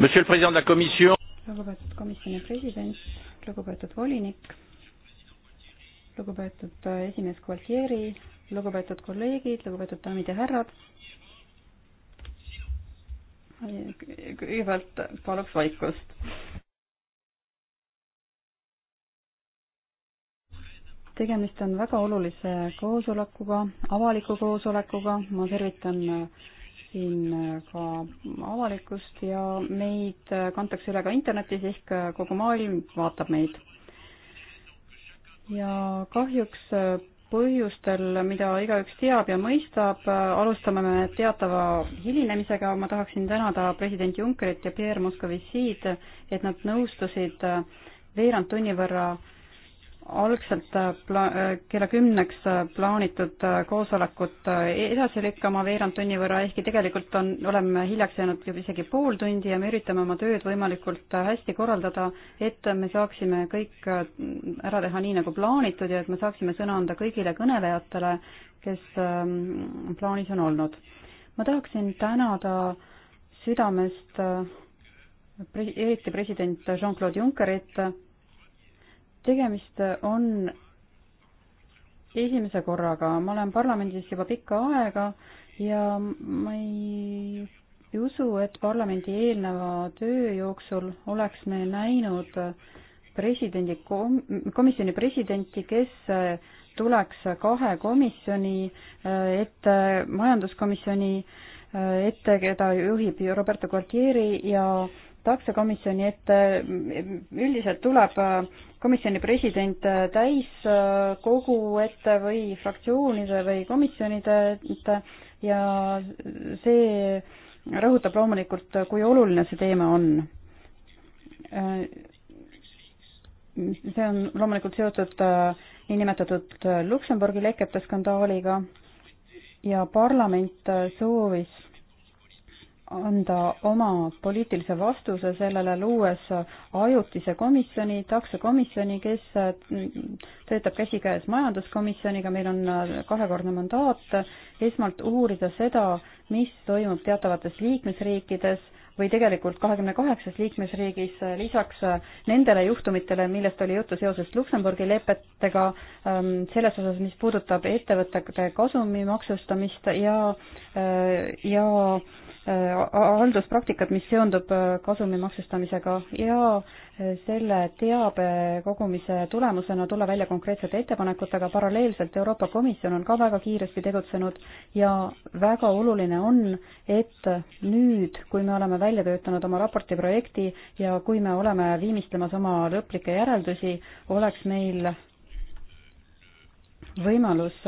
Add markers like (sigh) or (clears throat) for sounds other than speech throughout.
Monsieur le Président de la Commission. lugupeetud komisjoni president, lugupeetud volinik, lugupeetud äh, esimees Gualtieri, lugupeetud kolleegid, lugupeetud daamid ja härrad. kõigepealt paluks vaikust. tegemist on väga olulise koosolekuga, avaliku koosolekuga, ma tervitan äh, siin äh, ka avalikkust ja meid äh, kantakse üle ka internetis ehk äh, kogu maailm vaatab meid. ja kahjuks põhjustel, mida igaüks teab ja mõistab, alustame me teatava hilinemisega, ma tahaksin tänada president Junckerit ja Pierre Moscovicid, et nad nõustusid veerand tunni võrra äh, algselt äh, pla-, äh, kella kümneks äh, plaanitud koosolekut edasi lükkama veerand tunni võrra, ehkki tegelikult on, oleme hiljaks jäänud isegi pool tundi ja me üritame oma tööd võimalikult hästi korraldada, et me saaksime kõik ära teha nii, nagu plaanitud ja et me saaksime sõna anda kõigile kõnelejatele, kes ähm, plaanis on olnud. ma tahaksin tänada südamest eriti president Jean-Claude Junckerit, tegemist on esimese korraga, ma olen parlamendis juba pikka aega ja ma ei usu, et parlamendi eelneva töö jooksul oleks me näinud presidendi kom-, komisjoni presidenti, kes tuleks kahe komisjoni ette, majanduskomisjoni ette, keda juhib Roberto Gualtieri ja taksokomisjoni ette, üldiselt tuleb äh, komisjoni president äh, täiskogu äh, ette või fraktsioonide või komisjonide ette ja see rõhutab loomulikult, kui oluline see teema on. see on loomulikult seotud niinimetatud Luksemburgi lekete skandaaliga ja parlament soovis anda oma poliitilise vastuse sellele, luues ajutise komisjoni, taksokomisjoni, kes mm, töötab käsikäes majanduskomisjoniga, meil on äh, kahekordne mandaat, esmalt uurida seda, mis toimub teatavates liikmesriikides või tegelikult kahekümne kaheksas liikmesriigis, äh, lisaks äh, nendele juhtumitele, millest oli juttu seoses Luksemburgi lepetega, ähm, selles osas, mis puudutab ettevõtete kasumi maksustamist ja, ja Äh, halduspraktikat, mis seondub äh, kasumi maksustamisega ja äh, selle teabe kogumise tulemusena tulla välja konkreetsete ettepanekutega. paralleelselt Euroopa Komisjon on ka väga kiiresti tegutsenud ja väga oluline on, et nüüd, kui me oleme välja töötanud oma raporti projekti ja kui me oleme viimistlemas oma lõplikke järeldusi, oleks meil võimalus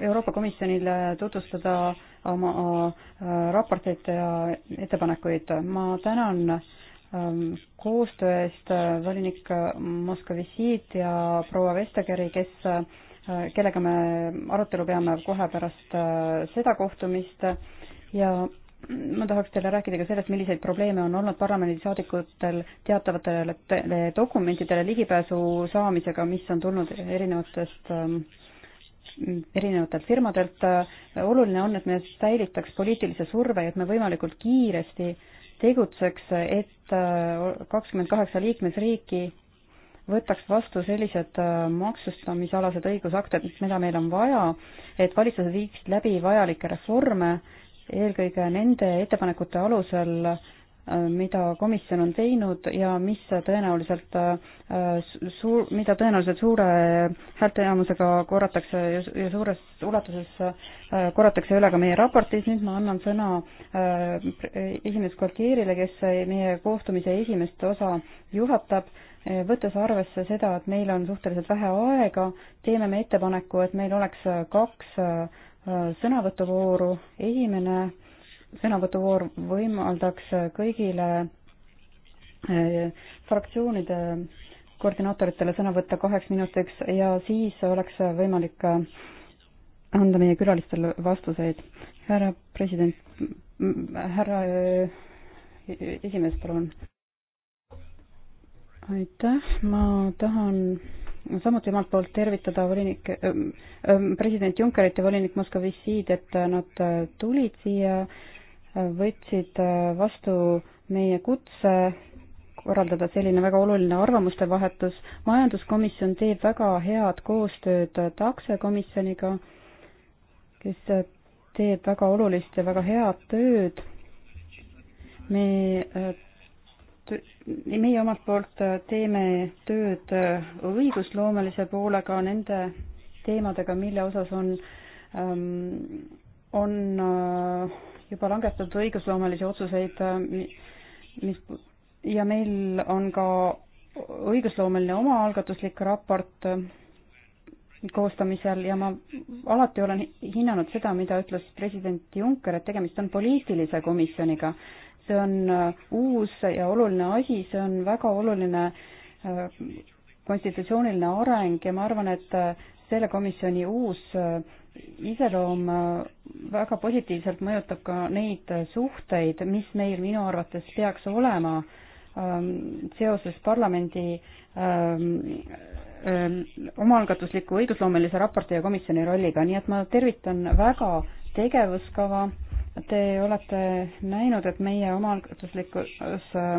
Euroopa Komisjonile tutvustada oma äh, raporteid ja ettepanekuid. ma tänan ähm, koostöö eest äh, volinik äh, Moskovitsiit ja proua Vestageri, kes, kellega me arutelu peame kohe pärast seda kohtumist ja ma tahaks teile rääkida ka sellest, milliseid probleeme on olnud parlamendisaadikutel teatavatele dokumentidele ligipääsu saamisega, mis on tulnud erinevatest ähm, erinevatelt firmadelt. oluline on, et me säilitaks poliitilise surve ja et me võimalikult kiiresti tegutseks, et kakskümmend kaheksa liikmesriiki võtaks vastu sellised maksustamisalased õigusaktid, mida meil on vaja, et valitsused viiksid läbi vajalikke reforme, eelkõige nende ettepanekute alusel, mida komisjon on teinud ja mis tõenäoliselt äh, suur, mida tõenäoliselt suure häälteenamusega korratakse ja suures ulatuses äh, korratakse üle ka meie raportis, nüüd ma annan sõna äh, esimees Gualtierile, kes meie kohtumise esimest osa juhatab, võttes arvesse seda, et meil on suhteliselt vähe aega, teeme me ettepaneku, et meil oleks kaks sõnavõtuvooru, esimene sõnavõtuvoor võimaldaks kõigile eh, fraktsioonide koordinaatoritele sõna võtta kaheks minutiks ja siis oleks võimalik eh, anda meie külalistele vastuseid. härra president, härra eh, esimees, palun. aitäh, ma tahan samuti omalt poolt tervitada volinik äh,, president Junckerit ja volinik Moskovissiid, et nad tulid siia äh, võtsid äh, vastu meie kutse korraldada selline väga oluline arvamuste vahetus. majanduskomisjon teeb väga head koostööd taksekomisjoniga, kes äh, teeb väga olulist ja väga head tööd. me, äh, meie omalt poolt teeme tööd õigusloomelise poolega nende teemadega, mille osas on, ähm, on juba langetatud õigusloomelisi otsuseid, mis ja meil on ka õigusloomeline omaalgatuslik raport äh, koostamisel ja ma alati olen hinnanud seda, mida ütles president Juncker, et tegemist on poliitilise komisjoniga. see on äh, uus ja oluline asi, see on väga oluline äh, konstitutsiooniline areng ja ma arvan, et selle komisjoni uus iseloom äh, väga positiivselt mõjutab ka neid suhteid, mis meil minu arvates peaks olema ähm, seoses parlamendi ähm, ähm, omaalgatusliku õigusloomelise raporti ja komisjoni rolliga, nii et ma tervitan väga tegevuskava. Te olete näinud, et meie omaalgatuslikus äh,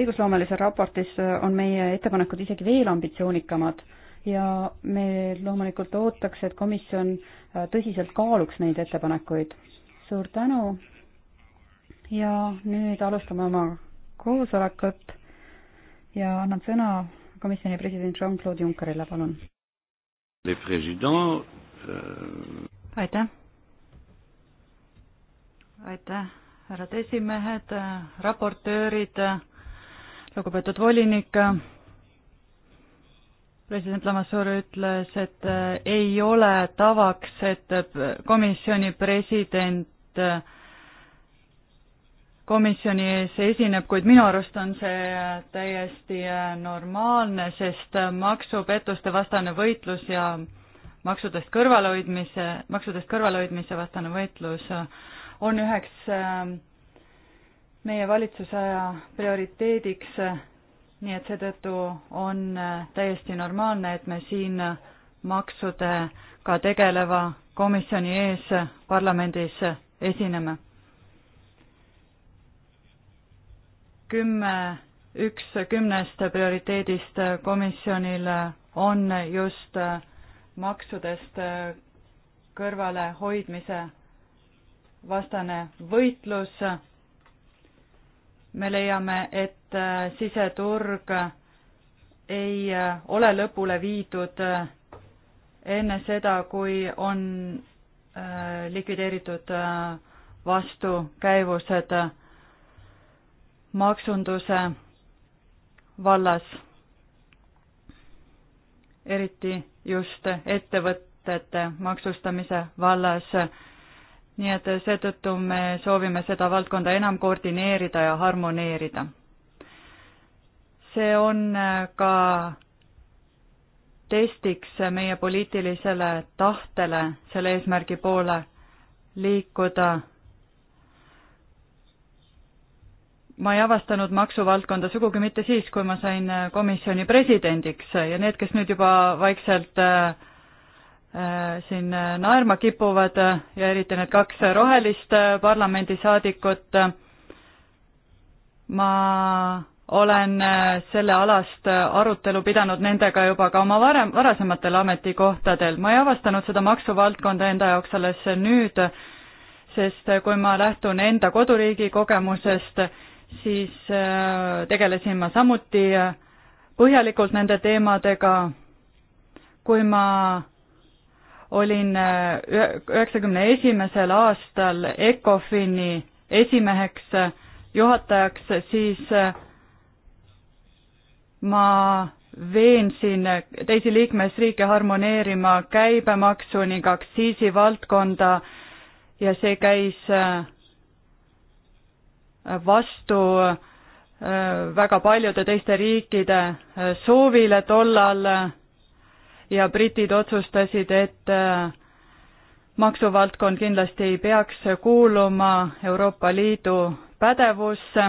õigusloomelises raportis äh, on meie ettepanekud isegi veel ambitsioonikamad ja me loomulikult ootaks, et komisjon äh, tõsiselt kaaluks neid ettepanekuid. suur tänu ja nüüd alustame oma koosolekut ja annan sõna komisjoni president Jean-Claude Junckerile, palun. Euh, aitäh. aitäh, härrad esimehed, raportöörid, lugupeetud volinik president Lamassoor ütles, et äh, ei ole tavaks, et äh, komisjoni president äh, komisjoni ees esineb, kuid minu arust on see täiesti normaalne, sest maksupettuste vastane võitlus ja maksudest kõrvalehoidmise, maksudest kõrvalehoidmise vastane võitlus on üheks meie valitsuse aja prioriteediks nii et seetõttu on äh, täiesti normaalne, et me siin äh, maksudega tegeleva komisjoni ees äh, parlamendis esineme. kümme, üks kümnest prioriteedist komisjonil on just maksudest kõrvalehoidmise vastane võitlus me leiame, et äh, siseturg äh, ei äh, ole lõpule viidud enne seda, kui on likvideeritud vastukäivused maksunduse vallas, eriti just ettevõtete maksustamise vallas nii et seetõttu me soovime seda valdkonda enam koordineerida ja harmoneerida. see on äh, ka testiks meie poliitilisele tahtele selle eesmärgi poole liikuda. ma ei avastanud maksuvaldkonda sugugi mitte siis, kui ma sain äh, komisjoni presidendiks ja need, kes nüüd juba vaikselt äh, Äh, siin äh, naerma kipuvad äh, ja eriti need kaks rohelist parlamendisaadikut. ma olen sellealast arutelu pidanud nendega juba ka oma varem, varasematel ametikohtadel. ma ei avastanud seda maksuvaldkonda enda jaoks alles nüüd, sest kui ma lähtun enda koduriigi kogemusest, siis tegelesin ma samuti põhjalikult nende teemadega. kui ma olin äh, üheksakümne esimesel aastal ECOFIN-i esimeheks, äh, juhatajaks, siis äh, ma veensin teisi liikmesriike harmoneerima käibemaksu ning aktsiisi valdkonda ja see käis vastu väga paljude teiste riikide soovile tollal ja britid otsustasid, et äh, maksuvaldkond kindlasti ei peaks kuuluma Euroopa Liidu pädevusse.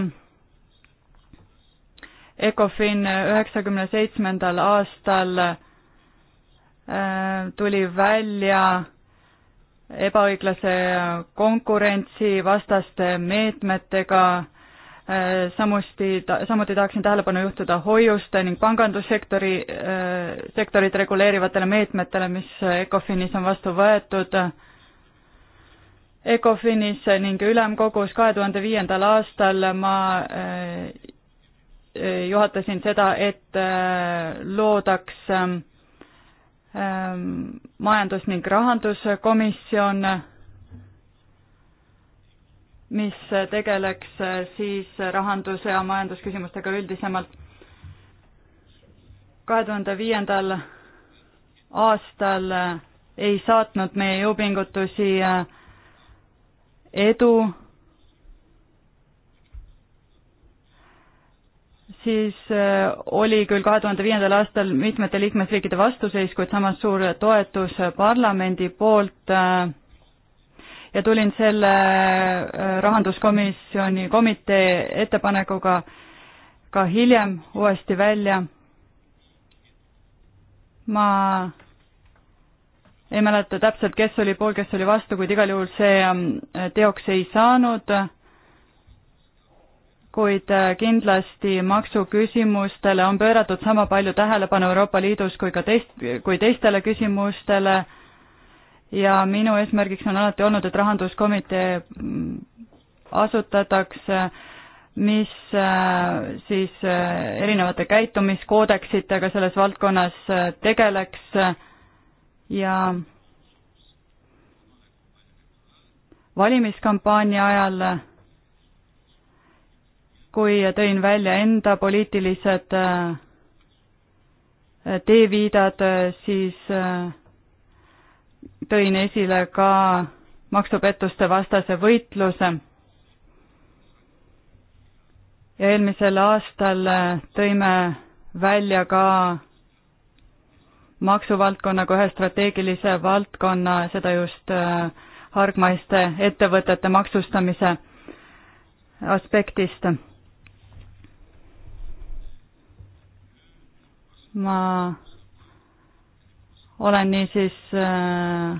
Ecofin üheksakümne seitsmendal aastal äh, tuli välja ebaõiglase konkurentsi vastaste meetmetega Äh, samuti, samuti tahaksin tähelepanu juhtuda hoiuste ning pangandussektori, äh, sektorit reguleerivatele meetmetele, mis ECOFINis on vastu võetud. ECOFINis ning ülemkogus kahe tuhande viiendal aastal ma äh, juhatasin seda, et loodaks majandus- ning rahanduskomisjon mis tegeleks siis rahanduse ja majandusküsimustega üldisemalt. kahe tuhande viiendal aastal ei saatnud meie jõupingutusi äh, edu, siis äh, oli küll kahe tuhande viiendal aastal mitmete liikmesriikide vastuseis, kuid samas suur toetus parlamendi poolt äh, ja tulin selle äh, rahanduskomisjoni komitee ettepanekuga ka hiljem uuesti välja. ma ei mäleta täpselt, kes oli pool, kes oli vastu, kuid igal juhul see ähm, teoks ei saanud, kuid äh, kindlasti maksuküsimustele on pööratud sama palju tähelepanu Euroopa Liidus kui ka teist, kui teistele küsimustele ja minu eesmärgiks on alati olnud, et rahanduskomitee mm, asutatakse, mis äh, siis äh, erinevate käitumiskoodeksitega selles valdkonnas äh, tegeleks ja valimiskampaania ajal, kui tõin välja enda poliitilised teeviidad, siis äh, tõin esile ka maksupettuste vastase võitluse. ja eelmisel aastal äh, tõime välja ka maksuvaldkonna kui ühe strateegilise valdkonna, seda just äh, hargmaiste ettevõtete maksustamise aspektist. ma olen niisiis äh,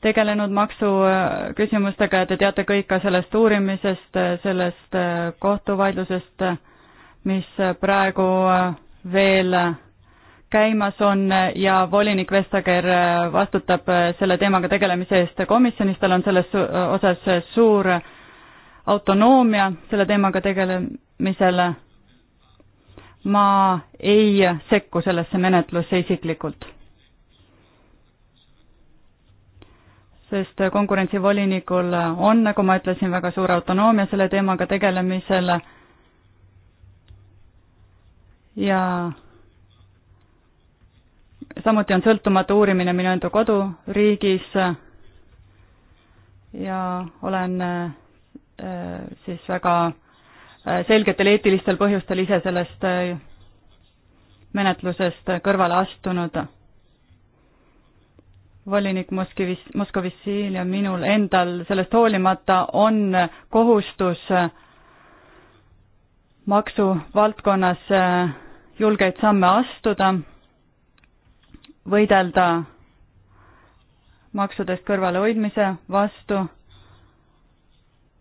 tegelenud maksuküsimustega äh, ja te teate kõik ka sellest uurimisest, äh, sellest kohtuvaidlusest, mis praegu veel käimas on ja volinik Vestager vastutab selle teemaga tegelemise eest komisjonis, tal on selles osas suur autonoomia selle teemaga tegelemisel. ma ei sekku sellesse menetlusse isiklikult sest konkurentsivolinikul on, nagu ma ütlesin, väga suur autonoomia selle teemaga tegelemisel ja samuti on sõltumatu uurimine minu enda koduriigis ja olen äh, siis väga äh, selgetel eetilistel põhjustel ise sellest äh, menetlusest kõrvale astunud volinik Moskvis, Moskovitsil ja minul endal sellest hoolimata on kohustus maksuvaldkonnas äh, julgeid samme astuda, võidelda maksudest kõrvalehoidmise vastu,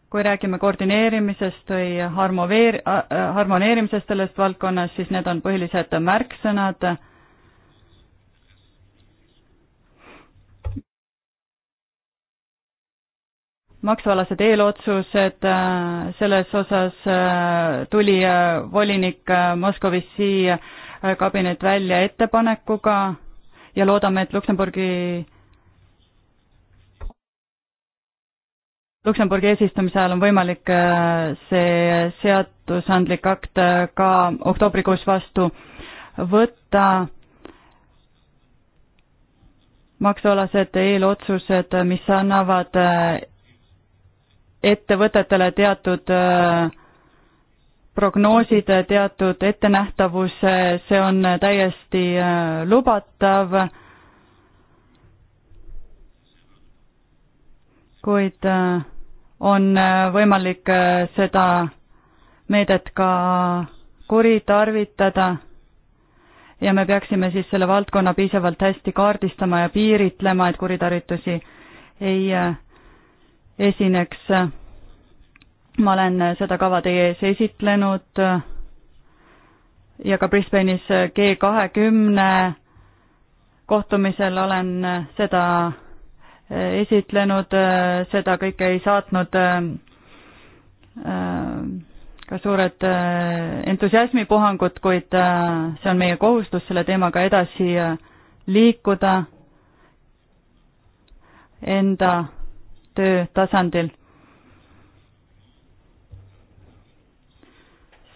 kui räägime koordineerimisest või harmoveer-, äh, harmoneerimisest selles valdkonnas, siis need on põhilised märksõnad maksualased eelotsused, äh, selles osas äh, tuli äh, volinik Moskovici kabinet välja ettepanekuga ja loodame, et Luksemburgi, Luksemburgi eesistumise ajal on võimalik see seadusandlik akt ka oktoobrikuus vastu võtta. maksualased eelotsused, mis annavad ettevõtetele teatud äh, prognoosid, teatud ettenähtavus, see on täiesti äh, lubatav, kuid äh, on võimalik seda meedet ka kuritarvitada ja me peaksime siis selle valdkonna piisavalt hästi kaardistama ja piiritlema, et kuritarvitusi ei esineks. ma olen seda kava teie ees esitlenud ja ka Brisbane'is G kahekümne kohtumisel olen seda esitlenud, seda kõike ei saatnud äh, ka suured äh, entusiasmipuhangud, kuid äh, see on meie kohustus selle teemaga edasi liikuda, enda töö tasandil.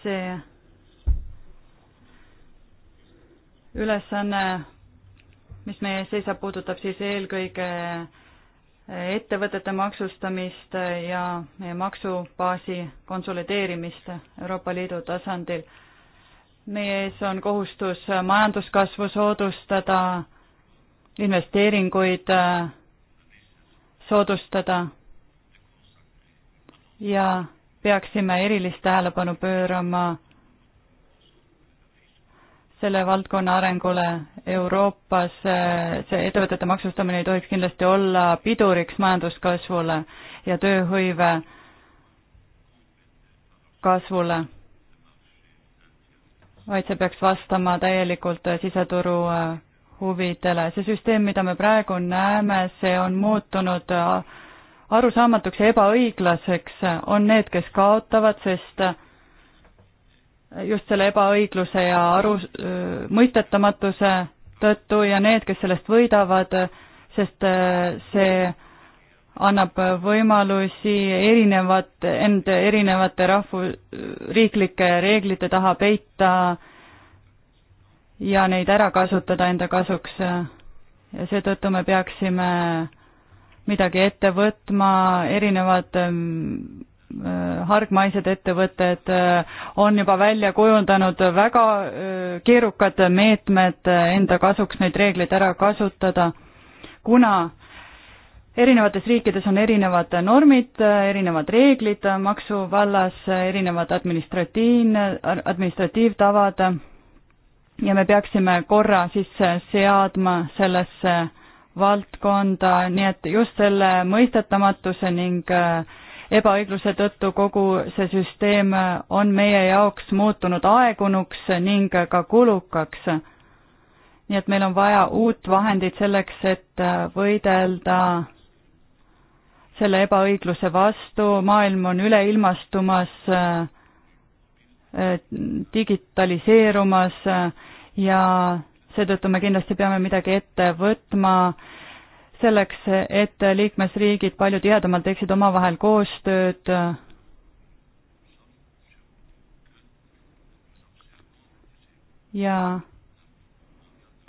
see ülesanne, mis meie ees seisab, puudutab siis eelkõige ettevõtete maksustamist ja meie maksubaasi konsolideerimist Euroopa Liidu tasandil. meie ees on kohustus majanduskasvu soodustada, investeeringuid äh, soodustada ja peaksime erilist tähelepanu pöörama selle valdkonna arengule Euroopas, see ettevõtete maksustamine ei tohiks kindlasti olla piduriks majanduskasvule ja tööhõive kasvule, vaid see peaks vastama täielikult siseturu huvidele. see süsteem, mida me praegu näeme, see on muutunud äh, arusaamatuks ja ebaõiglaseks, on need, kes kaotavad, sest äh, just selle ebaõigluse ja aru, äh, mõistetamatuse tõttu ja need, kes sellest võidavad, sest see annab võimalusi erinevat, end erinevate rahvu-, riiklike reeglite taha peita ja neid ära kasutada enda kasuks. ja seetõttu me peaksime midagi ette võtma, erinevad ähm, äh, hargmaised ettevõtted äh, on juba välja kujundanud väga äh, keerukad meetmed enda kasuks neid reegleid ära kasutada, kuna erinevates riikides on erinevad normid, erinevad reeglid maksu vallas, erinevad administratiivne, administratiivtavad ja me peaksime korra sisse seadma sellesse valdkonda, nii et just selle mõistetamatuse ning äh, ebaõigluse tõttu kogu see süsteem on meie jaoks muutunud aegunuks ning ka kulukaks. nii et meil on vaja uut vahendit selleks, et äh, võidelda selle ebaõigluse vastu, maailm on üleilmastumas äh, Äh, digitaliseerumas äh, ja seetõttu me kindlasti peame midagi ette võtma selleks, et liikmesriigid palju tihedamalt teeksid omavahel koostööd ja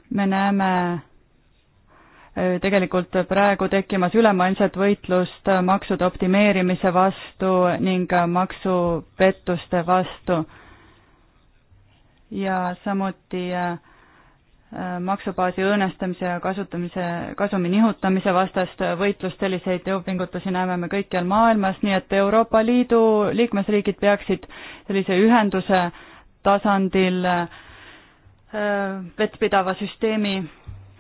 me näeme tegelikult praegu tekkimas ülemaailmset võitlust maksude optimeerimise vastu ning maksupettuste vastu. ja samuti äh, maksubaasi õõnestamise ja kasutamise, kasumi nihutamise vastast võitlust, selliseid jõupingutusi näeme me kõikjal maailmas, nii et Euroopa Liidu liikmesriigid peaksid sellise ühenduse tasandil äh, vettpidava süsteemi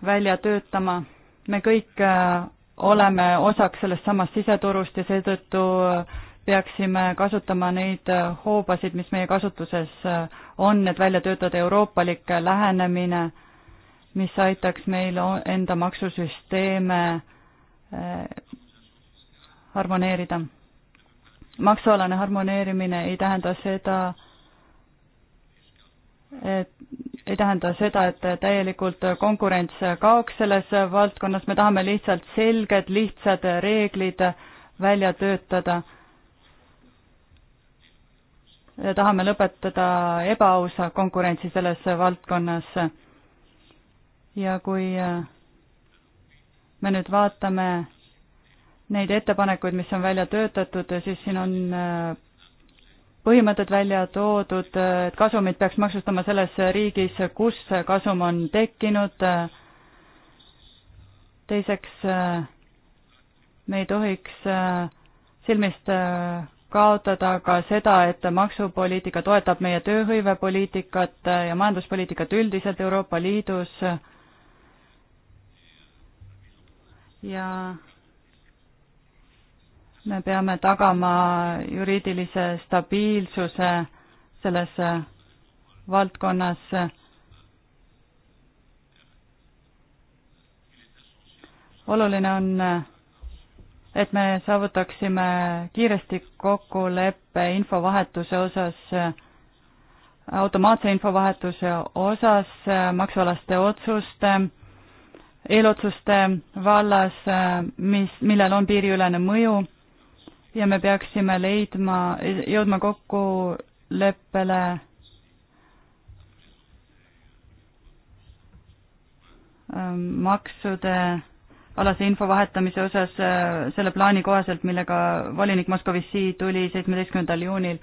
välja töötama me kõik äh, oleme osaks sellest samast siseturust ja seetõttu peaksime kasutama neid äh, hoobasid, mis meie kasutuses äh, on, et välja töötada euroopalik lähenemine, mis aitaks meil enda maksusüsteeme harmoneerida. maksualane harmoneerimine ei tähenda seda, ei tähenda seda, et täielikult konkurents kaoks selles valdkonnas, me tahame lihtsalt selged, lihtsad reeglid välja töötada. tahame lõpetada ebaausa konkurentsi selles valdkonnas. ja kui me nüüd vaatame neid ettepanekuid, mis on välja töötatud, siis siin on põhimõtted välja toodud, et kasumit peaks maksustama selles riigis, kus kasum on tekkinud. teiseks, me ei tohiks silmist kaotada ka seda, et maksupoliitika toetab meie tööhõivepoliitikat ja majanduspoliitikat üldiselt Euroopa Liidus. ja me peame tagama juriidilise stabiilsuse selles valdkonnas. oluline on, et me saavutaksime kiiresti kokkuleppe infovahetuse osas, automaatse infovahetuse osas maksualaste otsuste eelotsuste vallas, mis, millel on piiriülene mõju ja me peaksime leidma, jõudma kokkuleppele ähm, maksude alase info vahetamise osas äh, selle plaani kohaselt, millega volinik Moskovici tuli seitsmeteistkümnendal juunil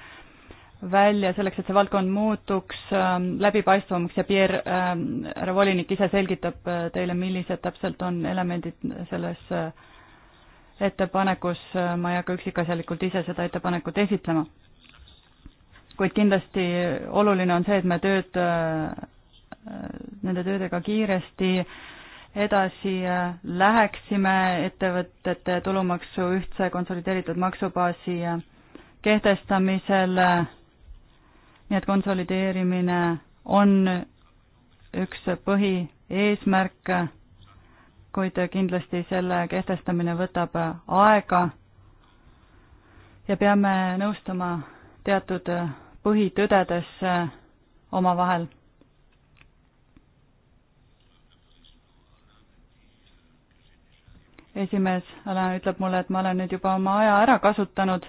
välja selleks, et see valdkond muutuks ähm, läbipaistvamaks ja Pierre ähm,, härra volinik ise selgitab äh, teile, millised täpselt on elemendid selles äh, ettepanekus, ma ei hakka üksikasjalikult ise seda ettepanekut esitlema. kuid kindlasti oluline on see, et me tööd, nende töödega kiiresti edasi läheksime ettevõtete tulumaksu ühtse konsolideeritud maksubaasi kehtestamisel, nii et konsolideerimine on üks põhieesmärk kuid kindlasti selle kehtestamine võtab aega ja peame nõustuma teatud põhitõdedes omavahel. esimees Alain ütleb mulle, et ma olen nüüd juba oma aja ära kasutanud.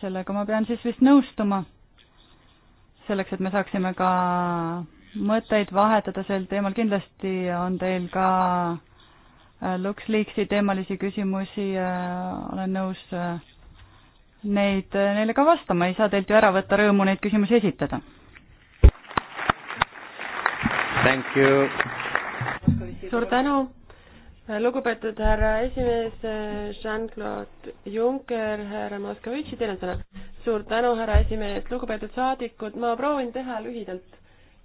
sellega ma pean siis vist nõustuma, selleks et me saaksime ka mõtteid vahetada sel teemal, kindlasti on teil ka äh, LuxLeaksi teemalisi küsimusi, äh, olen nõus äh, neid neile ka vastama, ei saa teilt ju ära võtta rõõmu neid küsimusi esitada. suur tänu, lugupeetud härra esimees Jean-Claude Juncker, härra Moskovitši, teil on sõna. suur tänu, härra esimees, lugupeetud saadikud, ma proovin teha lühidalt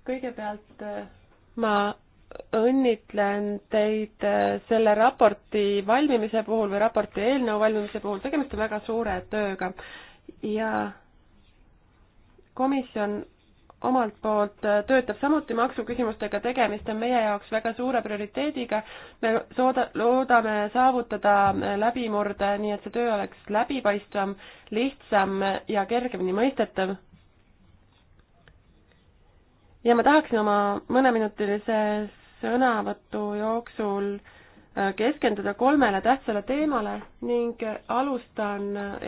kõigepealt eh, ma õnnitlen teid eh, selle raporti valmimise puhul või raporti eelnõu valmimise puhul, tegemist on väga suure tööga ja komisjon omalt poolt eh, töötab samuti maksuküsimustega, tegemist on meie jaoks väga suure prioriteediga. me sooda-, loodame saavutada läbimurde, nii et see töö oleks läbipaistvam, lihtsam ja kergemini mõistetav ja ma tahaksin oma mõneminutilise sõnavõtu jooksul äh, keskenduda kolmele tähtsale teemale ning alustan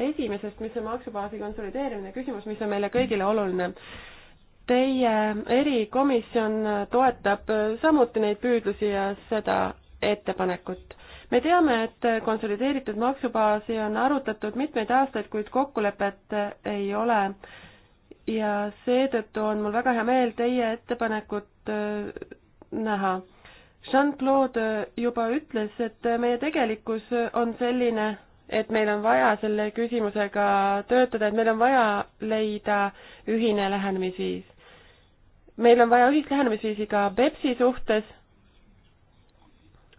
esimesest, mis on maksubaasi konsolideerimine, küsimus, mis on meile kõigile oluline. Teie erikomisjon toetab samuti neid püüdlusi ja seda ettepanekut. me teame, et konsolideeritud maksubaasi on arutatud mitmeid aastaid, kuid kokkulepet ei ole äh, ja seetõttu on mul väga hea meel teie ettepanekut äh, näha. Jean-Claude juba ütles, et meie tegelikkus on selline, et meil on vaja selle küsimusega töötada, et meil on vaja leida ühine lähenemisviis. meil on vaja ühist lähenemisviisi ka BEPS-i suhtes,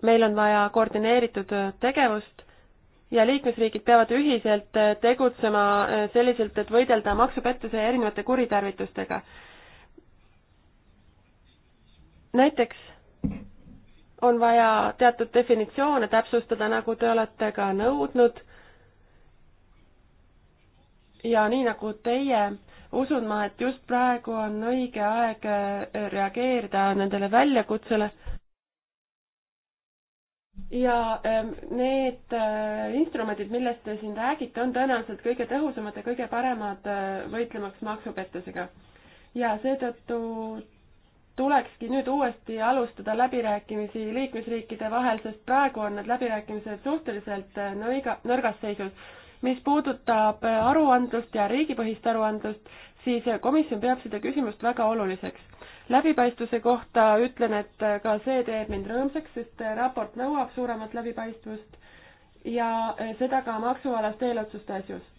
meil on vaja koordineeritud tegevust ja liikmesriigid peavad ühiselt äh, tegutsema äh, selliselt, et võidelda maksupettuse ja erinevate kuritarvitustega. näiteks on vaja teatud definitsioone täpsustada, nagu te olete ka nõudnud. ja nii nagu teie, usun ma, et just praegu on õige aeg äh, reageerida nendele väljakutsele ja ähm, need äh, instrumendid, millest te siin räägite, on tõenäoliselt kõige tõhusamad ja kõige paremad äh, võitlemaks maksupettusega. ja seetõttu tulekski nüüd uuesti alustada läbirääkimisi liikmesriikide vahel, sest praegu on need läbirääkimised suhteliselt äh, nõiga, nõrgas seisus. mis puudutab aruandlust ja riigipõhist aruandlust, siis komisjon peab seda küsimust väga oluliseks läbipaistvuse kohta ütlen, et ka see teeb mind rõõmsaks, sest raport nõuab suuremat läbipaistvust ja seda ka maksualast eelotsuste asjus.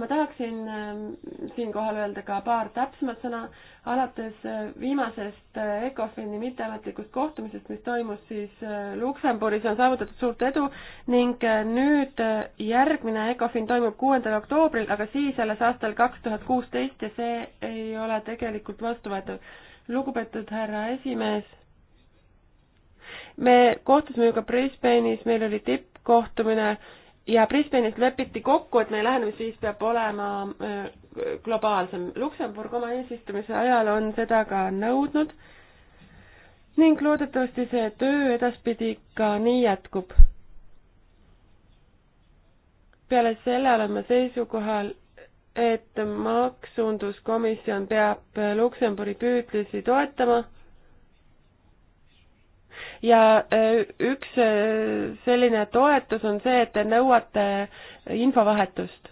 ma tahaksin ähm, siinkohal öelda ka paar täpsemat sõna, alates äh, viimasest äh, ECOFIN-i mitteametlikust kohtumisest, mis toimus siis äh, Luksemburgis, on saavutatud suurt edu ning nüüd järgmine ECOFIN toimub kuuendal oktoobril, aga siis alles aastal kaks tuhat kuusteist ja see ei ole tegelikult vastuvõetav lugupeetud härra esimees. me kohtusime ju ka Brisbane'is, meil oli tippkohtumine ja Brisbane'is lepiti kokku, et meie lähenemisviis peab olema äh, globaalsem. Luksemburg oma eesistumise ajal on seda ka nõudnud ning loodetavasti see töö edaspidi ka nii jätkub. peale selle oleme seisukohal, et maksunduskomisjon peab Luksemburi püüdlusi toetama ja äh, üks äh, selline toetus on see, et te nõuate infovahetust.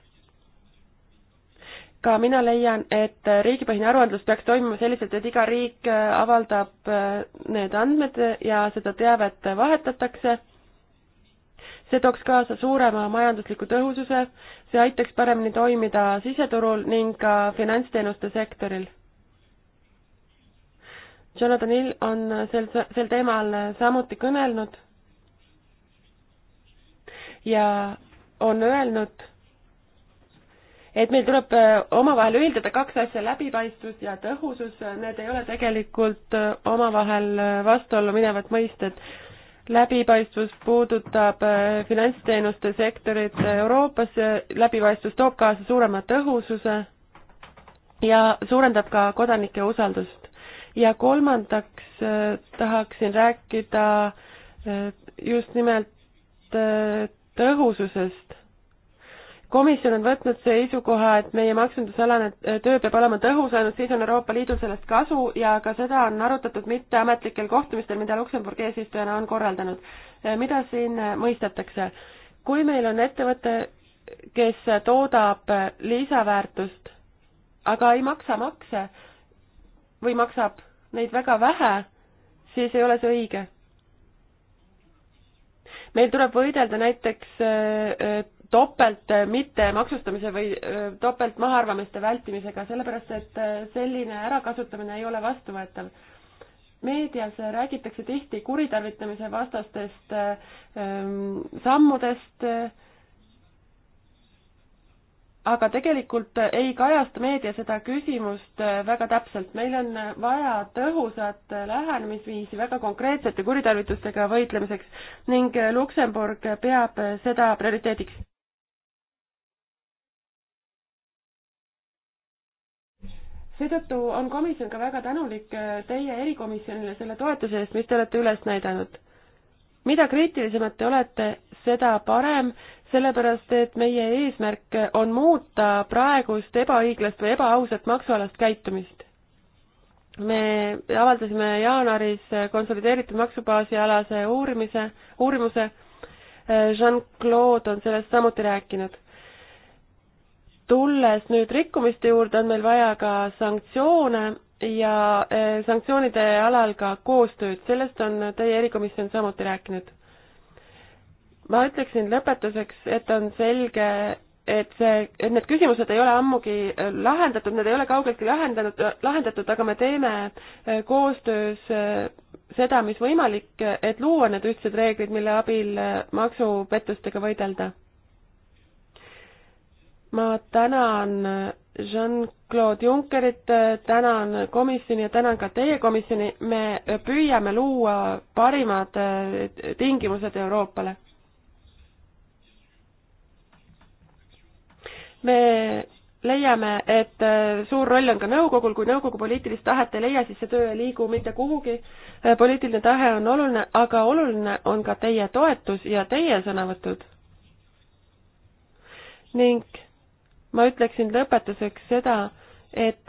ka mina leian, et riigipõhine aruandlus peaks toimuma selliselt, et iga riik äh, avaldab need andmed ja seda teavet vahetatakse. see tooks kaasa suurema majandusliku tõhususe, see aitaks paremini toimida siseturul ning ka finantsteenuste sektoril. Jonathan Hill on sel, sel teemal samuti kõnelnud ja on öelnud, et meil tuleb omavahel ühildada kaks asja, läbipaistvus ja tõhusus, need ei ole tegelikult omavahel vastuollu minevad mõisted läbipaistvus puudutab äh, finantsteenuste sektorit Euroopas, läbipaistvus toob kaasa suurema tõhususe ja suurendab ka kodanike usaldust. ja kolmandaks äh, tahaksin rääkida äh, just nimelt tõhususest komisjon on võtnud seisukoha, et meie maksundusalane töö peab olema tõhus, ainult siis on Euroopa Liidul sellest kasu ja ka seda on arutatud mitteametlikel kohtumistel, mida Luksemburg eesistujana on korraldanud. Eh, mida siin eh, mõistetakse? kui meil on ettevõte, kes toodab eh, lisaväärtust, aga ei maksa makse või maksab neid väga vähe, siis ei ole see õige. meil tuleb võidelda näiteks topelt äh, mittemaksustamise või äh, topelt mahaarvamiste vältimisega, sellepärast et äh, selline ärakasutamine ei ole vastuvõetav. meedias räägitakse tihti kuritarvitamise vastastest ähm, sammudest, aga tegelikult ei kajasta meedia seda küsimust väga täpselt. meil on vaja tõhusat lähenemisviisi väga konkreetsete kuritarvitustega võitlemiseks ning Luksemburg peab seda prioriteediks seetõttu on komisjon ka väga tänulik äh, teie erikomisjonile selle toetuse eest, mis te olete üles näidanud. mida kriitilisemad te olete, seda parem, sellepärast et meie eesmärk on muuta praegust ebaõiglast või ebaausat maksualast käitumist. me avaldasime jaanuaris konsolideeritud maksubaasi alase uurimise, uurimuse, äh, Jean-Claude on sellest samuti rääkinud tulles nüüd rikkumiste juurde, on meil vaja ka sanktsioone ja eh, sanktsioonide alal ka koostööd, sellest on teie erikomisjon samuti rääkinud. ma ütleksin lõpetuseks, et on selge, et see, et need küsimused ei ole ammugi eh, lahendatud, need ei ole kaugeltki lahendanud, lahendatud, aga me teeme eh, koostöös seda, mis võimalik, et luua need ühtsed reeglid, mille abil maksupettustega võidelda ma tänan Jean-Claude Junckerit, tänan komisjoni ja tänan ka teie komisjoni, me püüame luua parimad tingimused Euroopale. me leiame, et suur roll on ka nõukogul, kui nõukogu poliitilist tahet ei leia, siis see töö ei liigu mitte kuhugi. poliitiline tahe on oluline, aga oluline on ka teie toetus ja teie sõnavõtud. ning ma ütleksin lõpetuseks seda, et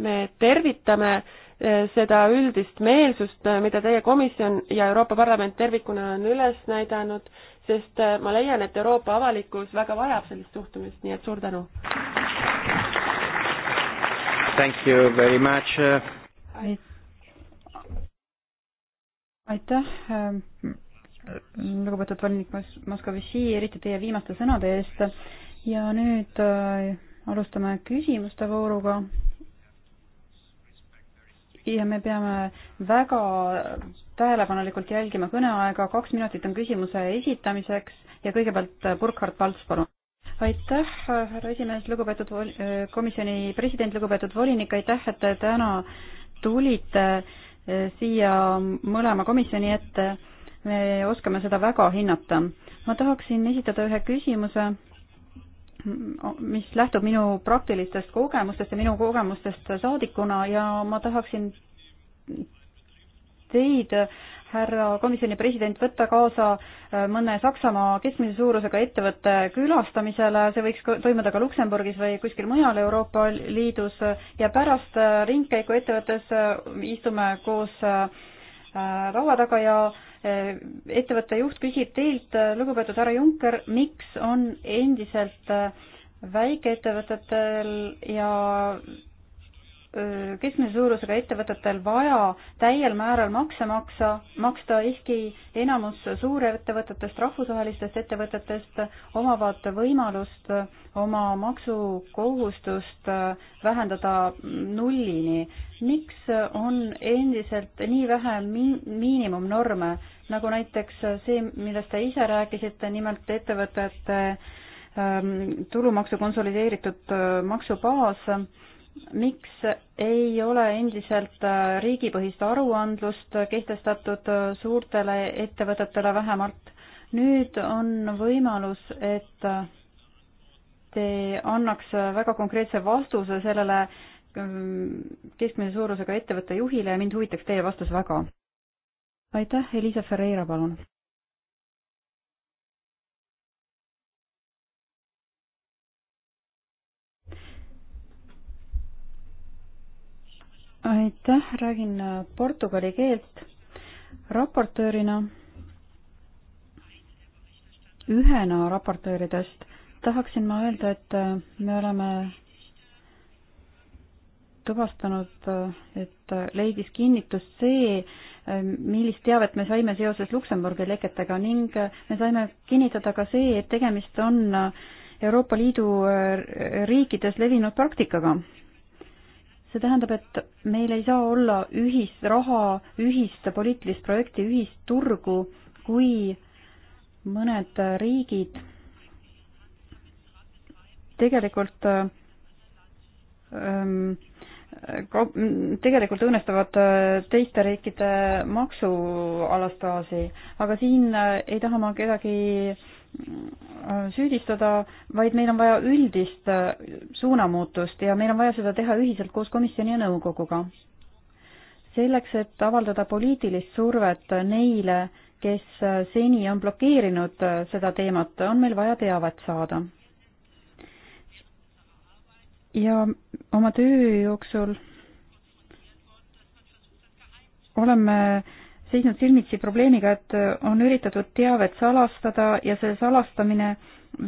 me tervitame eh, seda üldist meelsust, eh, mida teie komisjon ja Euroopa Parlament tervikuna on üles näidanud, sest eh, ma leian, et Euroopa avalikkus väga vajab sellist suhtumist, nii et suur tänu! aitäh, lugupeetud volinik Moskva-Vici, eriti teie viimaste sõnade eest ja nüüd äh, alustame küsimuste vooruga. ja me peame väga tähelepanelikult jälgima kõneaega, kaks minutit on küsimuse esitamiseks ja kõigepealt äh, Burkhard Palts, palun. aitäh, härra esimees, lugupeetud vol-, äh, komisjoni president, lugupeetud volinik, aitäh, et te täna tulite siia mõlema komisjoni ette. me oskame seda väga hinnata. ma tahaksin esitada ühe küsimuse mis lähtub minu praktilistest kogemustest ja minu kogemustest saadikuna ja ma tahaksin teid, härra komisjoni president, võtta kaasa äh, mõne Saksamaa keskmise suurusega ettevõtte külastamisele, see võiks toimuda ka Luksemburgis või kuskil mujal Euroopa Liidus ja pärast äh, ringkäiku ettevõttes äh, istume koos laua taga ja äh, ettevõtte juht küsib teilt, lugupeetud härra Juncker, miks on endiselt äh, väikeettevõtetel ja keskmise suurusega ettevõtetel vaja täiel määral makse maksa, maksta, ehkki enamus suurettevõtetest, rahvusvahelistest ettevõtetest omavad võimalust oma maksukohustust vähendada nullini. miks on endiselt nii vähe mi-, miinimumnorme, nagu näiteks see, millest te ise rääkisite, nimelt ettevõtete ähm, tulumaksu konsolideeritud äh, maksubaas, miks ei ole endiselt äh, riigipõhist aruandlust kehtestatud äh, suurtele ettevõtetele vähemalt? nüüd on võimalus, et äh, te annaks väga konkreetse vastuse sellele ähm, keskmise suurusega ettevõtte juhile ja mind huvitaks teie vastus väga. aitäh, Elisa Ferreira, palun aitäh, räägin äh, portugali keelt raportöörina, ühena raportööridest tahaksin ma öelda, et äh, me oleme tuvastanud, äh, et leidis kinnitust see, millist teavet me saime seoses Luksemburgi leketega ning me saime kinnitada ka see, et tegemist on Euroopa Liidu riikides levinud praktikaga see tähendab, et meil ei saa olla ühisraha, ühist poliitilist projekti, ühist turgu, kui mõned riigid tegelikult ähm, tegelikult õõnestavad äh, teiste riikide maksualast baasi, aga siin äh, ei taha ma kedagi süüdistada, vaid meil on vaja üldist äh, suunamuutust ja meil on vaja seda teha ühiselt koos komisjoni ja nõukoguga. selleks, et avaldada poliitilist survet neile, kes äh, seni on blokeerinud äh, seda teemat, on meil vaja teavet saada. ja oma töö jooksul oleme äh, seisnud silmitsi probleemiga, et on üritatud teavet salastada ja see salastamine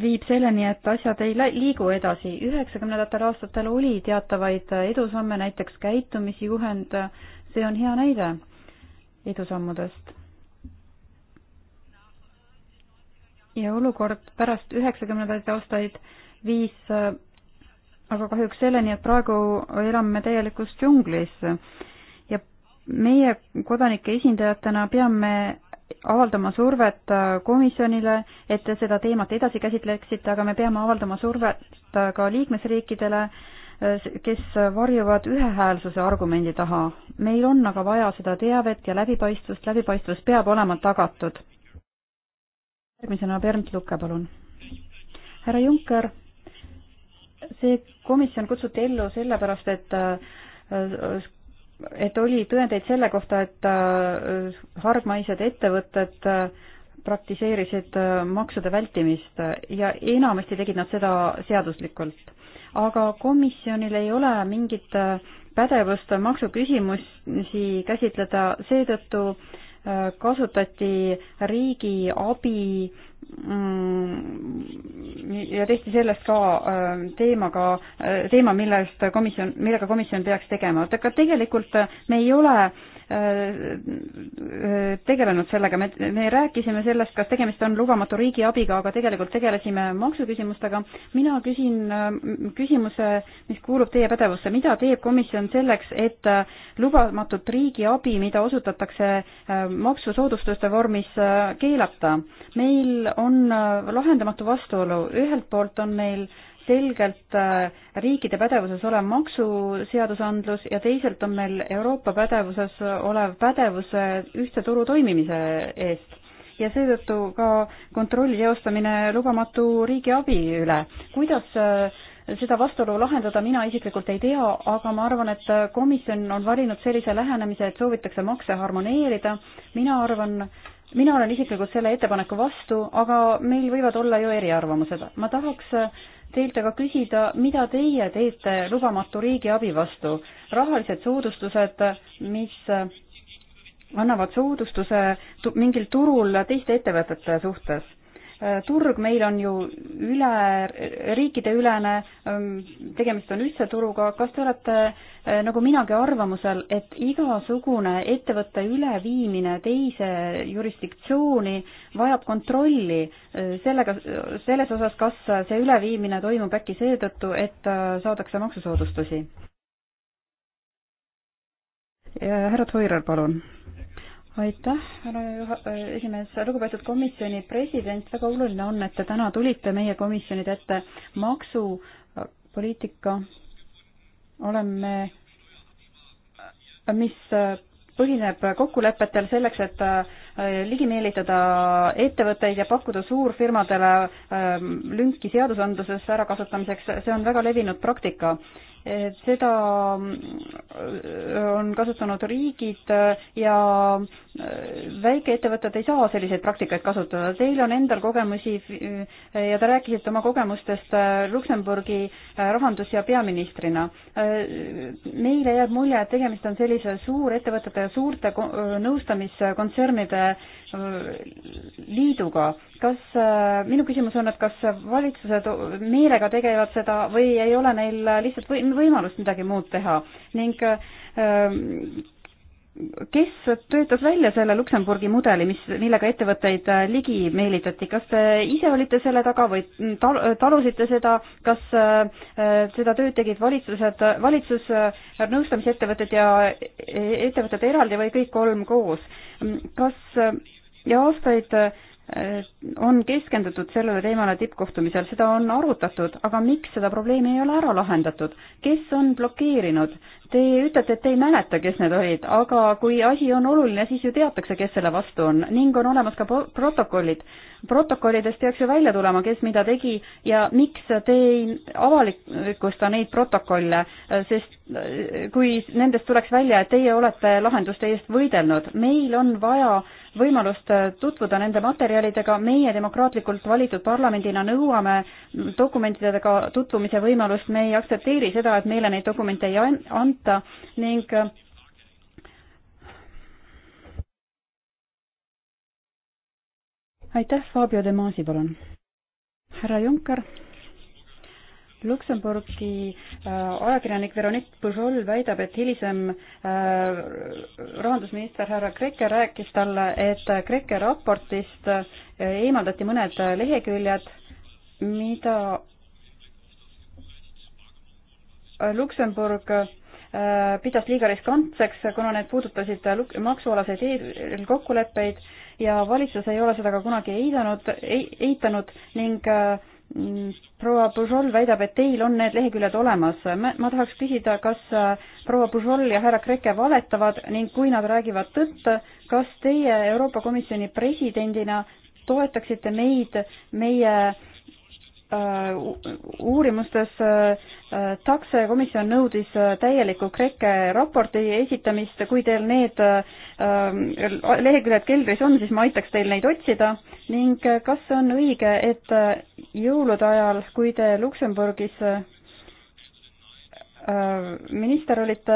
viib selleni, et asjad ei liigu edasi. üheksakümnendatel aastatel oli teatavaid edusamme, näiteks käitumisjuhend, see on hea näide edusammudest. ja olukord pärast üheksakümnendaid aastaid viis aga kahjuks selleni, et praegu elame täielikus džunglis meie kodanike esindajatena peame avaldama survet äh, komisjonile, et te seda teemat edasi käsitleksite, aga me peame avaldama survet äh, ka liikmesriikidele, äh, kes varjuvad ühehäälsuse argumendi taha. meil on aga vaja seda teavet ja läbipaistvust, läbipaistvus peab olema tagatud. järgmisena Bernt Lukke, palun. härra Juncker, see komisjon kutsuti ellu sellepärast, et et oli tõendeid selle kohta, et äh, hargmaised ettevõtted äh, praktiseerisid äh, maksude vältimist ja enamasti tegid nad seda seaduslikult. aga komisjonil ei ole mingit pädevust maksuküsimusi käsitleda, seetõttu äh, kasutati riigi abi mm, ja tehti sellest ka äh, teemaga, äh, teema, millest komisjon, millega komisjon peaks tegema. aga tegelikult me ei ole tegelenud sellega, me, me rääkisime sellest, kas tegemist on lubamatu riigiabiga, aga tegelikult tegelesime maksuküsimustega. mina küsin küsimuse, mis kuulub teie pädevusse, mida teeb komisjon selleks, et lubamatut riigiabi, mida osutatakse äh, maksusoodustuste vormis, äh, keelata? meil on äh, lahendamatu vastuolu, ühelt poolt on meil selgelt äh, riikide pädevuses olev maksuseadusandlus ja teisalt on meil Euroopa pädevuses olev pädevus äh, ühtse turu toimimise eest ja seetõttu ka kontrolli teostamine lubamatu riigiabi üle. kuidas äh, seda vastuolu lahendada mina isiklikult ei tea, aga ma arvan, et komisjon on valinud sellise lähenemise, et soovitakse makse harmoneerida. mina arvan, mina olen isiklikult selle ettepaneku vastu, aga meil võivad olla ju eriarvamused. ma tahaks teilt aga küsida, mida teie teete lubamatu riigiabi vastu. rahalised soodustused, mis annavad soodustuse mingil turul teiste ettevõtete suhtes turg meil on ju üle, riikideülene, tegemist on ühtse turuga, kas te olete Äh, nagu minagi arvamusel, et igasugune ettevõtte üleviimine teise jurisdiktsiooni vajab kontrolli äh, sellega, selles osas, kas see üleviimine toimub äkki seetõttu, et äh, saadakse maksusoodustusi. härra Toiral, palun aitäh, härra juha-, esimees, lugupeetud komisjoni president, väga oluline on, et te täna tulite meie komisjonide ette maksupoliitika oleme mis äh, põhineb kokkulepetel selleks, et äh, Äh, ligi meelitada ettevõtteid ja pakkuda suurfirmadele ähm, lünki seadusandluses ärakasutamiseks, see on väga levinud praktika. seda äh, on kasutanud riigid äh, ja väikeettevõtted ei saa selliseid praktikaid kasutada. Teil on endal kogemusi ja te rääkisite oma kogemustest Luksemburgi rahandus- ja peaministrina. meile jääb mulje, et tegemist on sellise suurettevõtete ja suurte nõustamiskontsernide liiduga. kas, äh, minu küsimus on, et kas valitsused meelega tegevad seda või ei ole neil lihtsalt või, võimalust midagi muud teha ning äh, kes töötas välja selle Luksemburgi mudeli, mis, millega ettevõtteid äh, ligi meelitati, kas te ise olite selle taga või tal-, talusite seda, kas äh, äh, seda tööd tegid valitsused, valitsus, nõustamisettevõtted ja e, e, ettevõtted eraldi või kõik kolm koos? kas ja aastaid on keskendutud sellele teemale tippkohtumisel, seda on arutatud, aga miks seda probleemi ei ole ära lahendatud? kes on blokeerinud Te ütlete, et te ei mäleta, kes need olid, aga kui asi on oluline, siis ju teatakse, kes selle vastu on ning on olemas ka protokollid. protokollidest peaks ju välja tulema, kes mida tegi ja miks te ei avalikusta neid protokolle, sest kui nendest tuleks välja, et teie olete lahenduste eest võidelnud, meil on vaja äh, võimalust äh, tutvuda nende materjalidega, meie demokraatlikult valitud parlamendina nõuame dokumentidega tutvumise võimalust, me ei aktsepteeri seda, et meile neid dokumente ei anta ning äh, aitäh, Fabio De Masi, palun. härra Junker Luksemburgi äh, ajakirjanik Veronique Pujol väidab, et hilisem äh, rahandusminister härra Kreke rääkis talle, et Kreke raportist äh, eemaldati mõned leheküljed, mida Luksemburg pidas liiga riskantseks, kuna need puudutasid maksualaseid kokkuleppeid ja valitsus ei ole seda ka kunagi eidanud, eitanud ning äh, proua Pujol väidab, et teil on need leheküljed olemas. ma tahaks küsida, kas äh, proua Pujol ja härra Kreke valetavad ning kui nad räägivad tõtt, kas teie Euroopa Komisjoni presidendina toetaksite meid meie Äh, uurimustes äh, takse komisjon nõudis äh, täielikku Kreeke raporti esitamist, kui teil need leheküljed keldris on, siis ma aitaks teil neid otsida ning kas on õige, et jõulude ajal, kui te Luksemburgis minister olite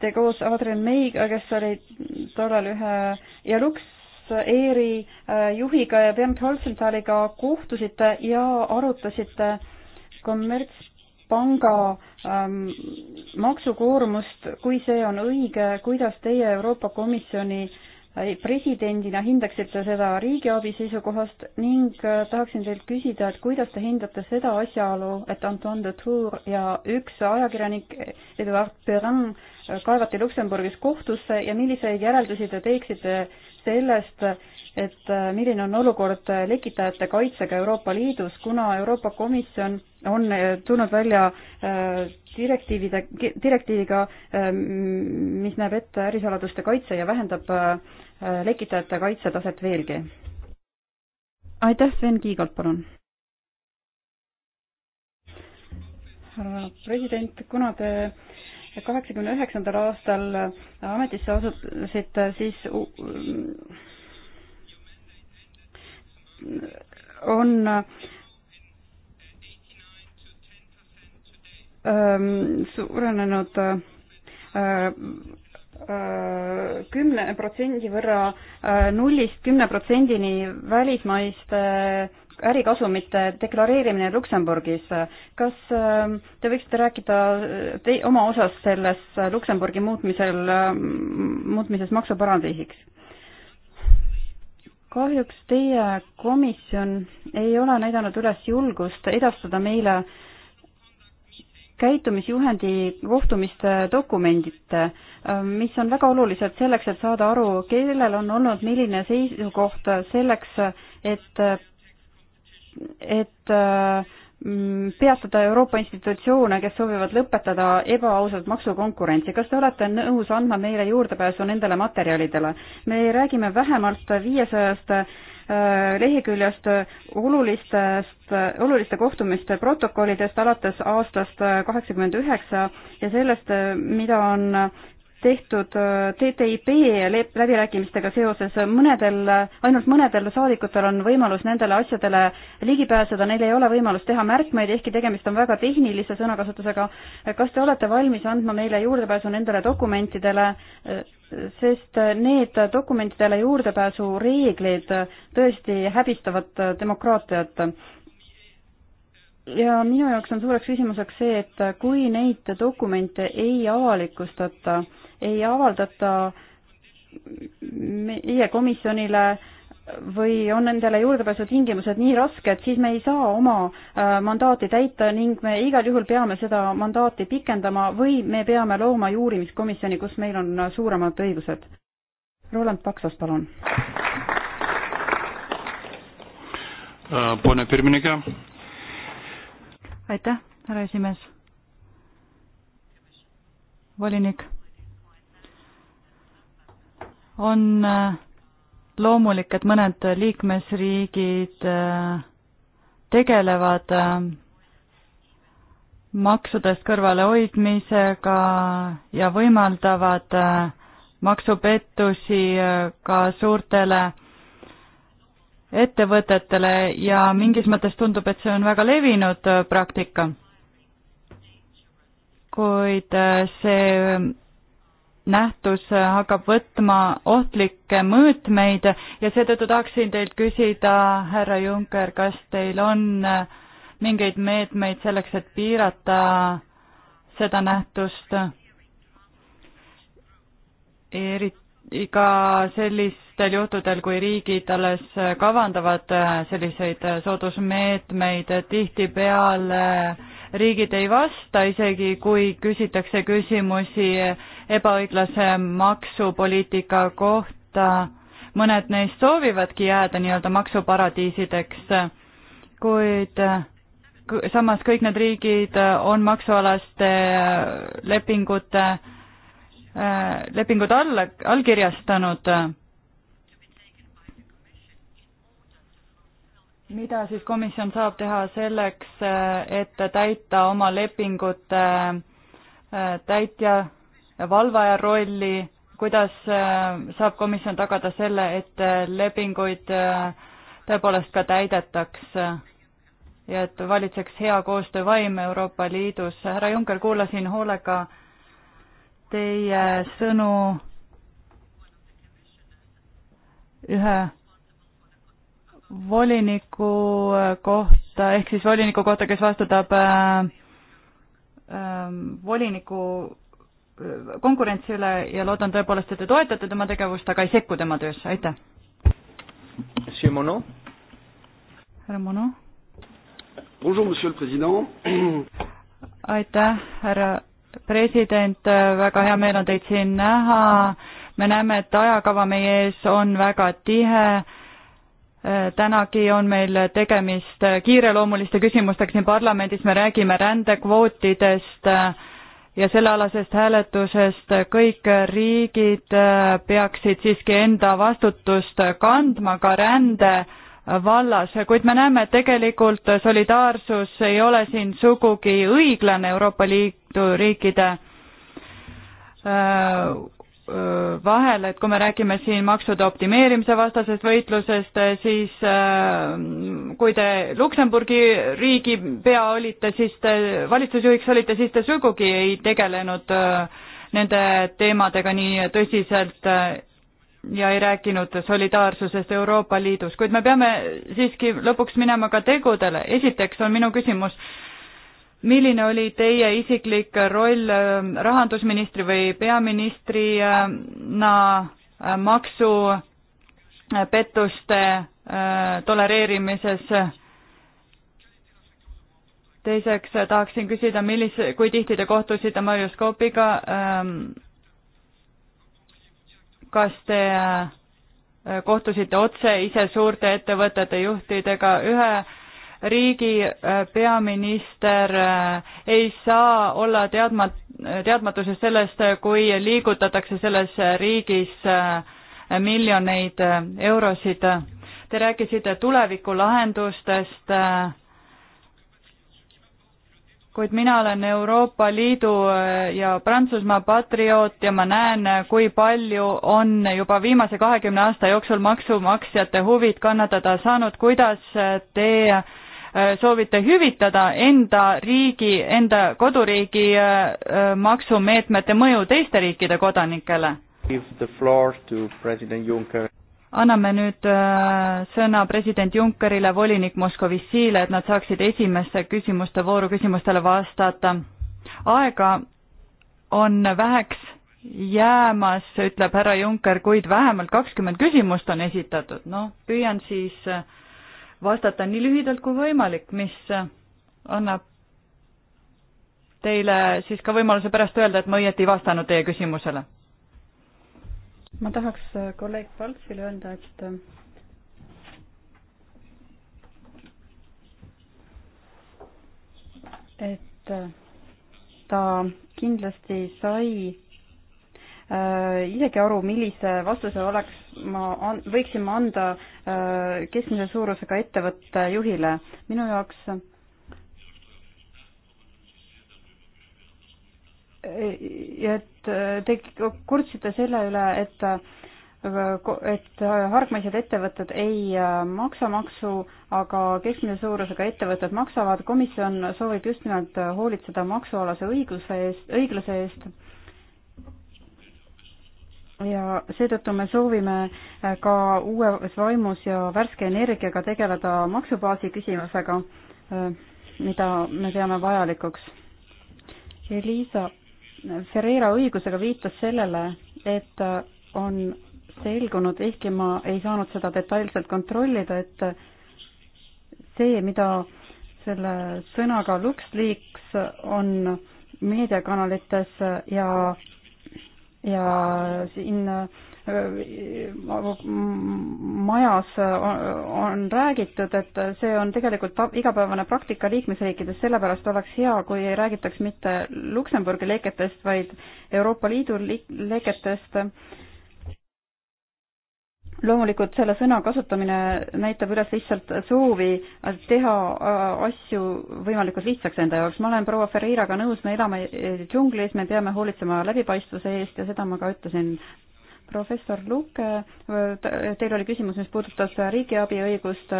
te koos Adrian Mayga, kes oli tollal ühe ja Lux ERi äh, juhiga ja Bernd Holzentaliga kohtusite ja arutasite kommertspanga ähm, maksukoormust, kui see on õige, kuidas teie Euroopa Komisjoni äh, presidendina hindaksite seda riigiabi seisukohast ning äh, tahaksin teilt küsida, et kuidas te hindate seda asjaolu, et Antoine de Tour ja üks ajakirjanik, Eduard Perrin, kaevati Luksemburgis kohtusse ja milliseid järeldusi te teeksite sellest, et äh, milline on olukord lekitajate kaitsega Euroopa Liidus, kuna Euroopa Komisjon on äh, tulnud välja äh, direktiivide, direktiiviga, mis näeb ette ärisaladuste kaitse ja vähendab lekitajate kaitsetaset veelgi. aitäh, Sven Kiigalt, palun. härra president, kuna te kaheksakümne üheksandal aastal ametisse asusid, siis on ähm, suurenenud äh, äh, kümne protsendi võrra äh, nullist kümne protsendini välismaiste äh, ärikasumite deklareerimine Luksemburgis. kas ähm, te võiksite rääkida äh, te, oma osas selles Luksemburgi muutmisel, ähm, muutmises maksuparadiisiks? kahjuks teie komisjon ei ole näidanud üles julgust edastada meile käitumisjuhendi kohtumiste dokumendite, ähm, mis on väga olulised selleks, et saada aru, kellel on olnud milline seisukoht selleks, et et mm, peatada Euroopa institutsioone, kes soovivad lõpetada ebaausat maksukonkurentsi. kas te olete nõus andma meile juurdepääsu nendele materjalidele? me räägime vähemalt viiesajast äh, leheküljest olulistest, oluliste kohtumiste protokollidest alates aastast kaheksakümmend üheksa ja sellest, äh, mida on tehtud äh, TTIP läbirääkimistega seoses mõnedel, ainult mõnedel saadikutel on võimalus nendele asjadele ligi pääseda, neil ei ole võimalust teha märkmeid, ehkki tegemist on väga tehnilise sõnakasutusega. kas te olete valmis andma meile juurdepääsu nendele dokumentidele, sest need dokumentidele juurdepääsu reeglid tõesti häbistavad demokraatiat? ja minu jaoks on suureks küsimuseks see, et kui neid dokumente ei avalikustata, ei avaldata meie komisjonile või on nendele juurdepääsutingimused nii rasked, siis me ei saa oma äh, mandaati täita ning me igal juhul peame seda mandaati pikendama või me peame looma juurimiskomisjoni, kus meil on äh, suuremad õigused. Roland Paksas, palun. Äh, aitäh, härra esimees. volinik on äh, loomulik, et mõned liikmesriigid äh, tegelevad äh, maksudest kõrvalehoidmisega ja võimaldavad maksupettusi ka suurtele ettevõtetele ja mingis mõttes tundub, et see on väga levinud praktika. kuid see nähtus hakkab võtma ohtlikke mõõtmeid ja seetõttu tahaksin teilt küsida, härra Juncker, kas teil on äh, mingeid meetmeid selleks, et piirata seda nähtust? eriti ka sellistel juhtudel, kui riigid alles kavandavad äh, selliseid äh, soodusmeetmeid, tihtipeale riigid ei vasta, isegi kui küsitakse küsimusi äh, ebaõiglase maksupoliitika kohta. mõned neist soovivadki jääda nii-öelda maksuparadiisideks, kuid samas kõik need riigid on maksualaste lepingute, lepingud alla, allkirjastanud mida siis komisjon saab teha selleks, et täita oma lepingute täitja valvaja rolli, kuidas äh, saab komisjon tagada selle, et äh, lepinguid äh, tõepoolest ka täidetaks ja et valitseks hea koostöövaim Euroopa Liidus. härra Juncker, kuulasin hoolega teie sõnu ühe voliniku kohta, ehk siis voliniku kohta, kes vastutab äh, äh, voliniku konkurentsi üle ja loodan tõepoolest, et te toetate tema tegevust, aga ei sekku tema töösse, aitäh. härra Mono. aitäh, härra president, väga hea meel on teid siin näha. me näeme, et ajakava meie ees on väga tihe tänagi on meil tegemist kiireloomuliste küsimustega siin parlamendis, me räägime rändekvootidest äh,, ja sellealasest hääletusest kõik riigid äh, peaksid siiski enda vastutust kandma ka rände vallas, kuid me näeme, et tegelikult solidaarsus ei ole siin sugugi õiglane Euroopa Liidu riikide äh, Äh, vahel, et kui me räägime siin maksude optimeerimise vastasest võitlusest, äh, siis äh, kui te Luksemburgi riigipea olite, siis te valitsusjuhiks olite, siis te sugugi ei tegelenud nende teemadega nii tõsiselt ja ei rääkinud solidaarsusest Euroopa Liidus, kuid me peame siiski lõpuks minema ka tegudele. esiteks on minu küsimus, milline oli teie isiklik roll äh, rahandusministri või peaministrina äh, maksupettuste äh, tolereerimises? teiseks tahaksin küsida, millise, kui tihti te kohtusite Marius Koopiga? Ähm, kas te kohtusite otse ise suurte ettevõtete juhtidega ühe riigi äh, peaminister äh, ei saa olla teadmat-, teadmatuses sellest, äh, kui liigutatakse selles riigis miljoneid eurosid. Te rääkisite tulevikulahendustest, kuid mina olen Euroopa Liidu ja Prantsusmaa patrioot ja ma näen, kui palju on juba viimase kahekümne aasta jooksul maksumaksjate huvid kannatada saanud, kuidas te äh, Äh, soovite hüvitada enda riigi, enda koduriigi äh, äh, maksumeetmete mõju teiste riikide kodanikele? anname nüüd sõna president Junckerile, volinik Moskovissile, et nad saaksid esimesse küsimuste vooru küsimustele vastata. aega on väheks jäämas, ütleb härra Juncker, kuid vähemalt kakskümmend küsimust on esitatud, noh, püüan siis äh, vastata nii lühidalt kui võimalik, mis annab teile siis ka võimaluse pärast öelda, et ma õieti ei vastanud teie küsimusele. ma tahaks äh, kolleeg Paltsile öelda, et äh, et äh, ta kindlasti sai Äh, isegi aru, millise vastuse oleks, ma an-, võiksin ma anda äh, keskmise suurusega ettevõtte juhile. minu jaoks äh, et te kurtsite selle üle, et et hargmaised ettevõtted ei maksa maksu, aga keskmise suurusega ettevõtted maksavad. komisjon soovib just nimelt hoolitseda maksualase õigluse eest, õigluse eest ja seetõttu me soovime äh, ka uues vaimus ja värske energiaga tegeleda maksubaasi küsimusega, äh, mida me peame vajalikuks. Elisa Ferreira õigusega viitas sellele, et äh, on selgunud, ehkki ma ei saanud seda detailselt kontrollida, et see, mida selle sõnaga LuxLeaks on meediakanalites ja ja siin äh, majas on räägitud, et see on tegelikult igapäevane praktika liikmesriikides, sellepärast oleks hea, kui ei räägitaks mitte Luksemburgi leketest, vaid Euroopa Liidu leketest loomulikult selle sõna kasutamine näitab üles lihtsalt soovi teha äh, asju võimalikult lihtsaks enda jaoks. ma olen proua Ferreiraga nõus, me elame džunglis, me peame hoolitsema läbipaistvuse eest ja seda ma ka ütlesin. professor Luke, äh, teil oli küsimus, mis puudutas riigiabi õigust.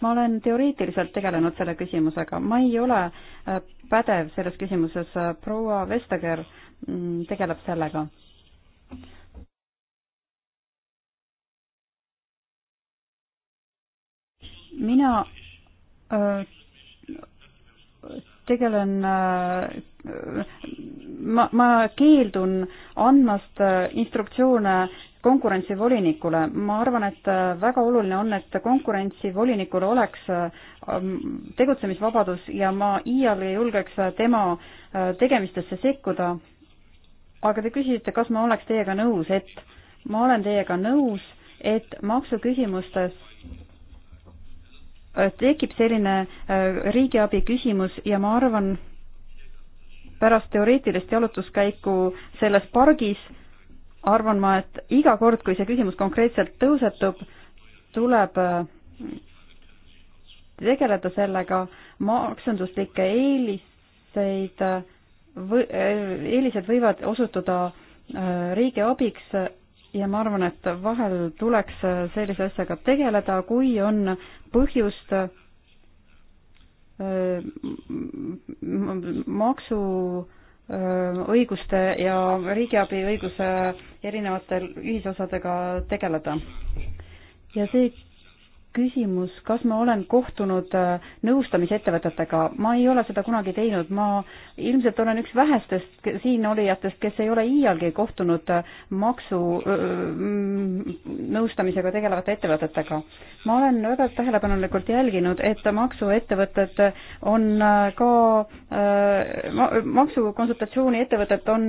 ma olen teoreetiliselt tegelenud selle küsimusega, ma ei ole äh, pädev selles küsimuses, proua Vestager mm, tegeleb sellega mina tegelen, ma, ma keeldun andmast instruktsioone konkurentsivolinikule, ma arvan, et väga oluline on, et konkurentsivolinikul oleks tegutsemisvabadus ja ma iial ei julgeks tema tegemistesse sekkuda. aga te küsisite, kas ma oleks teiega nõus, et ma olen teiega nõus, et maksuküsimustes Äh, tekib selline äh, riigiabi küsimus ja ma arvan, pärast teoreetilist jalutuskäiku selles pargis arvan ma, et iga kord, kui see küsimus konkreetselt tõusetub, tuleb äh, tegeleda sellega maksunduslikke eeliseid või,, eelised võivad osutuda riigi abiks ja ma arvan, et vahel tuleks sellise asjaga tegeleda, kui on põhjust äh, maksu äh, õiguste ja riigiabi õiguse erinevate ühisosadega tegeleda. ja see küsimus, kas ma olen kohtunud äh, nõustamisettevõtetega, ma ei ole seda kunagi teinud, ma ilmselt olen üks vähestest siinolijatest, kes ei ole iialgi kohtunud äh, maksu mm, nõustamisega tegelevate ettevõtetega. ma olen väga tähelepanelikult jälginud, et maksuettevõtted on äh, ka ma,, maksukonsultatsiooni ettevõtted on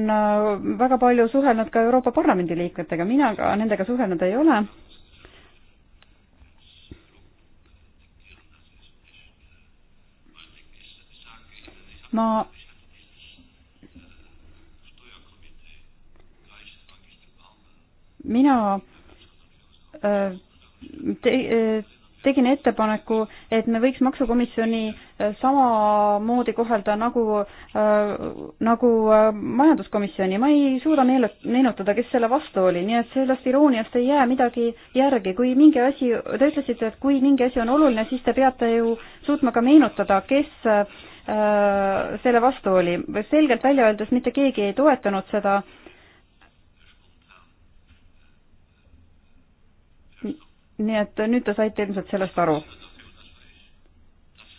väga palju suhelnud ka Euroopa Parlamendi liikmetega, mina ka nendega suhelnud ei ole ma mina äh, te, äh, tegin ettepaneku, et me võiks maksukomisjoni äh, samamoodi kohelda nagu äh,, nagu majanduskomisjoni. ma ei suuda meele, meenutada, kes selle vastu oli, nii et sellest irooniast ei jää midagi järgi. kui mingi asi, te ütlesite, et kui mingi asi on oluline, siis te peate ju suutma ka meenutada, kes äh, Äh, selle vastu oli. selgelt välja öeldes mitte keegi ei toetanud seda. nii et nüüd te saite ilmselt sellest aru.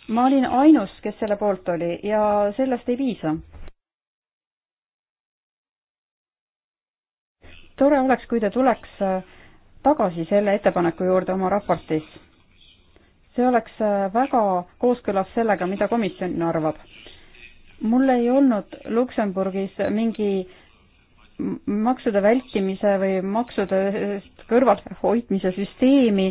ma olin ainus, kes selle poolt oli ja sellest ei piisa. tore oleks, kui ta tuleks tagasi selle ettepaneku juurde oma raportis see oleks äh, väga kooskõlas sellega, mida komisjon arvab. mul ei olnud Luksemburgis mingi maksude vältimise või maksude kõrvalhoidmise süsteemi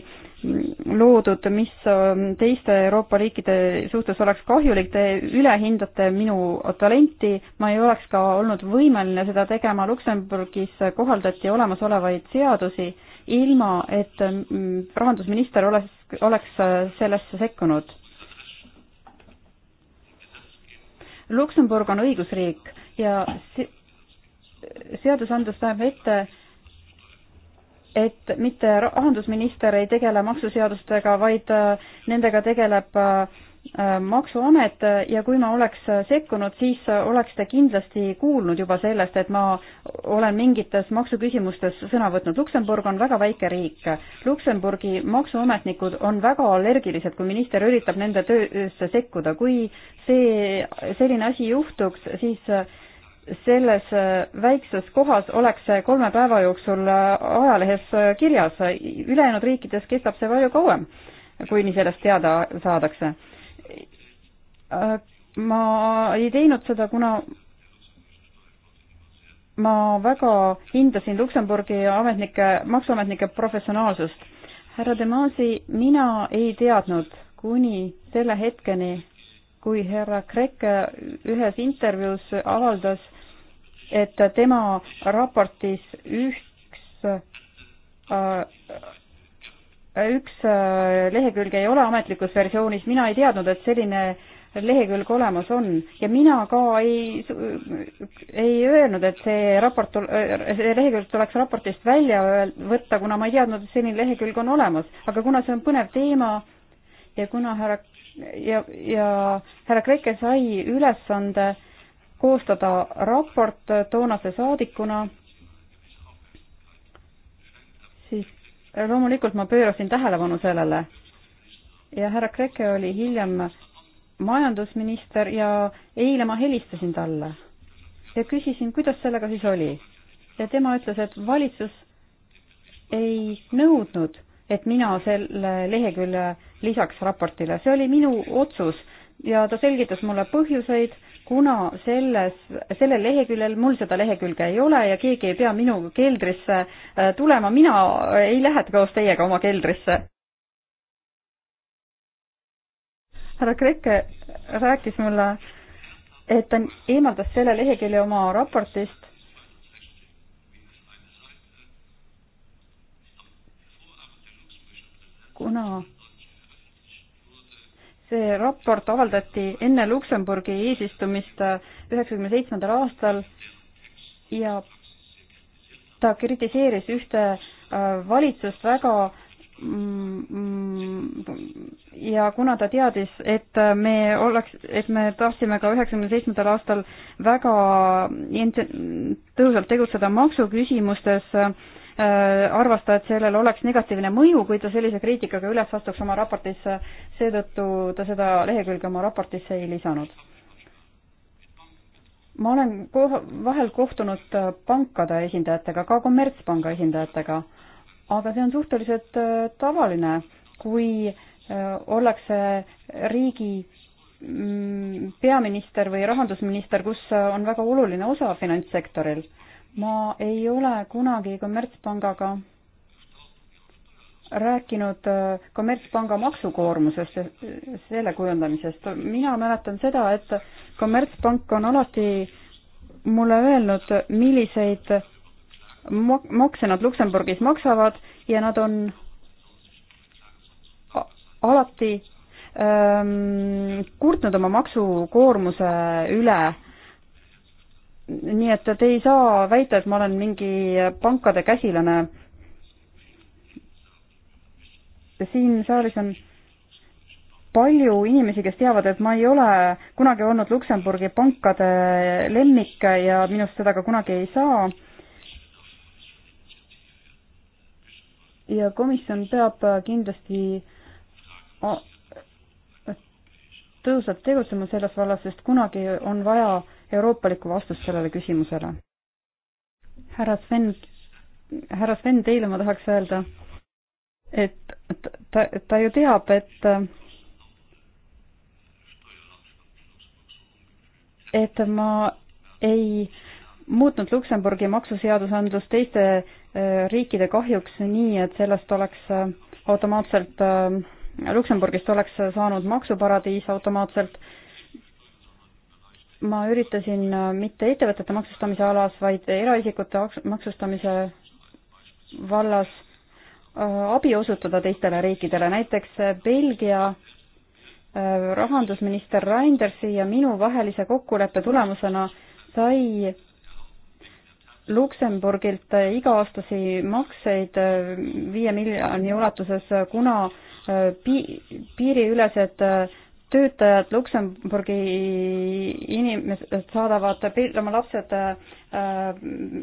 loodud, mis ähm, teiste Euroopa riikide suhtes oleks kahjulik, te ülehindate minu talenti, ma ei oleks ka olnud võimeline seda tegema, Luksemburgis kohaldati olemasolevaid seadusi, ilma et mm, rahandusminister oleks oleks äh, sellesse sekkunud. Luksemburg on õigusriik ja si-, seadusandlus näeb ette, et mitte rahandusminister ei tegele maksuseadustega, vaid äh, nendega tegeleb äh, Äh, maksuamet äh, ja kui ma oleks äh, sekkunud, siis oleks te kindlasti kuulnud juba sellest, et ma olen mingites maksuküsimustes sõna võtnud. Luksemburg on väga väike riik. Luksemburgi maksuametnikud on väga allergilised, kui minister üritab nende töösse sekkuda. kui see, selline asi juhtuks, siis selles väikses kohas oleks see kolme päeva jooksul ajalehes kirjas. ülejäänud riikides kestab see palju kauem, kuni sellest teada saadakse Äh, ma ei teinud seda, kuna ma väga hindasin Luksemburgi ametnike, maksuametnike professionaalsust. härra Demasi, mina ei teadnud kuni selle hetkeni, kui härra Kreke ühes intervjuus avaldas, et tema raportis üks äh, üks äh, lehekülg ei ole ametlikus versioonis, mina ei teadnud, et selline äh, lehekülg olemas on ja mina ka ei, ei öelnud, et see raport, äh, see lehekülg tuleks raportist välja võtta, kuna ma ei teadnud, et selline lehekülg on olemas, aga kuna see on põnev teema ja kuna härra ja, ja härra Kreke sai ülesande koostada raport toonase saadikuna, siis loomulikult ma pöörasin tähelepanu sellele ja härra Kreke oli hiljem majandusminister ja eile ma helistasin talle ja küsisin, kuidas sellega siis oli. ja tema ütles, et valitsus ei nõudnud, et mina selle lehekülje lisaks raportile, see oli minu otsus ja ta selgitas mulle põhjuseid, kuna selles, sellel leheküljel mul seda lehekülge ei ole ja keegi ei pea minu keldrisse äh, tulema, mina ei lähe koos teiega oma keldrisse härra Kreke rääkis mulle, et ta eemaldas selle lehekülje oma raportist, kuna see raport avaldati enne Luksemburgi eesistumist üheksakümne seitsmendal aastal ja ta kritiseeris ühte äh, valitsust väga äh, ja kuna ta teadis, et me oleks, et me tahtsime ka üheksakümne seitsmendal aastal väga tõhusalt tegutseda maksuküsimustes, äh, arvas ta, et sellel oleks negatiivne mõju, kui ta sellise kriitikaga üles astuks oma raportisse, seetõttu ta seda lehekülge oma raportisse ei lisanud. ma olen koh-, vahel kohtunud pankade esindajatega, ka kommertspanga esindajatega aga see on suhteliselt äh, tavaline, kui äh, ollakse riigi mm, peaminister või rahandusminister, kus äh, on väga oluline osa finantssektoril. ma ei ole kunagi kommertspangaga rääkinud kommertspanga maksukoormusest ja selle kujundamisest. mina mäletan seda, et kommertspank on alati mulle öelnud, milliseid makse nad Luksemburgis maksavad ja nad on alati ähm, kurtnud oma maksukoormuse üle. nii et te ei saa väita, et ma olen mingi pankade käsilane. siin saalis on palju inimesi, kes teavad, et ma ei ole kunagi olnud Luksemburgi pankade lemmik ja minust seda ka kunagi ei saa ja komisjon peab kindlasti tõhusalt tegutsema selles vallas, sest kunagi on vaja euroopalikku vastust sellele küsimusele. härra Sven, härra Sven, teile ma tahaks öelda, et ta, ta ju teab, et et ma ei muutnud Luksemburgi maksuseadusandlust teiste riikide kahjuks nii, et sellest oleks äh, automaatselt, äh, Luksemburgist oleks äh, saanud maksuparadiis automaatselt. ma üritasin mitte ettevõtete maksustamise alas, vaid eraisikute maksustamise vallas abi osutada teistele riikidele, näiteks Belgia rahandusminister Reindersi ja minu vahelise kokkuleppe tulemusena sai Luksemburgilt iga-aastasi makseid äh, viie miljoni ulatuses, äh, kuna äh, pi-, piiriülesed töötajad, Luksemburgi inimesed saadavad oma lapsed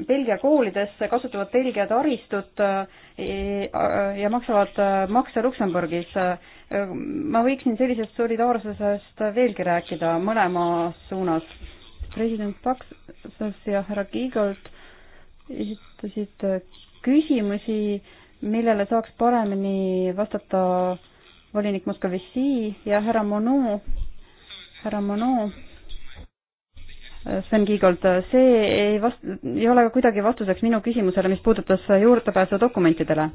Belgia koolidesse, kasutavad Belgia taristut ja maksavad makse Luksemburgis. ma võiksin sellisest solidaarsusest veelgi rääkida mõlemas suunas. president Paksas ja härra Kiigolt esitasid äh, küsimusi, millele saaks paremini vastata volinik Moskovici ja härra Monu, härra Monu, äh, Sven Kiigolt, äh, see ei vast-, ei ole kuidagi vastuseks minu küsimusele, mis puudutas juurdepääsu dokumentidele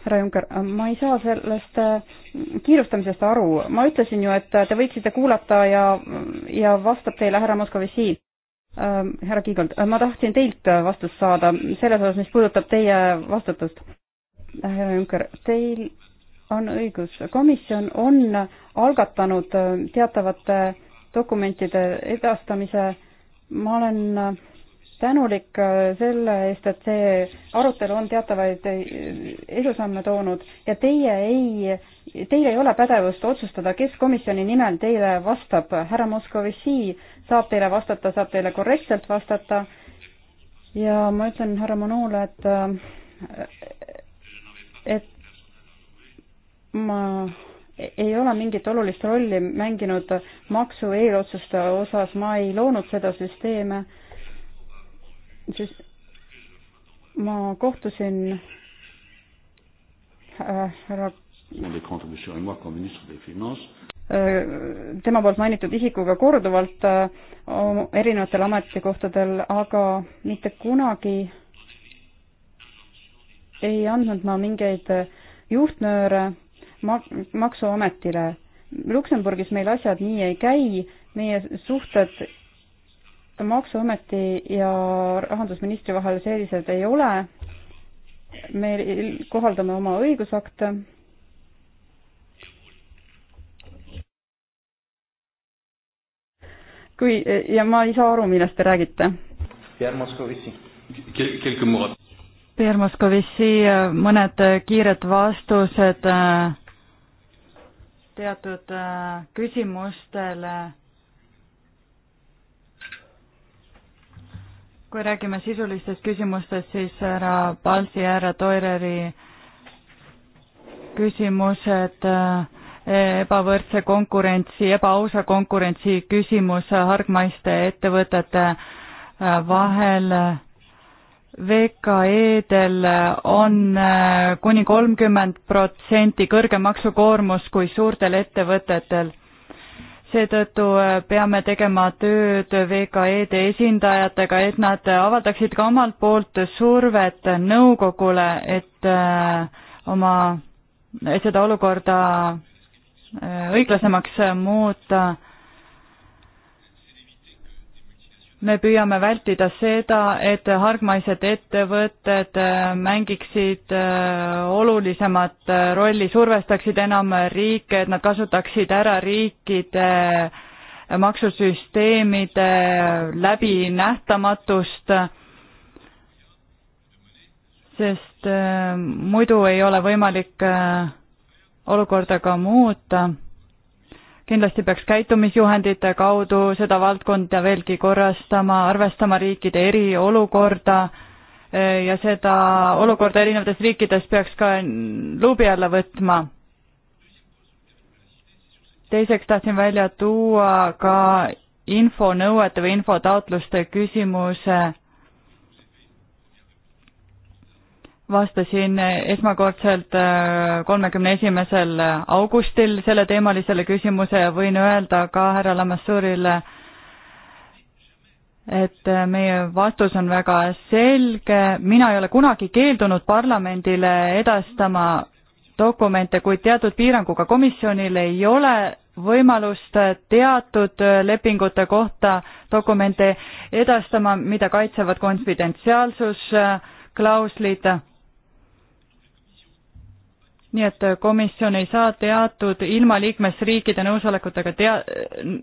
härra Juncker, ma ei saa sellest kiirustamisest aru, ma ütlesin ju, et te võiksite kuulata ja, ja vastab teile härra Moskovici. Ähm, härra Kiigold, ma tahtsin teilt vastust saada selles osas, mis puudutab teie vastutust. härra Juncker, teil on õigus, komisjon on algatanud äh, teatavate dokumentide edastamise. ma olen äh, tänulik äh, selle eest, et see arutelu on teatavaid edusamme toonud ja teie ei, teil ei ole pädevust otsustada, kes komisjoni nimel teile vastab. härra Moskovitši saab teile vastata, saab teile korrektselt vastata ja ma ütlen härra Manole, et äh, et ma ei ole mingit olulist rolli mänginud maksu eelotsuste osas, ma ei loonud seda süsteeme, sest ma kohtusin äh, härra äh, tema poolt mainitud isikuga korduvalt äh, erinevatel ametikohtadel, aga mitte kunagi ei andnud ma mingeid juhtnööre mak-, Maksuametile. Luksemburgis meil asjad nii ei käi, meie suhted Maksuameti ja rahandusministri vahel sellised ei ole, me kohaldame oma õigusakte kui, ja ma ei saa aru, millest te räägite. Pierre Moscovici. Pierre Moscovici, mõned kiired vastused äh, teatud äh, küsimustele kui räägime sisulistest küsimustest, siis härra Palsi ja härra Toireri küsimused äh, ebavõrdse konkurentsi, ebaausa konkurentsi küsimus hargmaiste ettevõtete äh, vahel. VKE-del on äh, kuni kolmkümmend protsenti kõrgem maksukoormus kui suurtel ettevõtetel. seetõttu äh, peame tegema tööd VKE-de esindajatega, et nad avaldaksid ka omalt poolt survet nõukogule, et oma, et seda olukorda Äh, õiglasemaks äh, muuta. me püüame vältida seda, et hargmaised ettevõtted äh, mängiksid olulisemat rolli, survestaksid enam riike, et nad kasutaksid ära riikide maksusüsteemide läbinähtamatust sest muidu ei ole võimalik olukorda ka muuta. kindlasti peaks käitumisjuhendite kaudu seda valdkonda veelgi korrastama, arvestama riikide eriolukorda eh, ja seda olukorda erinevates riikides peaks ka luubi alla võtma. teiseks tahtsin välja tuua ka infonõuete või infotaotluste küsimuse vastasin esmakordselt äh, kolmekümne esimesel augustil selleteemalisele küsimuse ja võin öelda ka härra Lamassuurile, et äh, meie vastus on väga selge, mina ei ole kunagi keeldunud parlamendile edastama dokumente, kuid teatud piiranguga komisjonil ei ole võimalust teatud lepingute kohta dokumente edastama, mida kaitsevad konfidentsiaalsusklauslid äh, nii et äh, komisjon ei saa teatud ilma liikmesriikide nõusolekutega tea-,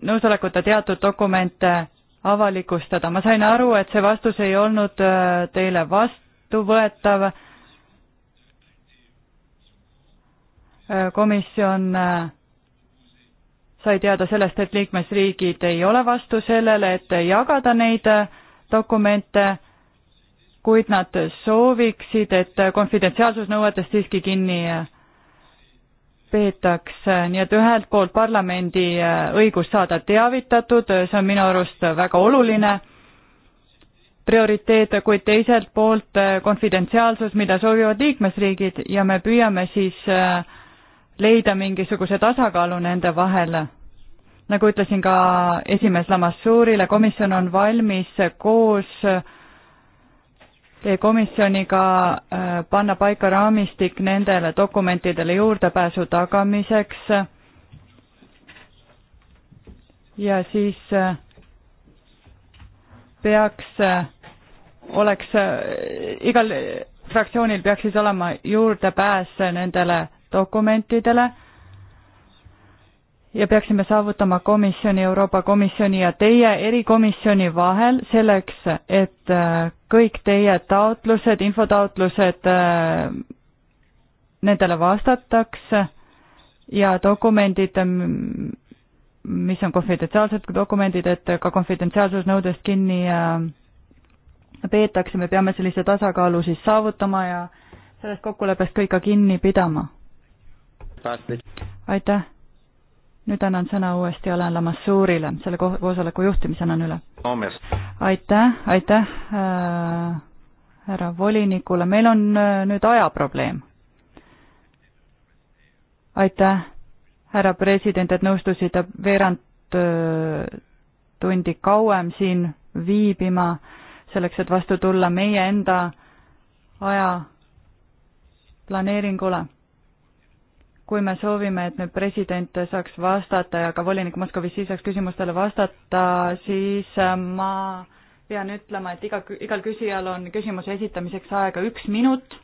nõusolekuta teatud dokumente avalikustada. ma sain aru, et see vastus ei olnud äh, teile vastuvõetav. Äh, komisjon sai teada sellest, et liikmesriigid ei ole vastu sellele, et jagada neid dokumente kuid nad sooviksid, et konfidentsiaalsusnõuetest siiski kinni peetakse, nii et ühelt poolt parlamendi äh, õigus saada teavitatud, see on minu arust väga oluline prioriteet, kuid teiselt poolt äh, konfidentsiaalsus, mida soovivad liikmesriigid ja me püüame siis äh, leida mingisuguse tasakaalu nende vahel. nagu ütlesin ka esimees Lamassuurile, komisjon on valmis koos äh, teie komisjoniga äh, panna paika raamistik nendele dokumentidele juurdepääsu tagamiseks ja siis äh, peaks, äh, oleks igal fraktsioonil peaks siis olema juurdepääs nendele dokumentidele ja peaksime saavutama komisjoni, Euroopa Komisjoni ja teie erikomisjoni vahel selleks, et kõik teie taotlused, infotaotlused, äh, nendele vastatakse ja dokumendid, mis on konfidentsiaalsed dokumendid, et ka konfidentsiaalsusnõudest kinni äh, peetakse, me peame sellise tasakaalu siis saavutama ja sellest kokkuleppest kõik ka kinni pidama. aitäh! nüüd annan sõna uuesti Alan Lamassuurile, selle koosoleku juhtimise annan üle. aitäh, aitäh äh, härra volinikule, meil on äh, nüüd ajaprobleem. aitäh, härra president, et nõustusite veerand äh, tundi kauem siin viibima, selleks et vastu tulla meie enda aja planeeringule kui me soovime, et nüüd president saaks vastata ja ka volinik Moskovitši saaks küsimustele vastata, siis äh, ma pean ütlema, et iga, igal küsijal on küsimuse esitamiseks aega üks minut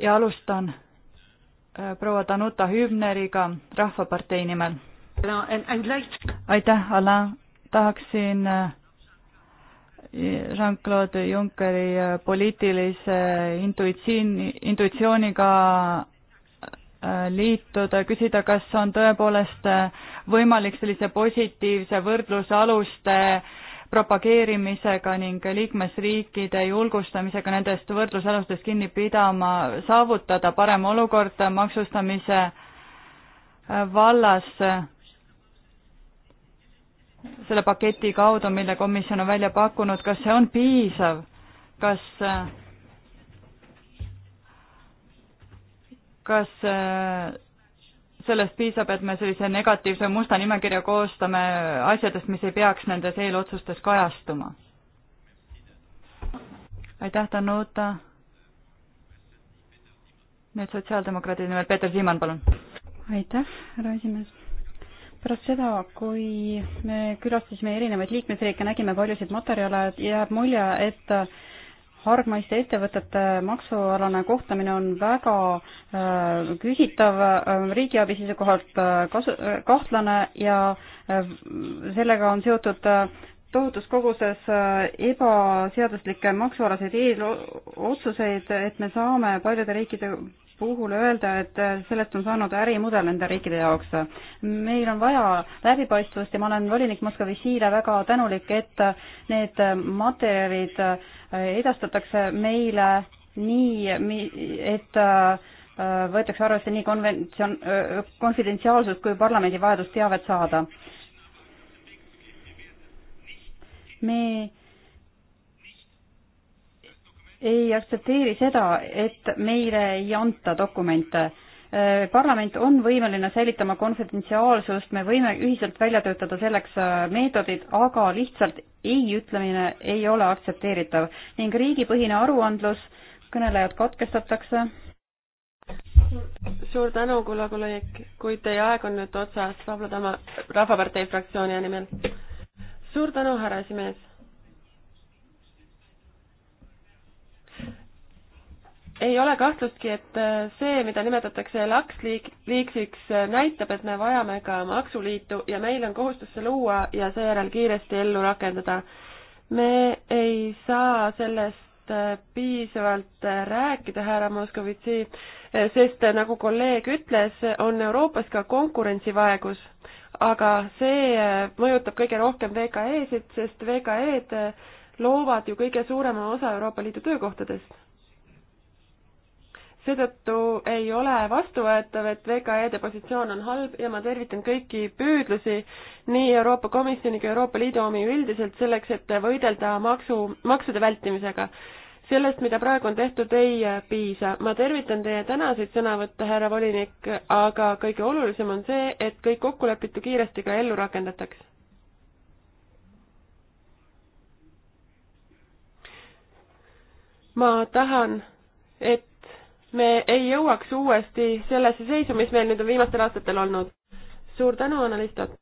ja alustan äh, proua Danuta Hübneriga Rahvapartei nimel. aitäh, Alain, tahaksin äh, Jean-Claude Junckeri poliitilise intuitsiin, intuitsiooniga Äh, liituda, küsida, kas on tõepoolest äh, võimalik sellise positiivse võrdlusaluste propageerimisega ning liikmesriikide julgustamisega nendest võrdlusalustest kinni pidama, saavutada parem olukord maksustamise äh, vallas selle paketi kaudu, mille komisjon on välja pakkunud, kas see on piisav, kas kas äh, sellest piisab, et me sellise negatiivse musta nimekirja koostame asjadest, mis ei peaks nendes eelotsustes kajastuma? aitäh, Danuta. nüüd sotsiaaldemokraadide nimel Peeter Siimann, palun. aitäh, härra esimees. pärast seda, kui me külastasime erinevaid liikmesriike, nägime paljusid materjale, jääb mulje, et hargmaiste ettevõtete maksualane kohtamine on väga äh, küsitav äh, riigiabi seisukohalt äh, kasu- äh,, kahtlane ja äh, sellega on seotud äh, tohutus koguses äh, ebaseaduslikke maksualaseid eelotsuseid, et me saame paljude riikide puhul öelda, et äh, sellest on saanud ärimudel nende riikide jaoks. meil on vaja läbipaistvust ja ma olen volinik Moskva-Vishile väga tänulik, et äh, need äh, materjalid edastatakse meile nii, et võetakse arvesse nii konventsioon, konfidentsiaalsust kui parlamendi vajadust teavet saada. me ei aktsepteeri seda, et meile ei anta dokumente. Äh, parlament on võimeline säilitama konfidentsiaalsust, me võime ühiselt välja töötada selleks äh, meetodid, aga lihtsalt ei ütlemine ei ole aktsepteeritav ning riigipõhine aruandlus, kõnelejad katkestatakse. suur tänu, kulla kolleeg, kuid teie aeg on nüüd otsas, Pablo Tama Rahvapartei fraktsiooni nimel. suur tänu, härra esimees ei ole kahtlustki, et äh, see, mida nimetatakse laksliiksiks, äh, näitab, et me vajame ka maksuliitu ja meil on kohustus see luua ja seejärel kiiresti ellu rakendada. me ei saa sellest äh, piisavalt rääkida, härra Moskovitši, sest nagu kolleeg ütles, on Euroopas ka konkurentsivaegus, aga see mõjutab kõige rohkem VKE-sid, sest VKE-d loovad ju kõige suurema osa Euroopa Liidu töökohtadest seetõttu ei ole vastuvõetav, et VKE-de positsioon on halb ja ma tervitan kõiki püüdlusi nii Euroopa Komisjoni kui Euroopa Liidu omi üldiselt selleks, et võidelda maksu, maksude vältimisega. sellest, mida praegu on tehtud, ei piisa. ma tervitan teie tänaseid sõnavõtte, härra volinik, aga kõige olulisem on see, et kõik kokkulepitu kiiresti ka ellu rakendataks ma tahan, et me ei jõuaks uuesti sellesse seisu, mis meil nüüd on viimastel aastatel olnud. suur tänu, Annaliis Tott!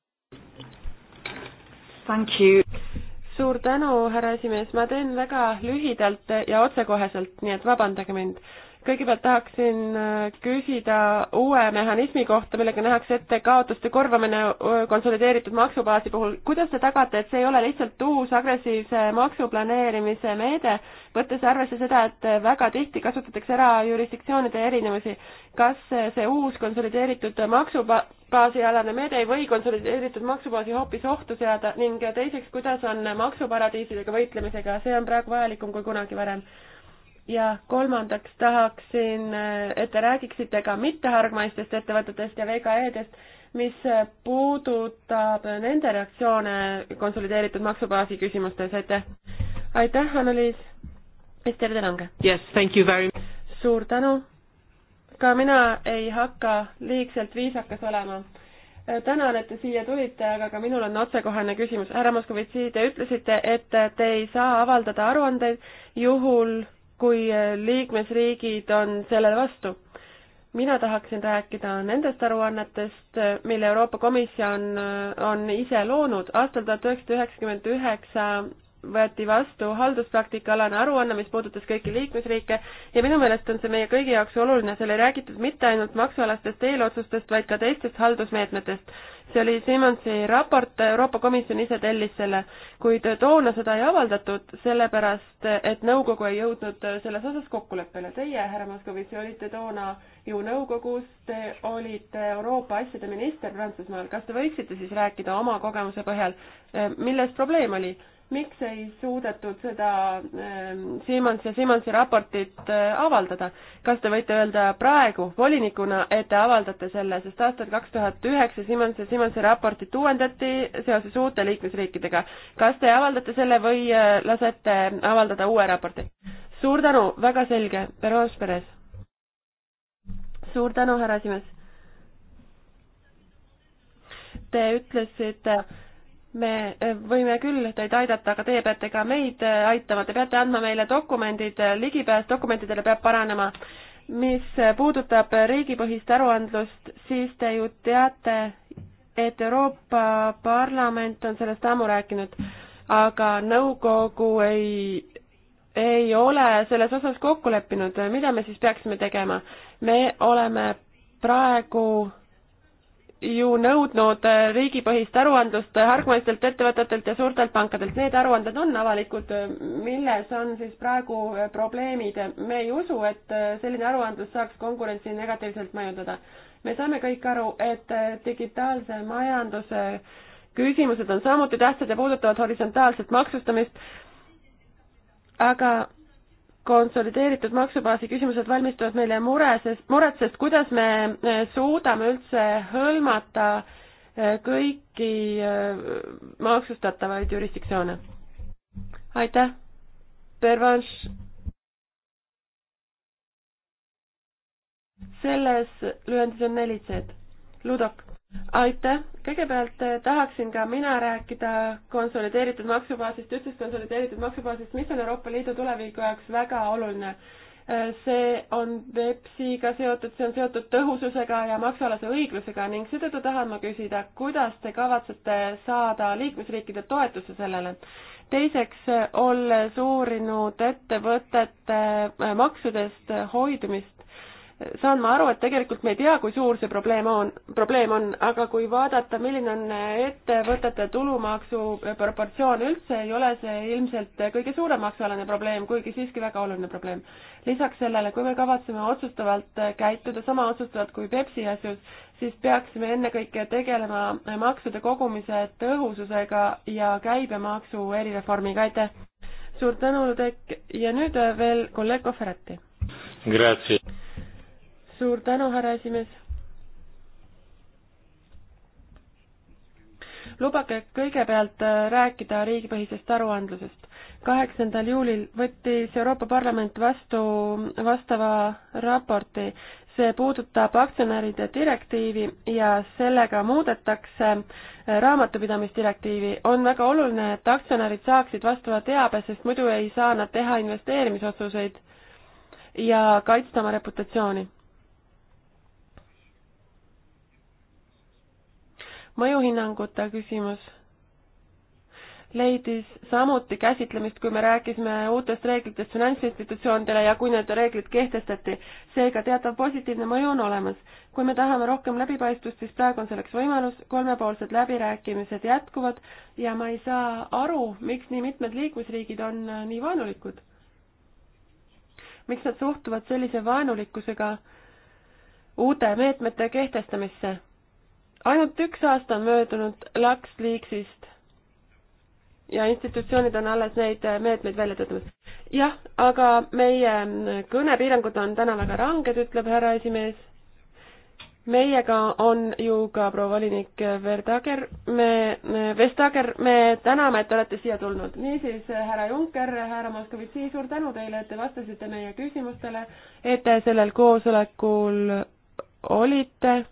suur tänu, härra esimees, ma teen väga lühidalt ja otsekoheselt, nii et vabandage mind kõigepealt tahaksin äh, küsida uue mehhanismi kohta, millega nähakse ette kaotuste korvamine äh, konsolideeritud maksubaasi puhul. kuidas te tagate, et see ei ole lihtsalt uus agressiivse maksuplaneerimise meede, võttes arvesse seda, et äh, väga tihti kasutatakse ära jurisdiktsioonide erinevusi? kas see uus konsolideeritud maksubaasi alane meede ei või konsolideeritud maksubaasi hoopis ohtu seada ning teiseks, kuidas on maksuparadiisidega võitlemisega, see on praegu vajalikum kui kunagi varem ja kolmandaks tahaksin, äh, et te räägiksite ka mittehargmaistest ettevõtetest ja VKE-dest, mis äh, puudutab nende reaktsioone konsolideeritud maksubaasi küsimustes, aitäh. aitäh, Anneliis. Ester Delange. Yes, thank you very much. suur tänu. ka mina ei hakka liigselt viisakas olema äh, tänan, et te siia tulite, aga ka minul on otsekohane küsimus. härra Moskovitši, te ütlesite, et te ei saa avaldada aruandeid juhul, kui äh, liikmesriigid on sellele vastu. mina tahaksin rääkida nendest aruannetest, äh, mille Euroopa Komisjon äh, on ise loonud. aastal tuhat üheksasada üheksakümmend üheksa võeti vastu halduspraktika alane aruanne, mis puudutas kõiki liikmesriike ja minu meelest on see meie kõigi jaoks oluline, seal ei räägitud mitte ainult maksualastest eelotsustest, vaid ka teistest haldusmeetmetest. see oli Simonsi raport, Euroopa Komisjon ise tellis selle, kuid toona seda ei avaldatud, sellepärast et nõukogu ei jõudnud selles osas kokkuleppele. Teie, härra Moskovitš, olite toona ju nõukogus, te olite Euroopa asjade minister Prantsusmaal, kas te võiksite siis rääkida oma kogemuse põhjal, milles probleem oli? miks ei suudetud seda ähm, Siemens ja Siemensi raportit äh, avaldada? kas te võite öelda praegu volinikuna, et te avaldate selle, sest aastal kaks tuhat üheksa Siemens ja Siemensi raportit uuendati seoses uute liikmesriikidega. kas te avaldate selle või äh, lasete avaldada uue raporti? suur tänu, väga selge, Perez Perez. suur tänu, härra esimees. Te ütlesite et me eh, võime küll teid aidata, aga teie peate ka meid eh, aitama, te peate andma meile dokumendid, eh, ligipääs dokumentidele peab paranema. mis puudutab riigipõhist aruandlust, siis te ju teate, et Euroopa Parlament on sellest ammu rääkinud, aga nõukogu ei, ei ole selles osas kokku leppinud, mida me siis peaksime tegema? me oleme praegu ju nõudnud äh, riigipõhist aruandlust hargmaistelt ettevõtetelt ja suurtelt pankadelt. Need aruanded on avalikud. milles on siis praegu äh, probleemid? me ei usu, et äh, selline aruandlus saaks konkurentsi negatiivselt mõjutada. me saame kõik aru, et digitaalse majanduse küsimused on samuti tähtsad ja puudutavad horisontaalset maksustamist. aga konsolideeritud maksubaasi küsimused valmistuvad meile mure, sest, muret, sest kuidas me e, suudame üldse hõlmata e, kõiki e, maksustatavaid jurisdiktsioone. aitäh, Pervanš. selles lühendis on neli C-d. Ludok aitäh, kõigepealt eh, tahaksin ka mina rääkida konsolideeritud maksubaasist, ühtsest konsolideeritud maksubaasist, mis on Euroopa Liidu tuleviku jaoks väga oluline. Eh, see on BEPS-iga seotud, see on seotud tõhususega ja maksualase õiglusega ning seetõttu tahan ma küsida, kuidas te kavatsete saada liikmesriikide toetuse sellele? teiseks, eh, olles uurinud ettevõtete maksudest hoidumist, saan ma aru, et tegelikult me ei tea, kui suur see probleem on, probleem on, aga kui vaadata, milline on ettevõtete tulumaksu proportsioon üldse, ei ole see ilmselt kõige suurem maksualane probleem, kuigi siiski väga oluline probleem. lisaks sellele, kui me kavatseme otsustavalt käituda, sama otsustavalt kui Pepsi asjus, siis peaksime ennekõike tegelema maksude kogumise tõhususega ja käibemaksu erireformiga, aitäh! suur tänu, Ludek, ja nüüd veel kolleeg Kohverati. Grazie suur tänu, härra esimees. lubage kõigepealt äh, rääkida riigipõhisest aruandlusest. kaheksandal juulil võttis Euroopa Parlament vastu vastava raporti. see puudutab aktsionäride direktiivi ja sellega muudetakse äh, raamatupidamisdirektiivi. on väga oluline, et aktsionärid saaksid vastava teabe, sest muidu ei saa nad teha investeerimisotsuseid ja kaitsta oma reputatsiooni mõjuhinnangute küsimus leidis samuti käsitlemist, kui me rääkisime uutest reeglitest finantsinstitutsioonidele ja kui need reeglid kehtestati. seega teatav positiivne mõju on olemas. kui me tahame rohkem läbipaistvust, siis praegu on selleks võimalus, kolmepoolsed läbirääkimised jätkuvad ja ma ei saa aru, miks nii mitmed liikmesriigid on äh, nii vaenulikud. miks nad suhtuvad sellise vaenulikkusega uute meetmete kehtestamisse ainult üks aasta on möödunud Lux-Leaksist ja institutsioonid on alles neid meetmeid välja töötamas. jah, aga meie kõnepiirangud on täna väga ranged, ütleb härra esimees. meiega on ju ka proua volinik Verdager, me, Vestager, me täname, et te olete siia tulnud. niisiis, härra Juncker, härra Moskovitši, suur tänu teile, et te vastasite meie küsimustele, et te sellel koosolekul olite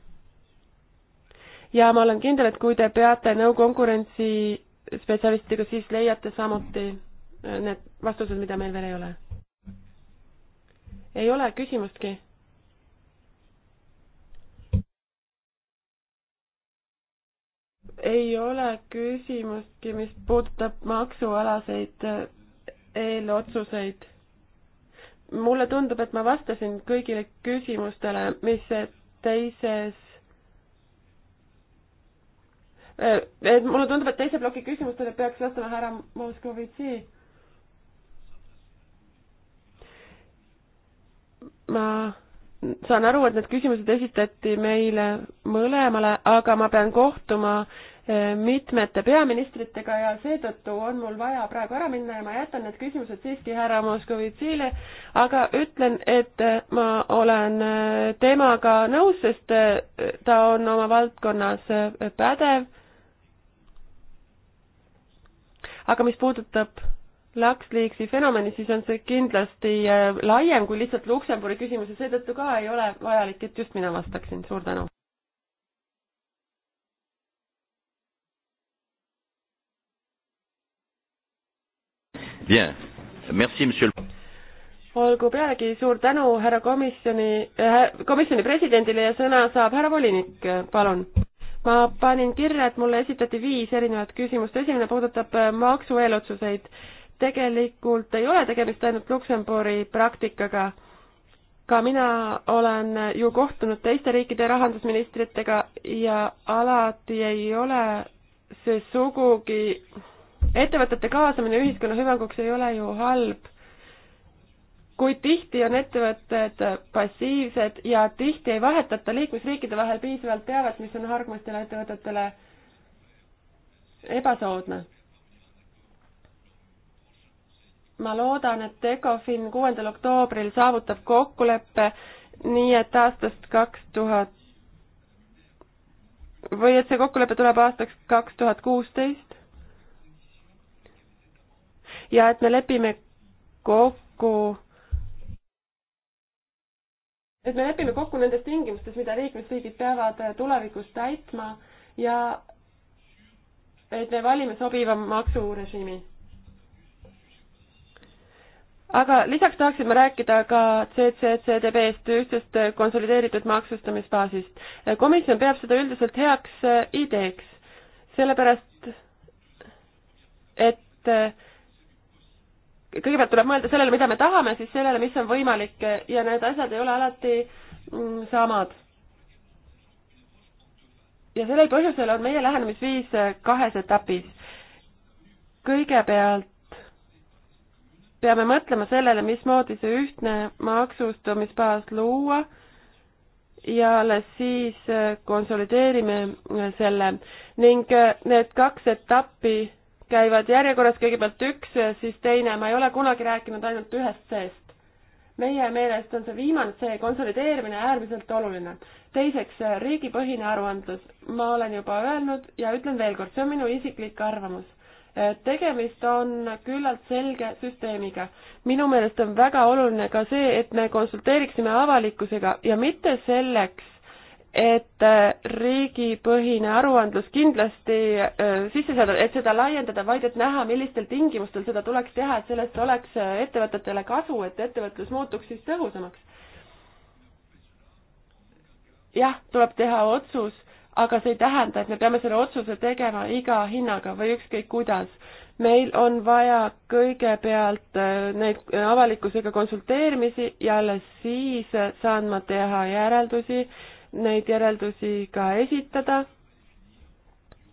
ja ma olen kindel, et kui te peate nõu konkurentsispetsialistidega, siis leiate samuti äh, need vastused, mida meil veel ei ole. ei ole küsimustki? ei ole küsimustki, mis puudutab maksualaseid äh, eelotsuseid. mulle tundub, et ma vastasin kõigile küsimustele, mis teises Äh, et mulle tundub, et teise ploki küsimustele peaks vastama härra Moskovitši. ma saan aru, et need küsimused esitati meile mõlemale, aga ma pean kohtuma äh, mitmete peaministritega ja seetõttu on mul vaja praegu ära minna ja ma jätan need küsimused siiski härra Moskovitšile, aga ütlen, et äh, ma olen temaga nõus, sest ta on oma valdkonnas pädev aga mis puudutab Luxleaksi fenomeni, siis on see kindlasti äh, laiem kui lihtsalt Luksemburgi küsimus ja seetõttu ka ei ole vajalik, et just mina vastaksin, suur tänu. Bien, merci monsieur le olgu pealegi suur tänu härra komisjoni, äh, komisjoni presidendile ja sõna saab härra volinik, palun ma panin kirja, et mulle esitati viis erinevat küsimust, esimene puudutab äh, maksu eelotsuseid. tegelikult ei ole tegemist ainult Luksemburi praktikaga. ka mina olen äh, ju kohtunud teiste riikide rahandusministritega ja alati ei ole see sugugi, ettevõtete kaasamine ühiskonna hüvanguks ei ole ju halb kuid tihti on ettevõtted passiivsed ja tihti ei vahetata liikmesriikide vahel piisavalt teavet, mis on hargmaistele ettevõtetele ebasoodne. ma loodan, et Ecofin kuuendal oktoobril saavutab kokkuleppe, nii et aastast kaks tuhat või et see kokkulepe tuleb aastaks kaks tuhat kuusteist ja et me lepime kokku et me lepime kokku nendes tingimustes, mida liikmesriigid peavad äh, tulevikus täitma ja et me valime sobiva maksurežiimi. aga lisaks tahaksime rääkida ka CCCDB-st, ühtsest äh, konsolideeritud maksustamisbaasist. Äh, komisjon peab seda üldiselt heaks ideeks, sellepärast et kõigepealt tuleb mõelda sellele, mida me tahame, siis sellele, mis on võimalik ja need asjad ei ole alati mm, samad. ja sellel põhjusel on meie lähenemisviis äh, kahes etapis. kõigepealt peame mõtlema sellele, mismoodi see ühtne maksustamisbaas luua ja alles siis äh, konsolideerime äh, selle ning need kaks etappi käivad järjekorras kõigepealt üks, siis teine, ma ei ole kunagi rääkinud ainult ühest seest. meie meelest on see viimane see konsolideerimine äärmiselt oluline. teiseks, riigipõhine aruandlus. ma olen juba öelnud ja ütlen veel kord, see on minu isiklik arvamus tegemist on küllalt selge süsteemiga. minu meelest on väga oluline ka see, et me konsulteeriksime avalikkusega ja mitte selleks, et äh, riigipõhine aruandlus kindlasti äh, sisse saada, et seda laiendada, vaid et näha, millistel tingimustel seda tuleks teha, et sellest oleks äh, ettevõtetele kasu, et ettevõtlus muutuks siis tõhusamaks. jah, tuleb teha otsus, aga see ei tähenda, et me peame selle otsuse tegema iga hinnaga või ükskõik kuidas meil on vaja kõigepealt neid avalikkusega konsulteerimisi ja alles siis saan ma teha järeldusi neid järeldusi ka esitada.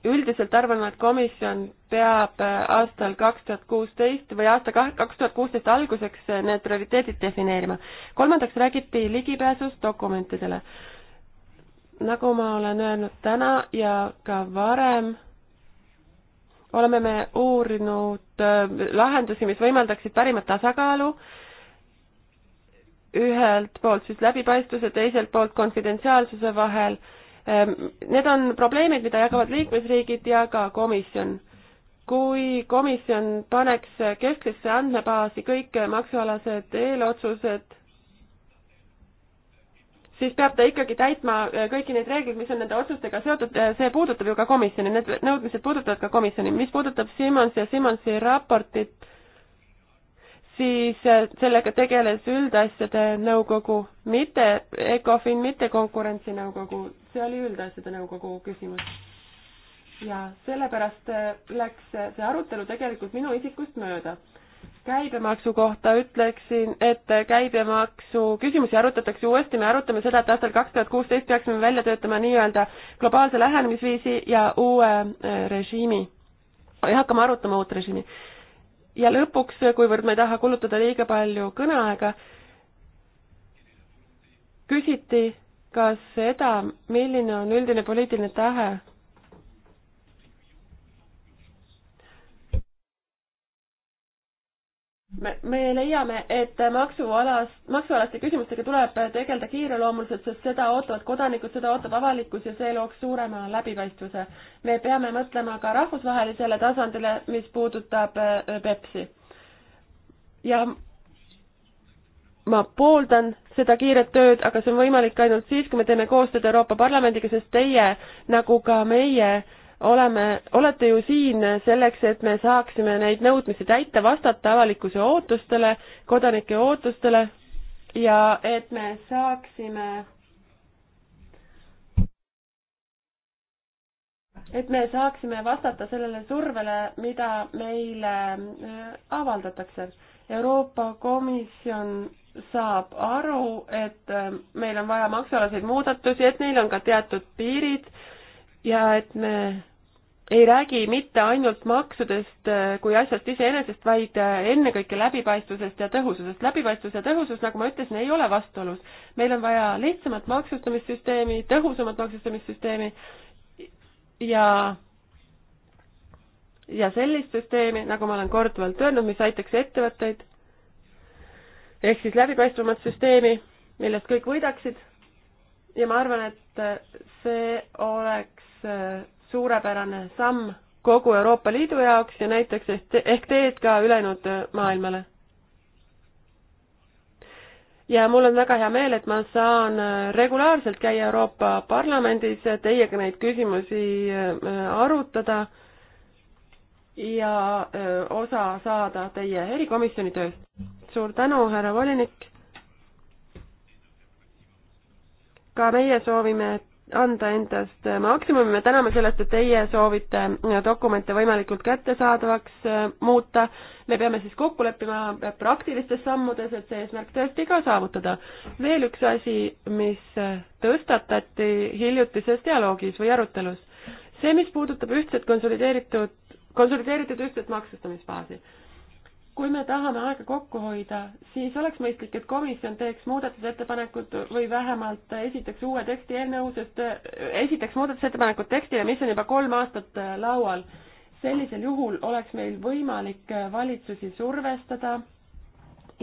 üldiselt arvan ma, et komisjon peab äh, aastal kaks tuhat kuusteist või aasta kaks tuhat kuusteist alguseks äh, need prioriteedid defineerima. kolmandaks räägiti ligipääsust dokumentidele. nagu ma olen öelnud täna ja ka varem, oleme me uurinud äh, lahendusi, mis võimaldaksid parimat tasakaalu äh, ühelt poolt siis läbipaistvuse, teiselt poolt konfidentsiaalsuse vahel. Ähm, need on probleemid, mida jagavad liikmesriigid ja ka komisjon. kui komisjon paneks kesksesse andmebaasi kõik maksualased eelotsused, siis peab ta ikkagi täitma äh, kõiki neid reegleid, mis on nende otsustega seotud, äh, see puudutab ju ka komisjoni, need nõudmised puudutavad ka komisjoni. mis puudutab Simmonsi ja Simmonsi raportit, siis äh, sellega tegeles üldasjade nõukogu, mitte ECOFIN, mitte konkurentsinõukogu, see oli üldasjade nõukogu küsimus. ja sellepärast äh, läks äh, see arutelu tegelikult minu isikust mööda. käibemaksu kohta ütleksin, et käibemaksu küsimusi arutatakse uuesti, me arutame seda, et aastal kaks tuhat kuusteist peaksime välja töötama nii-öelda globaalse lähenemisviisi ja uue režiimi ja hakkame arutama uut režiimi ja lõpuks, kuivõrd me ei taha kulutada liiga palju kõneaega, küsiti ka seda, milline on üldine poliitiline tahe me, me leiame, et maksualast, maksualaste küsimustega tuleb tegeleda kiireloomuliselt, sest seda ootavad kodanikud, seda ootab avalikkus ja see looks suurema läbipaistvuse. me peame mõtlema ka rahvusvahelisele tasandile, mis puudutab äh, Pepsi. ja ma pooldan seda kiiret tööd, aga see on võimalik ainult siis, kui me teeme koostööd Euroopa Parlamendiga, sest teie, nagu ka meie, oleme, olete ju siin selleks, et me saaksime neid nõudmisi täita, vastata avalikkuse ootustele, kodanike ootustele ja et me saaksime et me saaksime vastata sellele survele, mida meile äh, avaldatakse. Euroopa Komisjon saab aru, et äh, meil on vaja maksualaseid muudatusi, et neil on ka teatud piirid äh, ja et me ei räägi mitte ainult maksudest äh, kui asjast iseenesest, vaid äh, ennekõike läbipaistvusest ja tõhususest. läbipaistvus ja tõhusus, nagu ma ütlesin, ei ole vastuolus. meil on vaja lihtsamat maksustamissüsteemi, tõhusamat maksustamissüsteemi ja, ja sellist süsteemi, nagu ma olen korduvalt öelnud, mis aitaks ettevõtteid, ehk siis läbipaistvamat süsteemi, millest kõik võidaksid ja ma arvan, et see oleks äh, suurepärane samm kogu Euroopa Liidu jaoks ja näiteks ehk teed ka ülejäänud äh, maailmale. ja mul on väga hea meel, et ma saan äh, regulaarselt käia Euroopa Parlamendis, teiega neid küsimusi arutada ja osa saada teie erikomisjoni tööst. suur tänu, härra volinik ka meie soovime anda endast maksimumi, me täname sellest, et teie soovite dokumente võimalikult kättesaadavaks äh, muuta. me peame siis kokku leppima praktilistes sammudes, et see eesmärk tõesti ka saavutada. veel üks asi, mis äh, tõstatati hiljutises dialoogis või arutelus, see, mis puudutab ühtset konsolideeritud, konsolideeritud ühtset maksustamisbaasi kui me tahame aega kokku hoida, siis oleks mõistlik, et komisjon teeks muudatusettepanekud või vähemalt esitaks uue teksti eelnõu, sest äh, esitaks muudatusettepanekud tekstile, mis on juba kolm aastat äh, laual. sellisel juhul oleks meil võimalik äh, valitsusi survestada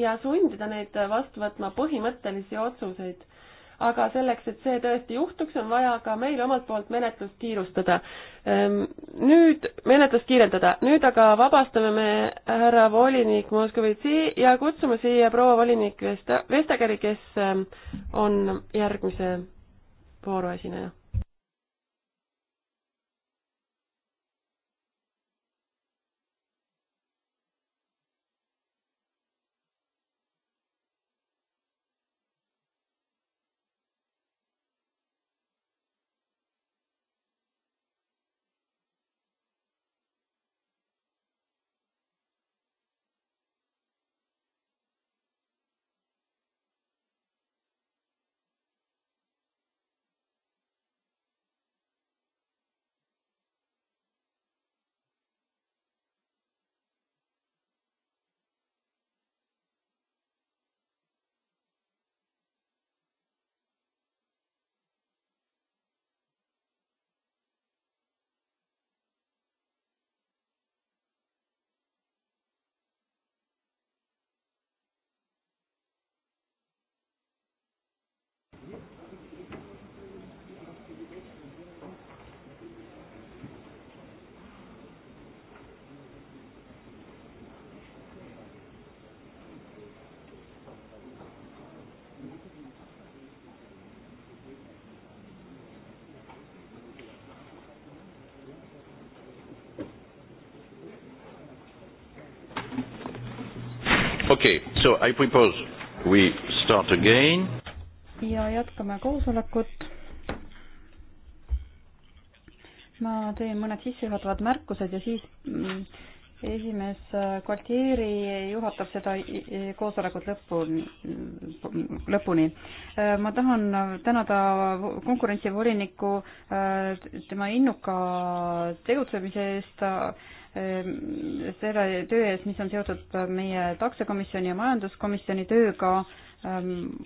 ja sundida neid vastu võtma põhimõttelisi otsuseid aga selleks, et see tõesti juhtuks, on vaja ka meil omalt poolt menetlust kiirustada. Ehm, nüüd menetlust kiirendada, nüüd aga vabastame me härra volinik Moskovitši ja kutsume siia proua volinik Vesta-, Vestageri, kes ehm, on järgmise vooru esineja So I propose we start again. ja jätkame koosolekut. ma teen mõned sissejuhatavad märkused ja siis mm, esimees Gualtieri äh, juhatab seda äh, koosolekut lõpuni, lõpuni. Äh, ma tahan tänada konkurentsivoliniku tema innuka tegutsemise eest, selle töö eest, mis on seotud meie taksokomisjoni ja majanduskomisjoni tööga ähm,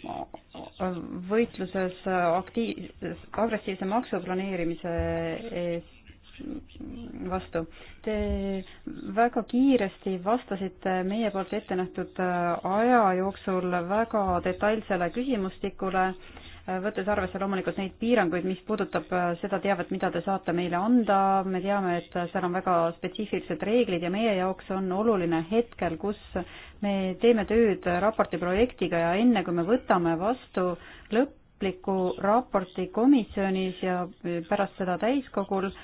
võitluses aktiiv-, agressiivse maksuplaneerimise eest vastu. Te väga kiiresti vastasite meie poolt ette nähtud äh, aja jooksul väga detailsele küsimustikule, äh, võttes arvesse loomulikult neid piiranguid, mis puudutab äh, seda teavet, mida te saate meile anda, me teame, et seal on väga spetsiifilised reeglid ja meie jaoks on oluline hetkel, kus me teeme tööd raporti projektiga ja enne, kui me võtame vastu lõpp, lõpliku raporti komisjonis ja pärast seda täiskogul äh,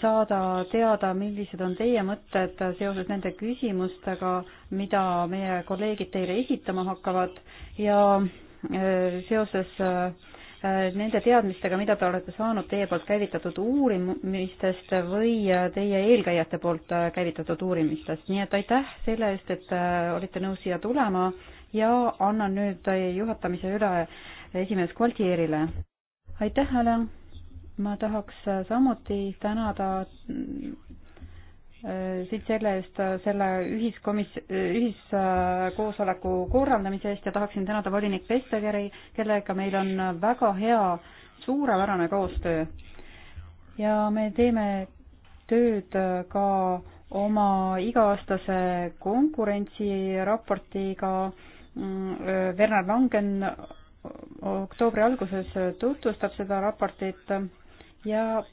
saada teada, millised on teie mõtted seoses nende küsimustega, mida meie kolleegid teile esitama hakkavad ja äh, seoses äh, nende teadmistega, mida te olete saanud teie poolt käivitatud uurimistest või äh, teie eelkäijate poolt käivitatud uurimistest. nii et aitäh selle eest, et olite nõus siia tulema ja annan nüüd juhatamise üle esimees Gualtierile. aitäh, Helen! ma tahaks samuti tänada äh, sind selle eest, selle ühiskomis-, ühiskoosoleku korraldamise eest ja tahaksin tänada volinik Vestageri, kellega meil on väga hea, suurepärane koostöö. ja me teeme tööd ka oma iga-aastase konkurentsiraportiga. Äh, Werner Langen oktoobri alguses tutvustab seda raportit ja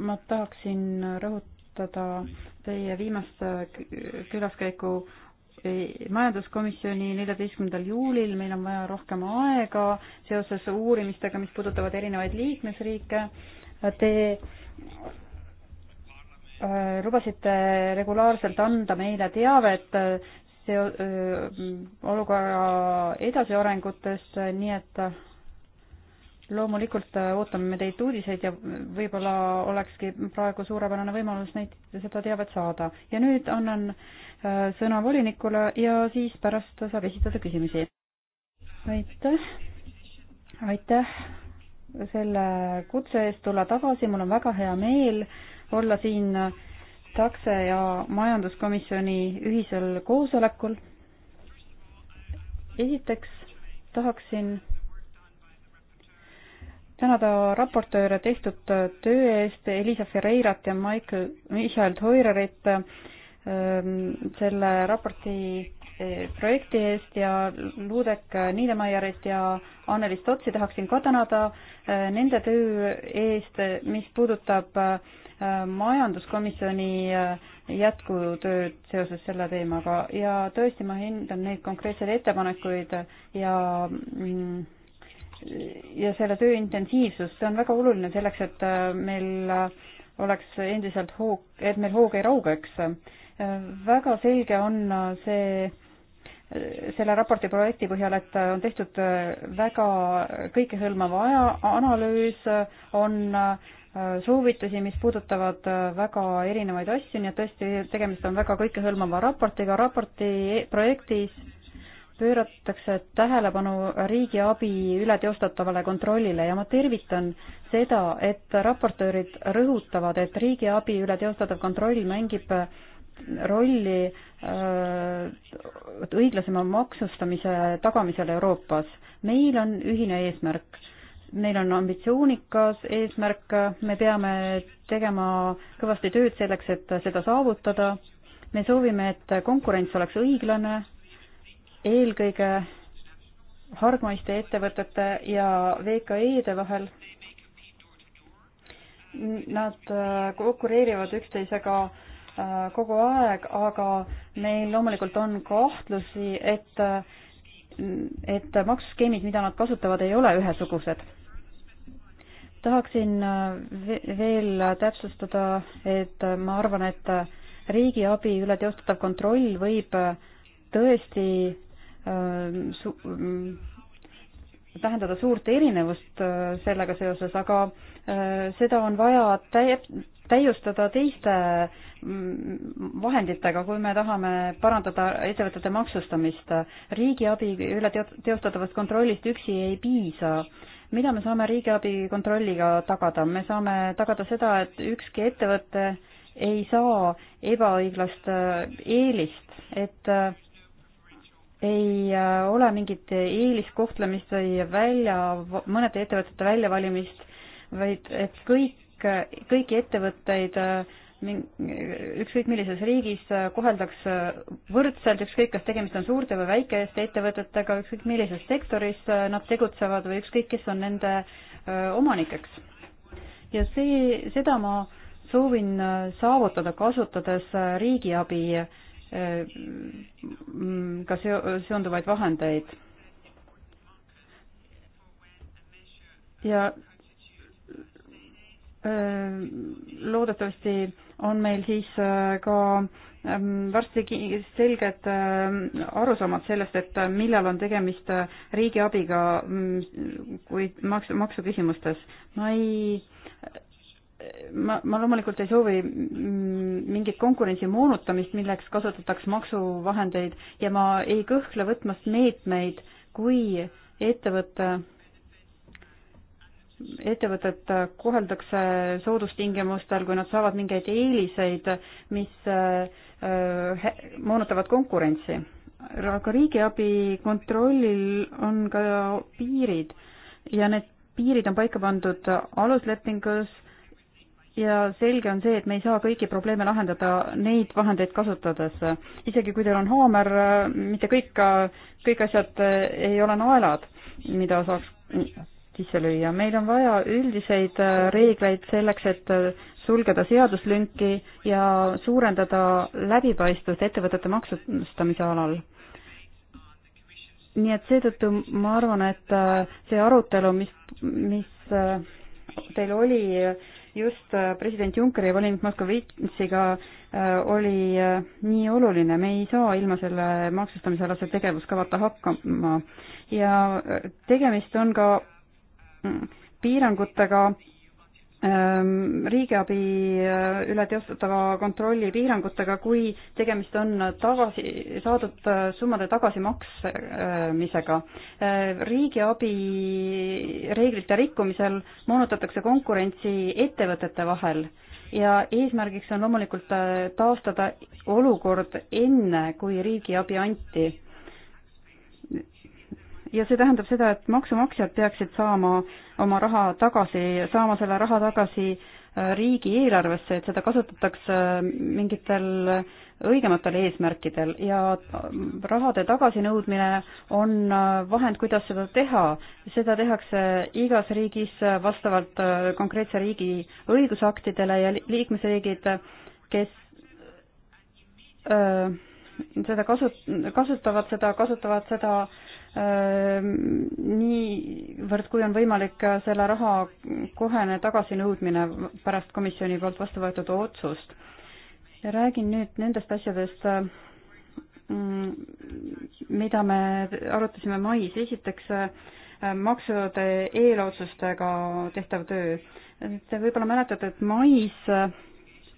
ma tahaksin rõhutada teie viimast külaskäiku majanduskomisjoni neljateistkümnendal juulil, meil on vaja rohkem aega seoses uurimistega, mis puudutavad erinevaid liikmesriike. Te äh, lubasite regulaarselt anda meile teavet äh, seo-, äh, olukorra edasiarengutest, nii et loomulikult äh, ootame me teilt uudiseid ja võib-olla olekski praegu suurepärane võimalus neid, seda teavet saada. ja nüüd annan äh, sõna volinikule ja siis pärast saab esitada küsimusi. aitäh, aitäh selle kutse eest tulla tagasi, mul on väga hea meel olla siin takse ja majanduskomisjoni ühisel koosolekul. esiteks tahaksin tänada raportööre tehtud töö eest, Elisa Ferreirat ja Michael, Michael Toirerit ähm, selle raporti äh, projekti eest ja Luudek Niidemeierit ja Anneliis Totsi tahaksin ka tänada äh, nende töö eest, mis puudutab äh, majanduskomisjoni jätkutööd seoses selle teemaga ja tõesti, ma hindan neid konkreetseid ettepanekuid ja mm, ja selle töö intensiivsust, see on väga oluline selleks, et äh, meil äh, oleks endiselt hoog, et meil hoog ei raugeks. Äh, väga selge on see selle raporti projekti põhjal, et on tehtud väga kõikehõlmav aja, analüüs, on soovitusi, mis puudutavad väga erinevaid asju, nii et tõesti, tegemist on väga kõikehõlmava raportiga, raporti e-, projektis pööratakse tähelepanu riigiabi üle teostatavale kontrollile ja ma tervitan seda, et raportöörid rõhutavad, et riigiabi üle teostatav kontroll mängib rolli äh, õiglasema maksustamise tagamisel Euroopas. meil on ühine eesmärk meil on ambitsioonikas eesmärk, me peame tegema kõvasti tööd selleks, et seda saavutada. me soovime, et konkurents oleks õiglane, eelkõige hargmaiste ettevõtete ja VKI-de vahel. Nad äh, konkureerivad üksteisega äh, kogu aeg, aga meil loomulikult on kahtlusi, et, et maksuskeemid, mida nad kasutavad, ei ole ühesugused. tahaksin äh, veel täpsustada, et ma arvan, et riigiabi üle teostatav kontroll võib tõesti Äh, su-, mm, tähendada suurt erinevust äh, sellega seoses, aga äh, seda on vaja täie-, täiustada teiste mm, vahenditega, kui me tahame parandada ettevõtete maksustamist. riigiabi üle teostatavast kontrollist üksi ei piisa. mida me saame riigiabi kontrolliga tagada? me saame tagada seda, et ükski ettevõte ei saa ebaõiglast eelist, et ei äh, ole mingit eeliskohtlemist või välja, mõnede ettevõtete väljavalimist, vaid et kõik, kõiki ettevõtteid äh, ükskõik millises riigis äh, koheldakse võrdselt, ükskõik kas tegemist on suurte või väikeste ettevõtetega, ükskõik millises sektoris nad tegutsevad või ükskõik, kes on nende omanikeks. ja see, seda ma soovin saavutada, kasutades riigiabi äh, Äh, ka seonduvaid vahendeid. ja äh, loodetavasti on meil siis äh, ka ähm, varsti selged arusaamad sellest, et millal on tegemist riigiabiga, mm, kui maks, maksuküsimustes. ma ei ma, ma loomulikult ei soovi mingit konkurentsi moonutamist, milleks kasutatakse maksuvahendeid ja ma ei kõhkle võtmast meetmeid, kui ettevõte, ettevõtet koheldakse soodustingimustel, kui nad saavad mingeid eeliseid, mis äh, moonutavad konkurentsi. aga riigiabi kontrollil on ka piirid ja need piirid on paika pandud aluslepingus ja selge on see, et me ei saa kõiki probleeme lahendada neid vahendeid kasutades. isegi kui teil on haamer, mitte kõik, kõik asjad ei ole naelad, mida saaks sisse lüüa. meil on vaja üldiseid reegleid selleks, et sulgeda seaduslünki ja suurendada läbipaistvust ettevõtete maksustamise alal nii et seetõttu ma arvan, et see arutelu, mis, mis teil oli just äh, president Junckeri ja volinik Moskovitsiga äh, oli äh, nii oluline, me ei saa ilma selle maksustamisalase tegevuskavata hakkama ja tegemist on ka mm, piirangutega Ehm, riigiabi äh, üle teostatava kontrolli piirangutega, kui tegemist on tagasi, saadud äh, summade tagasimaksmisega. Ehm, riigiabi reeglite rikkumisel moonutatakse konkurentsi ettevõtete vahel ja eesmärgiks on loomulikult äh, taastada olukord enne, kui riigiabi anti ja see tähendab seda, et maksumaksjad peaksid saama oma raha tagasi, saama selle raha tagasi äh, riigieelarvesse, et seda kasutatakse äh, mingitel õigematel eesmärkidel ja äh, rahade tagasinõudmine on vahend, kuidas seda teha. seda tehakse igas riigis vastavalt konkreetse riigi õigusaktidele ja liikmesriigid, kes öö, seda kasu-, kasutavad seda, kasutavad seda öö, Ehm, niivõrd, kui on võimalik äh, selle raha kohene tagasinõudmine pärast komisjoni poolt vastu võetud otsust. räägin nüüd nendest asjadest, äh, mm, mida me arutasime mais. esiteks äh, maksude eelotsustega tehtav töö. Te võib-olla mäletate, et mais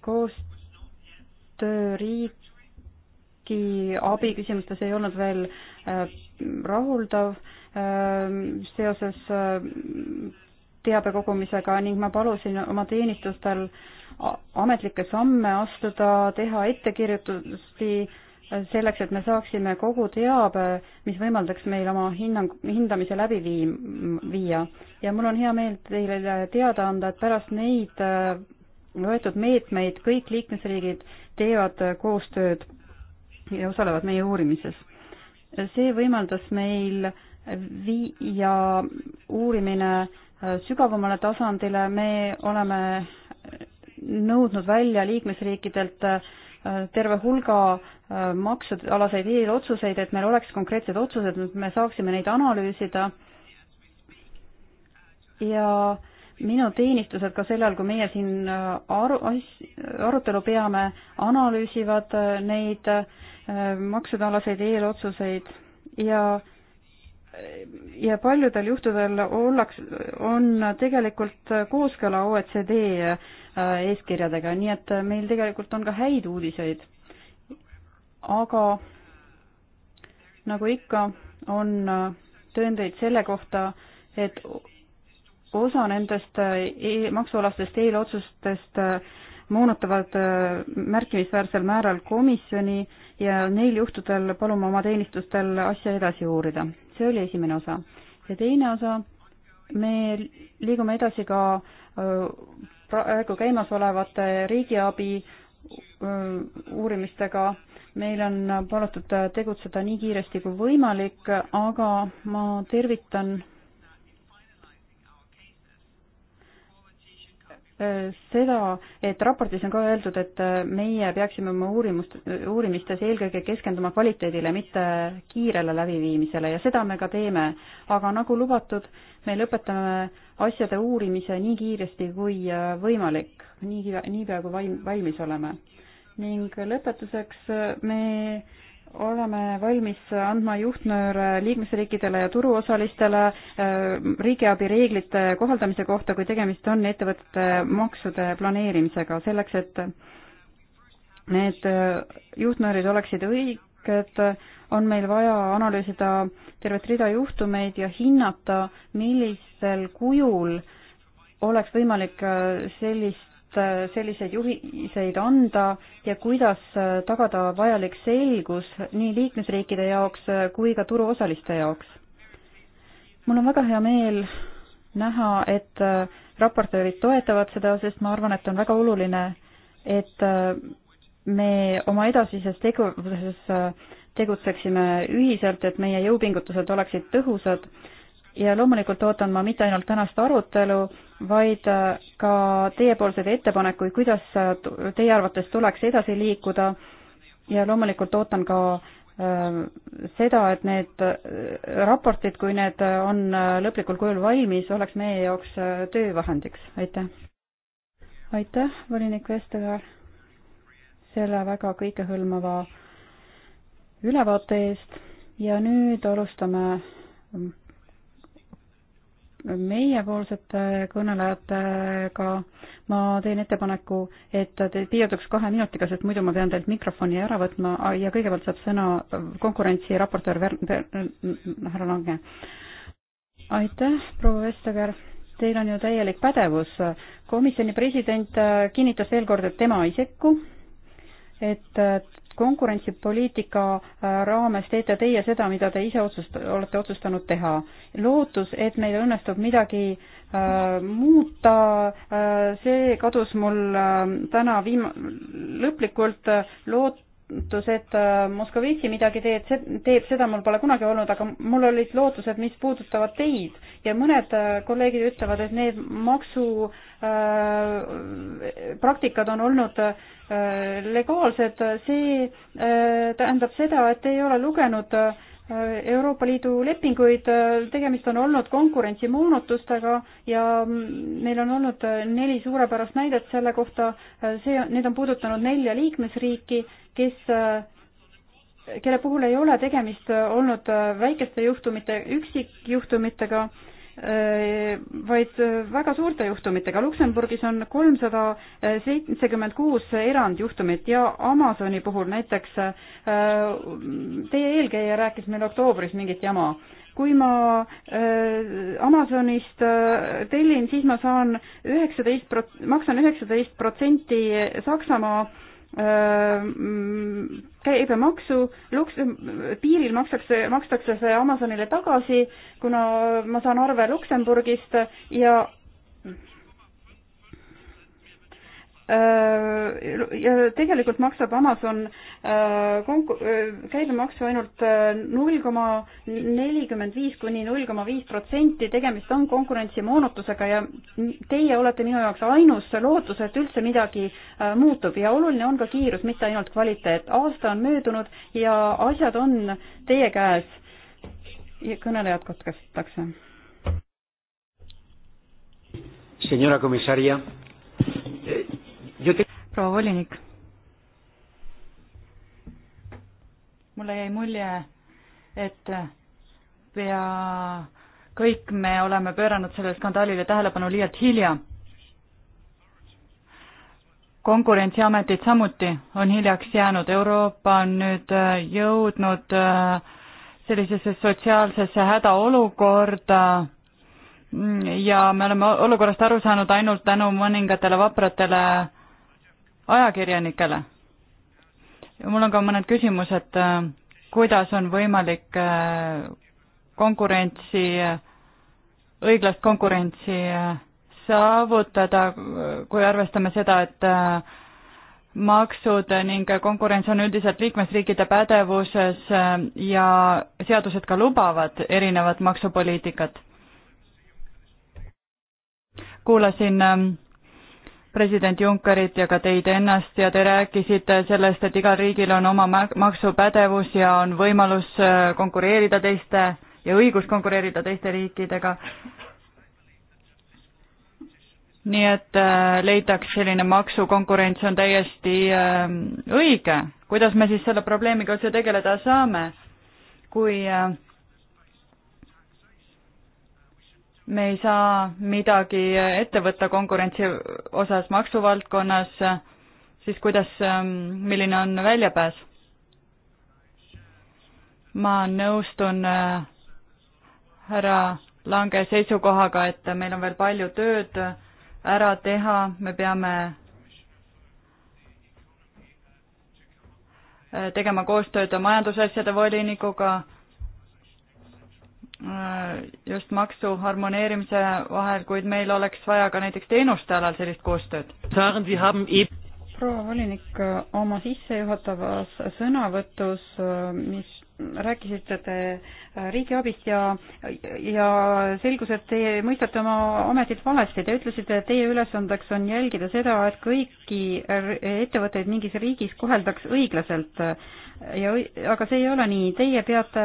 koostöö riiki abi küsimustes ei olnud veel rahuldav ähm, seoses ähm, teabe kogumisega ning ma palusin oma teenistustel ametlikke samme astuda, teha ettekirjutusi äh, selleks, et me saaksime kogu teabe, mis võimaldaks meil oma hinnang, hindamise läbi vii-, viia. ja mul on hea meel teile teada anda, et pärast neid äh, võetud meetmeid kõik liikmesriigid teevad äh, koostööd ja osalevad meie uurimises see võimaldas meil viia uurimine äh, sügavamale tasandile, me oleme nõudnud välja liikmesriikidelt äh, terve hulga äh, maksualaseid eelotsuseid, et meil oleks konkreetsed otsused, et me saaksime neid analüüsida. ja minu teenistused ka sellel, kui meie siin aru, arutelu peame, analüüsivad neid äh, Äh, maksudealaseid eelotsuseid ja ja paljudel juhtudel ollakse, on tegelikult kooskõla OECD äh, eeskirjadega, nii et äh, meil tegelikult on ka häid uudiseid. aga nagu ikka, on tõendeid selle kohta, et osa nendest e maksualastest eelotsustest moonutavad äh, märkimisväärsel määral komisjoni ja neil juhtudel palume oma teenistustel asja edasi uurida. see oli esimene osa. ja teine osa, me liigume edasi ka äh, praegu käimasolevate riigiabi äh, uurimistega. meil on palutud tegutseda nii kiiresti kui võimalik, aga ma tervitan seda, et raportis on ka öeldud, et meie peaksime oma uurimust, uurimistes eelkõige keskenduma kvaliteedile, mitte kiirele läbiviimisele ja seda me ka teeme. aga nagu lubatud, me lõpetame asjade uurimise nii kiiresti kui äh, võimalik, nii, niipea kui vaim, valmis oleme. ning lõpetuseks äh, me oleme valmis andma juhtnööre liikmesriikidele ja turuosalistele äh, riigiabi reeglite kohaldamise kohta, kui tegemist on ettevõtete maksude planeerimisega, selleks et need äh, juhtnöörid oleksid õiged, on meil vaja analüüsida tervet rida juhtumeid ja hinnata, millisel kujul oleks võimalik äh, sellist Äh, selliseid juhiseid anda ja kuidas äh, tagada vajalik selgus nii liikmesriikide jaoks äh, kui ka turuosaliste jaoks. mul on väga hea meel näha, et raportöörid toetavad seda, sest ma arvan, et on väga oluline, et me oma edasises tegevuses tegutseksime ühiselt, et meie jõupingutused oleksid tõhusad ja loomulikult ootan ma mitte ainult tänast arutelu, vaid äh, ka teiepoolseid ettepanekuid, kuidas äh, teie arvates tuleks edasi liikuda ja loomulikult ootan ka äh, seda, et need raportid, kui need on lõplikul kujul valmis, oleks meie jaoks töövahendiks, aitäh. aitäh, volinik Vestergaard, selle väga kõikehõlmava ülevaate eest ja nüüd alustame meiepoolsete kõnelejatega ma teen ettepaneku, et te piirduks kahe minutiga, sest muidu ma pean teilt mikrofoni ära võtma ja kõigepealt saab sõna konkurentsi raportöör härra Lange. aitäh, proua Vestager teil on ju täielik pädevus. komisjoni president kinnitas veel kord, et tema ei sekku et konkurentsipoliitika äh, raames teete teie seda, mida te ise otsust-, olete otsustanud teha. lootus, et meil õnnestub midagi äh, muuta äh,, see kadus mul äh, täna viim-, lõplikult äh, loot-, lootus, et äh, Moskovitši midagi teed, teeb, seda mul pole kunagi olnud, aga mul olid lootused, mis puudutavad teid ja mõned äh, kolleegid ütlevad, et need maksupraktikad äh, on olnud legaalsed, see tähendab seda, et ei ole lugenud äh, Euroopa Liidu lepinguid, tegemist on olnud konkurentsimoonutustega ja meil on olnud neli suurepärast näidet selle kohta, see, need on puudutanud nelja liikmesriiki, kes, kelle puhul ei ole tegemist olnud väikeste juhtumite, üksikjuhtumitega Äh, vaid äh, väga suurte juhtumitega. Luksemburgis on kolmsada äh, seitsekümmend kuus erandjuhtumit ja Amazoni puhul näiteks teie eelkäija rääkis meil oktoobris mingit jama kui ma äh, Amazonist äh, tellin, siis ma saan üheksateist prot-, maksan üheksateist protsenti Saksamaa äh, Äh, mm, käibemaksu, luks-, piiril makstakse, makstakse see Amazonile tagasi, kuna ma saan arve Luksemburgist ja Äh, ja tegelikult maksab Amazon äh, konku-, äh, käibemaksu ainult null koma nelikümmend viis kuni null koma viis protsenti, tegemist on konkurentsimoonutusega ja teie olete minu jaoks ainus lootus, et üldse midagi muutub ja oluline on ka kiirus, mitte ainult kvaliteet. aasta on möödunud ja asjad on teie käes. kõnelejad katkestatakse. Señora comisaria proua volinik. mulle jäi mulje, et pea kõik me oleme pööranud sellele skandaalile tähelepanu liialt hilja. konkurentsiametid samuti on hiljaks jäänud, Euroopa on nüüd jõudnud sellisesse sotsiaalsesse hädaolukorda ja me oleme olukorrast aru saanud ainult tänu mõningatele vapratele ajakirjanikele. mul on ka mõned küsimused, äh, kuidas on võimalik äh, konkurentsi, äh, õiglast konkurentsi saavutada, kui arvestame seda, et maksud ning konkurents on üldiselt liikmesriikide pädevuses ja seadused ka lubavad erinevat maksupoliitikat. kuulasin president Junckerit ja ka teid ennast ja te rääkisite sellest, et igal riigil on oma maksupädevus ja on võimalus äh, konkureerida teiste ja õigus konkureerida teiste riikidega. nii et äh, leitaks selline maksukonkurents on täiesti äh, õige. kuidas me siis selle probleemiga üldse tegeleda saame, kui me ei saa midagi ette võtta konkurentsi osas maksuvaldkonnas, siis kuidas, ähm, milline on väljapääs? ma nõustun äh, härra Lange seisukohaga, et meil on veel palju tööd ära teha, me peame äh, tegema koostööd majandusasjade volinikuga Äh, just maksu harmoneerimise vahel, kuid meil oleks vaja ka näiteks teenuste alal sellist koostööd. E- proua volinik, oma sissejuhatavas sõnavõtus, äh, mis rääkisite te äh, riigiabist ja, ja selgus, et teie mõistate oma ametit valesti. Te ütlesite, et teie ülesandeks on jälgida seda, et kõiki ettevõtteid mingis riigis koheldaks õiglaselt ja, aga see ei ole nii, teie peate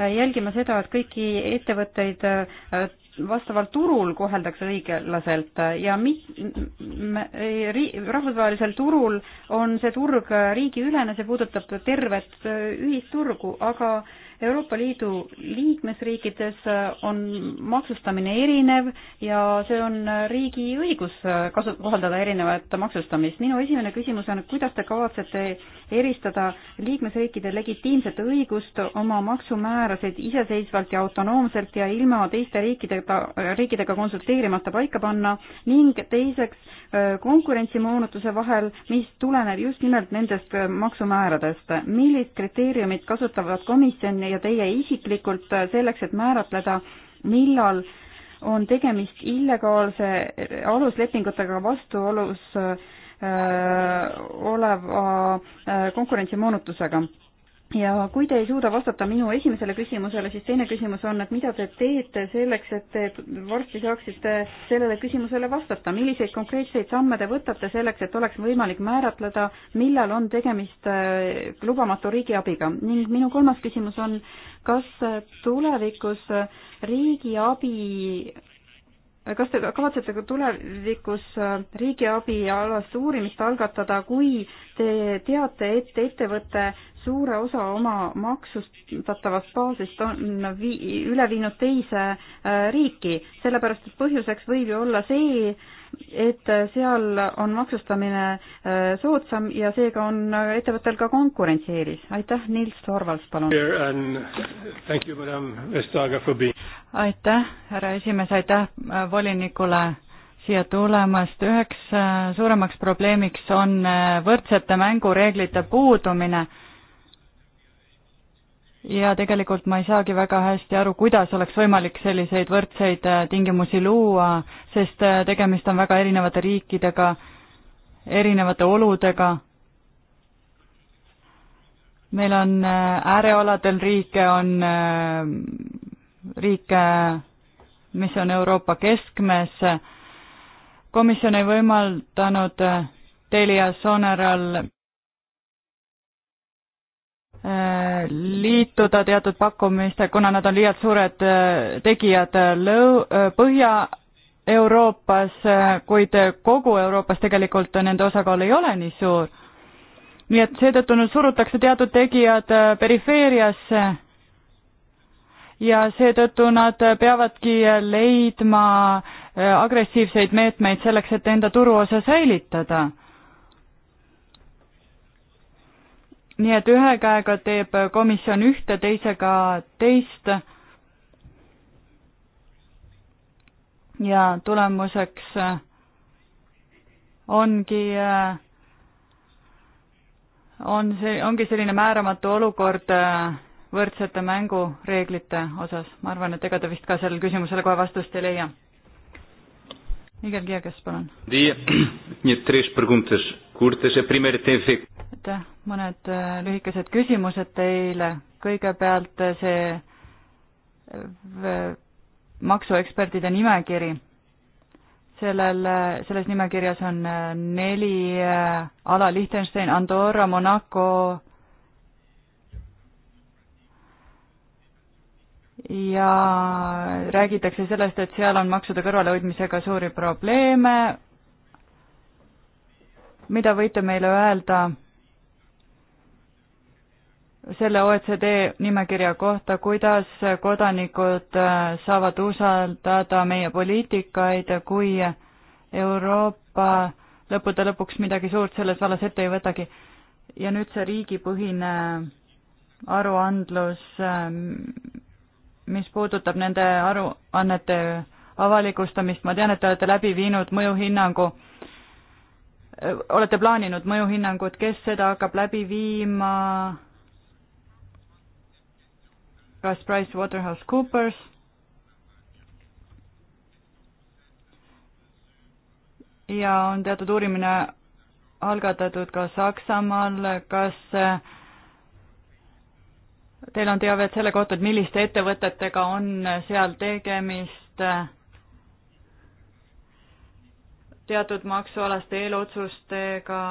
äh, jälgima seda, et kõiki ettevõtteid äh, vastavalt turul koheldakse õiglaselt ja mi-, ri-, rahvusvahelisel turul on see turg äh, riigiülene, see puudutab tervet ühisturgu, aga Euroopa Liidu liikmesriikides äh, on maksustamine erinev ja see on äh, riigi õigus äh, kasu-, kohaldada erinevat maksustamist. minu esimene küsimus on, kuidas te kavatsete eristada liikmesriikide legitiimset õigust oma maksumäärasid iseseisvalt ja autonoomselt ja ilma teiste riikidega, riikidega konsulteerimata paika panna ning teiseks, Äh, konkurentsimoonutuse vahel, mis tuleneb just nimelt nendest äh, maksumääradest. millist kriteeriumit kasutavad komisjon ja teie isiklikult äh, selleks, et määratleda, millal on tegemist illegaalse aluslepingutega vastuolus äh, oleva äh, konkurentsimoonutusega? ja kui te ei suuda vastata minu esimesele küsimusele, siis teine küsimus on, et mida te teete selleks, et te varsti saaksite sellele küsimusele vastata, milliseid konkreetseid samme te võtate selleks, et oleks võimalik määratleda, millal on tegemist äh, lubamatu riigiabiga ning minu kolmas küsimus on, kas tulevikus riigiabi kas te kavatsete ka tulevikus äh, riigiabi alast uurimist algatada, kui te teate, et ettevõte suure osa oma maksustatavast baasist on vii-, üle viinud teise äh, riiki, sellepärast et põhjuseks võib ju olla see, et seal on maksustamine äh, soodsam ja seega on ettevõttel ka konkurentsieelis. aitäh, Nils Torvalds, palun! aitäh, härra esimees, aitäh äh, volinikule siia tulemast. üheks suuremaks probleemiks on võrdsete mängureeglite puudumine ja tegelikult ma ei saagi väga hästi aru, kuidas oleks võimalik selliseid võrdseid äh, tingimusi luua, sest äh, tegemist on väga erinevate riikidega, erinevate oludega. meil on äh, äärealadel riike, on riike, mis on Euroopa keskmes, komisjon ei võimaldanud Telia Soneral Äh, liituda teatud pakkumistega, kuna nad on liialt suured äh, tegijad äh, lõu-, Põhja-Euroopas, kuid kogu Euroopas tegelikult nende osakaal ei ole nii suur. nii et seetõttu nüüd surutakse teatud tegijad perifeeriasse ja seetõttu nad peavadki leidma agressiivseid meetmeid selleks, et enda turuosa säilitada nii et ühe käega teeb komisjon ühte, teisega teist. ja tulemuseks ongi, on see, ongi selline määramatu olukord võrdsete mängureeglite osas. ma arvan, et ega te vist ka sellele küsimusele kohe vastust ei leia. Miguel Guiagas, palun. (clears throat) nüüd mõned äh, lühikesed küsimused teile. kõigepealt äh, see äh, maksuekspertide nimekiri. sellel, selles nimekirjas on neli ala Liechtenstein, Andorra, Monaco ja räägitakse sellest, et seal on maksude kõrvalehoidmisega suuri probleeme, mida võite meile öelda selle OECD nimekirja kohta, kuidas kodanikud äh, saavad usaldada meie poliitikaid, kui Euroopa lõppude lõpuks midagi suurt selles vallas ette ei võtagi. ja nüüd see riigipõhine aruandlus, äh, mis puudutab nende aruannete avalikustamist, ma tean, et te olete läbi viinud mõjuhinnangu äh, olete plaaninud mõjuhinnangut, kes seda hakkab läbi viima, kas PricewaterhouseCoopers ja on teatud uurimine algatatud ka Saksamaal, kas eh, teil on teavet selle kohta, et milliste ettevõtetega on seal tegemist teatud maksualaste eelotsustega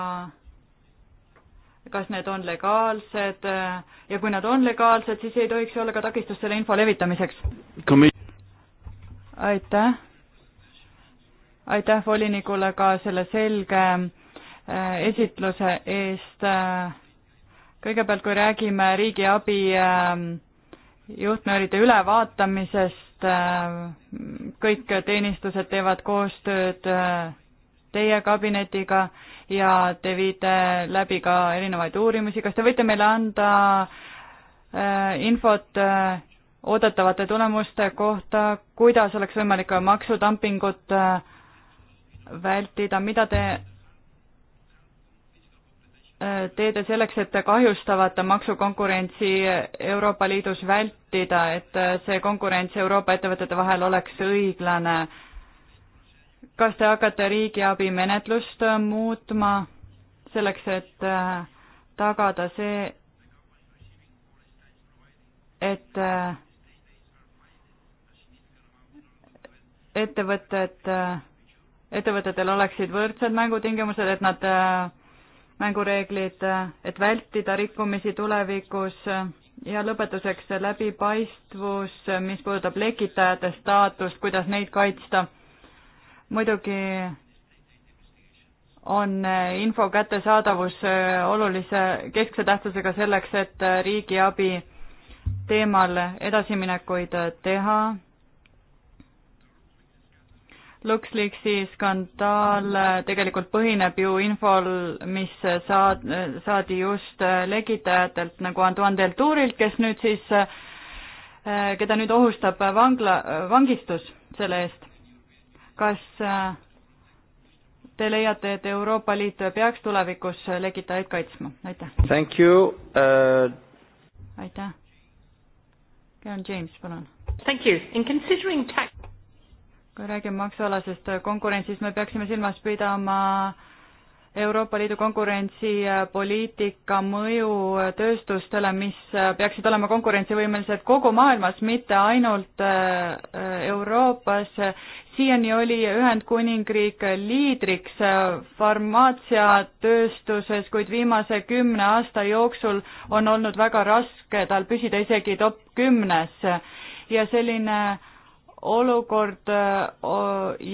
kas need on legaalsed äh, ja kui nad on legaalsed, siis ei tohiks ju olla ka takistust selle info levitamiseks. aitäh, aitäh volinikule ka selle selge äh, esitluse eest. Äh, kõigepealt, kui räägime riigiabi juhtnööride ülevaatamisest, kõik teenistused teevad koostööd teie kabinetiga ja te viite läbi ka erinevaid uurimusi, kas te võite meile anda äh, infot äh, oodatavate tulemuste kohta, kuidas oleks võimalik maksudumpingut äh, vältida, mida te teede selleks, et kahjustavat maksukonkurentsi Euroopa Liidus vältida, et see konkurents Euroopa ettevõtete vahel oleks õiglane kas te hakkate riigiabi menetlust äh, muutma selleks, et äh, tagada see, et äh, ettevõtted, ettevõtetel oleksid võrdsed mängutingimused, et nad, mängureeglid, et vältida rikkumisi tulevikus ja lõpetuseks läbipaistvus, mis puudutab lekitajate staatust, kuidas neid kaitsta muidugi on äh, info kättesaadavus äh, olulise keskse tähtsusega selleks, et äh, riigiabi teemal edasiminekuid teha. LuxLeaksi skandaal tegelikult põhineb ju infol, mis saad, saadi just lekitajatelt nagu Antoine Deltourilt, kes nüüd siis, keda nüüd ohustab vangla, vangistus selle eest kas äh, te leiate, et Euroopa Liit peaks tulevikus lekitajaid kaitsma? aitäh! Thank you uh...! aitäh! Karen James, palun! Thank you! In considering tax kui räägime maksualasest konkurentsist, me peaksime silmas pidama äh, Euroopa Liidu konkurentsipoliitika mõju tööstustele, mis peaksid olema konkurentsivõimelised kogu maailmas, mitte ainult äh, Euroopas. siiani oli Ühendkuningriik liidriks äh, farmaatsiatööstuses, kuid viimase kümne aasta jooksul on olnud väga raske tal püsida isegi top kümnes ja selline olukord äh,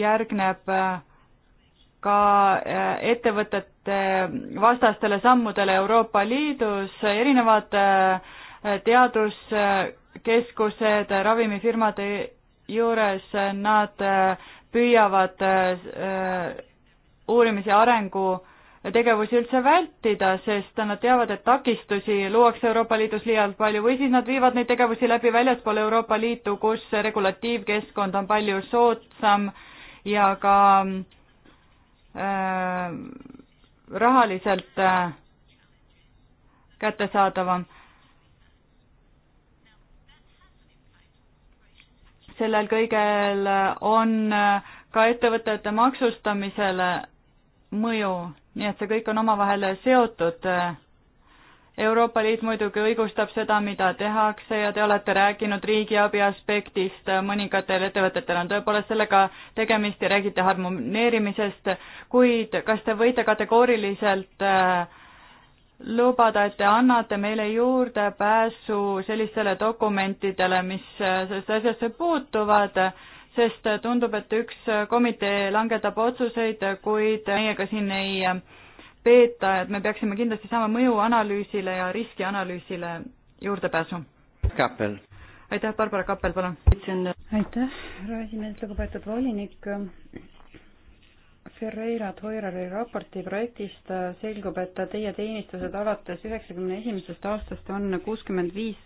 järgneb ka äh, ettevõtete vastastele sammudele Euroopa Liidus, erinevad äh, teaduskeskused ravimifirmade juures, nad äh, püüavad uurimis- ja arengutegevusi üldse vältida, sest nad teavad, et takistusi luuakse Euroopa Liidus liialt palju või siis nad viivad neid tegevusi läbi väljaspool Euroopa Liitu, kus regulatiivkeskkond on palju soodsam ja ka äh, Äh, rahaliselt äh, kättesaadavam. sellel kõigel on äh, ka ettevõtete maksustamisele mõju, nii et see kõik on omavahel seotud Euroopa Liit muidugi õigustab seda, mida tehakse ja te olete rääkinud riigiabi aspektist, mõningatel ettevõtetel on tõepoolest sellega tegemist ja räägite harmoneerimisest, kuid kas te võite kategooriliselt äh, lubada, et te annate meile juurdepääsu sellistele dokumentidele, mis äh, sellest asjasse puutuvad, sest tundub, et üks komitee langetab otsuseid, kuid meiega siin ei äh, peeta, et me peaksime kindlasti saama mõjuanalüüsile ja riskianalüüsile juurdepääsu. Kappel. aitäh, Barbara Kappel, palun. aitäh, härra esimees, lugupeetud volinik. Ferreira Toirari raporti projektist selgub, et teie teenistused alates üheksakümne esimesest aastast on kuuskümmend viis,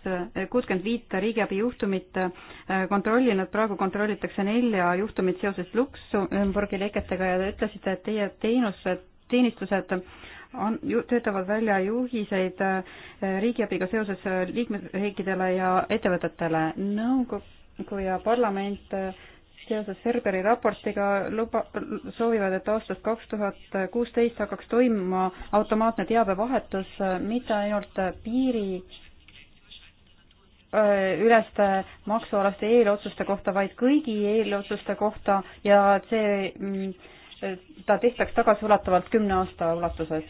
kuuskümmend viit riigiabi juhtumit kontrollinud, praegu kontrollitakse nelja juhtumit seoses Luksemburgi leketega ja te ütlesite, et teie teenused teenistused on, töötavad välja juhiseid äh, riigiabiga seoses äh, liikmesriikidele ja ettevõtetele. nõukogu ja parlament äh, seoses Ferberi raportiga luba, soovivad, et aastast kaks tuhat kuusteist hakkaks toimuma automaatne teabevahetus mitte ainult piiri üleste maksualaste eelotsuste kohta, vaid kõigi eelotsuste kohta ja et see mm, ta tehtaks tagasiulatuvalt kümne aasta ulatuses.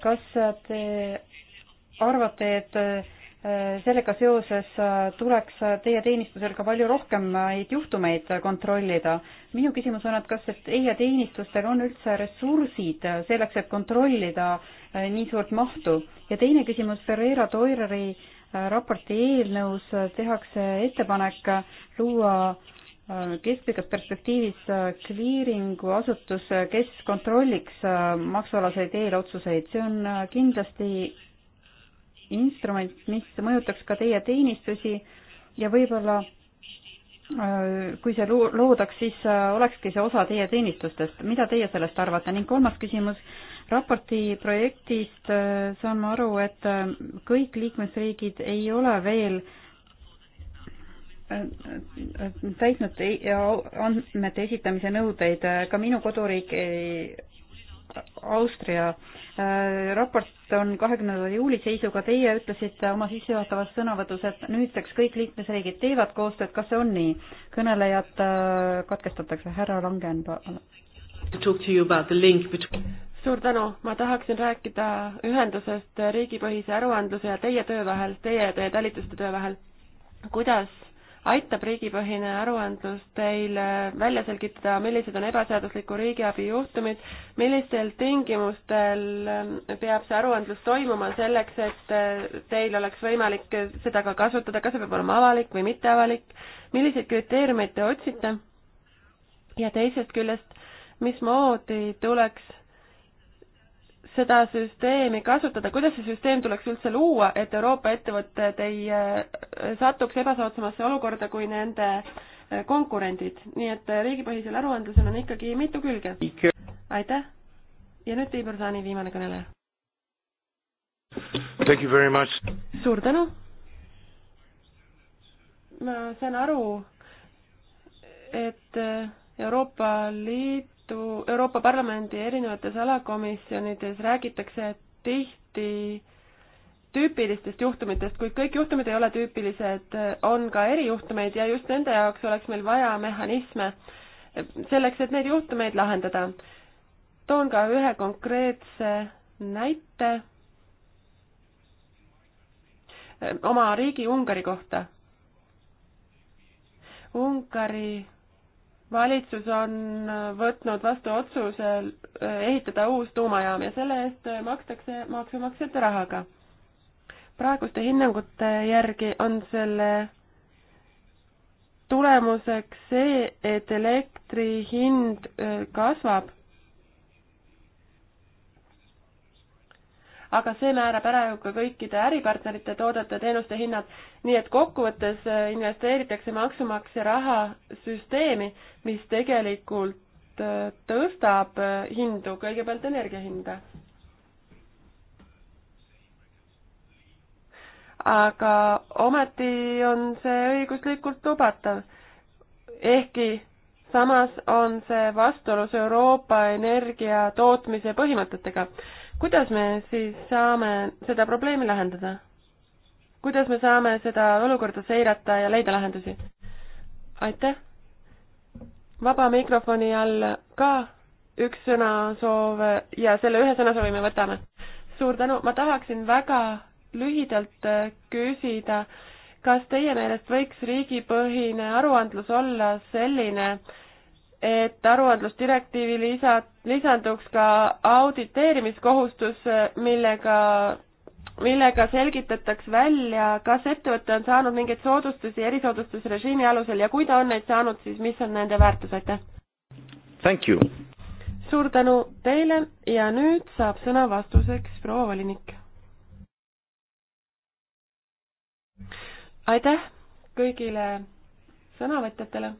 kas te arvate, et äh, sellega seoses äh, tuleks teie teenistusel ka palju rohkemaid juhtumeid kontrollida? minu küsimus on, et kas teie teenistustel on üldse ressursid selleks, et kontrollida äh, nii suurt mahtu? ja teine küsimus, Ferreira Toireri raporti eelnõus tehakse ettepanek luua keskpikas perspektiivis kliiringu äh, asutus, äh, kes kontrolliks äh, maksualaseid eelotsuseid, see on kindlasti instrument, mis mõjutaks ka teie teenistusi ja võib-olla kui see loodaks, siis olekski see osa teie teenistustest. mida teie sellest arvate? ning kolmas küsimus, raporti projektist saan ma aru, et kõik liikmesriigid ei ole veel äh, täitnud e- andmete esitamise nõudeid, ka minu koduriik e- Austria e, raport on kahekümnenda juuli seisuga, teie ütlesite oma sissejuhatavas sõnavõtus, et nüüdseks kõik liikmesriigid teevad koostööd, kas see on nii? kõnelejad katkestatakse, härra Langen. suur tänu, ma tahaksin rääkida ühendusest riigipõhise aruandluse ja teie töö vahel, teie ja teie talituste töö vahel. kuidas aitab riigipõhine aruandlus teil välja selgitada, millised on ebaseadusliku riigiabi juhtumid, millistel tingimustel peab see aruandlus toimuma selleks, et teil oleks võimalik seda ka kasutada, kas see peab olema avalik või mitteavalik, milliseid kriteeriumeid te otsite ja teisest küljest, mismoodi tuleks seda süsteemi kasutada, kuidas see süsteem tuleks üldse luua, et Euroopa ettevõtted ei äh, satuks ebasoodsamasse olukorda kui nende äh, konkurendid, nii et äh, riigipõhisel aruandlusel on ikkagi mitu külge. aitäh ja nüüd Tiibor Saani viimane kõneleja. suur tänu. ma saan aru, et Euroopa Liit Liidu, Euroopa Parlamendi erinevates alakomisjonides räägitakse tihti tüüpilistest juhtumitest, kuid kõik juhtumid ei ole tüüpilised, on ka erijuhtumeid ja just nende jaoks oleks meil vaja mehhanisme selleks, et neid juhtumeid lahendada. toon ka ühe konkreetse näite oma riigi Ungari kohta. Ungari valitsus on äh, võtnud vastu otsuse äh, ehitada uus tuumajaam ja selle eest äh, makstakse maksumaksjate rahaga. praeguste hinnangute järgi on selle tulemuseks see, et elektri hind kasvab aga see määrab ära ju ka kõikide äripartnerite toodete-teenuste hinnad. nii et kokkuvõttes äh, investeeritakse maksumaksja raha süsteemi, mis tegelikult äh, tõstab äh, hindu, kõigepealt energia hinda. aga ometi on see õiguslikult lubatav, ehkki samas on see vastuolus Euroopa energiatootmise põhimõtetega kuidas me siis saame seda probleemi lahendada? kuidas me saame seda olukorda seirata ja leida lahendusi? aitäh! vaba mikrofoni all ka üks sõnasoov ja selle ühe sõnasoovi me võtame. suur tänu, ma tahaksin väga lühidalt küsida, kas teie meelest võiks riigipõhine aruandlus olla selline, et aruandlusdirektiivi lisa, lisanduks ka auditeerimiskohustus, millega, millega selgitatakse välja, kas ettevõte on saanud mingeid soodustusi erisoodustusrežiimi alusel ja kui ta on neid saanud, siis mis on nende väärtus, aitäh! Thank you! suur tänu teile ja nüüd saab sõna vastuseks proua volinik. aitäh kõigile sõnavõtjatele!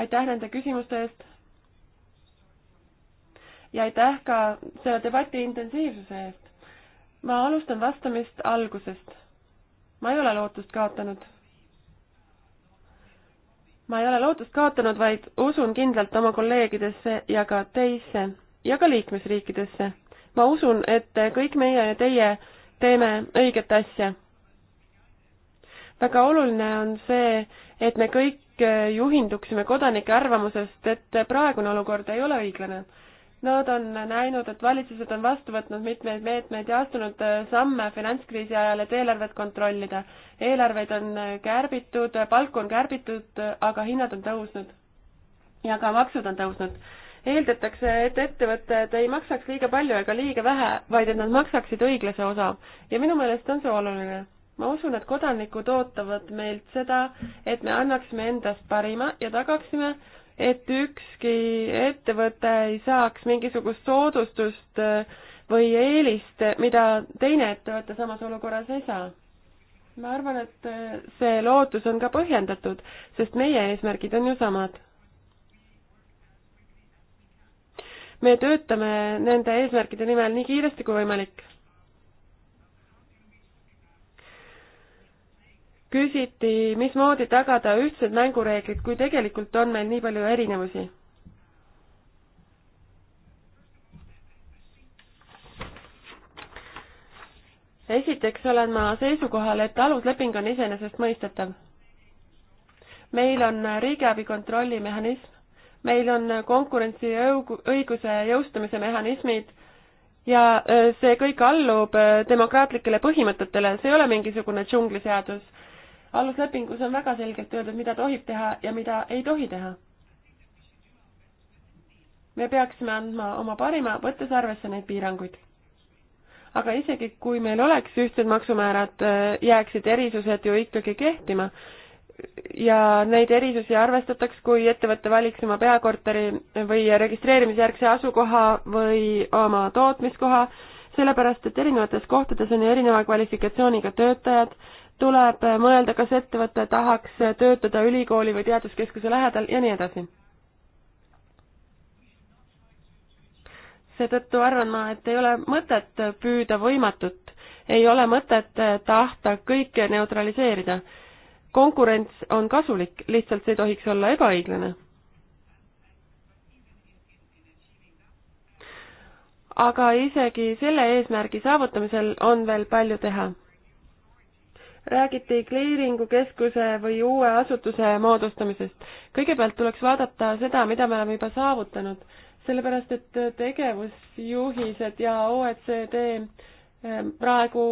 aitäh nende küsimuste eest. ja aitäh ka selle debati intensiivsuse eest. ma alustan vastamist algusest. ma ei ole lootust kaotanud. ma ei ole lootust kaotanud, vaid usun kindlalt oma kolleegidesse ja ka teisse ja ka liikmesriikidesse. ma usun, et kõik meie ja teie teeme õiget asja. väga oluline on see, et me kõik Äh, juhinduksime kodanike arvamusest, et praegune olukord ei ole õiglane. Nad on näinud, et valitsused on vastu võtnud mitmeid meetmeid ja astunud äh, samme finantskriisi ajal, et eelarvet kontrollida. eelarveid on äh, kärbitud, palku on kärbitud, aga hinnad on tõusnud. ja ka maksud on tõusnud eeldatakse, et ettevõtted ei maksaks liiga palju ega liiga vähe, vaid et nad maksaksid õiglase osa. ja minu meelest on see oluline ma usun, et kodanikud ootavad meilt seda, et me annaksime endast parima ja tagaksime, et ükski ettevõte ei saaks mingisugust soodustust äh, või eelist, mida teine ettevõte samas olukorras ei saa. ma arvan, et äh, see lootus on ka põhjendatud, sest meie eesmärgid on ju samad. me töötame nende eesmärkide nimel nii kiiresti kui võimalik küsiti, mismoodi tagada ühtsed mängureeglid, kui tegelikult on meil nii palju erinevusi? esiteks olen ma seisukohal, et alusleping on iseenesestmõistetav. meil on riigiabi kontrolli mehhanism, meil on konkurentsiõiguse jõustamise mehhanismid ja äh, see kõik allub äh, demokraatlikele põhimõtetele, see ei ole mingisugune džungliseadus aluslepingus on väga selgelt öeldud, mida tohib teha ja mida ei tohi teha. me peaksime andma oma parima, võttes arvesse neid piiranguid. aga isegi, kui meil oleks ühtsed maksumäärad, äh, jääksid erisused ju ikkagi kehtima ja neid erisusi arvestataks, kui ettevõte valiks oma peakorteri või registreerimisjärgse asukoha või oma tootmiskoha, sellepärast et erinevates kohtades on ju erineva kvalifikatsiooniga töötajad tuleb mõelda, kas ettevõte tahaks töötada ülikooli või teaduskeskuse lähedal ja nii edasi. seetõttu arvan ma, et ei ole mõtet püüda võimatut, ei ole mõtet tahta kõike neutraliseerida. konkurents on kasulik, lihtsalt see ei tohiks olla ebaõiglane aga isegi selle eesmärgi saavutamisel on veel palju teha räägiti kleeringukeskuse või uue asutuse moodustamisest. kõigepealt tuleks vaadata seda, mida me oleme juba saavutanud, sellepärast et tegevusjuhised ja OECD ehm, praegu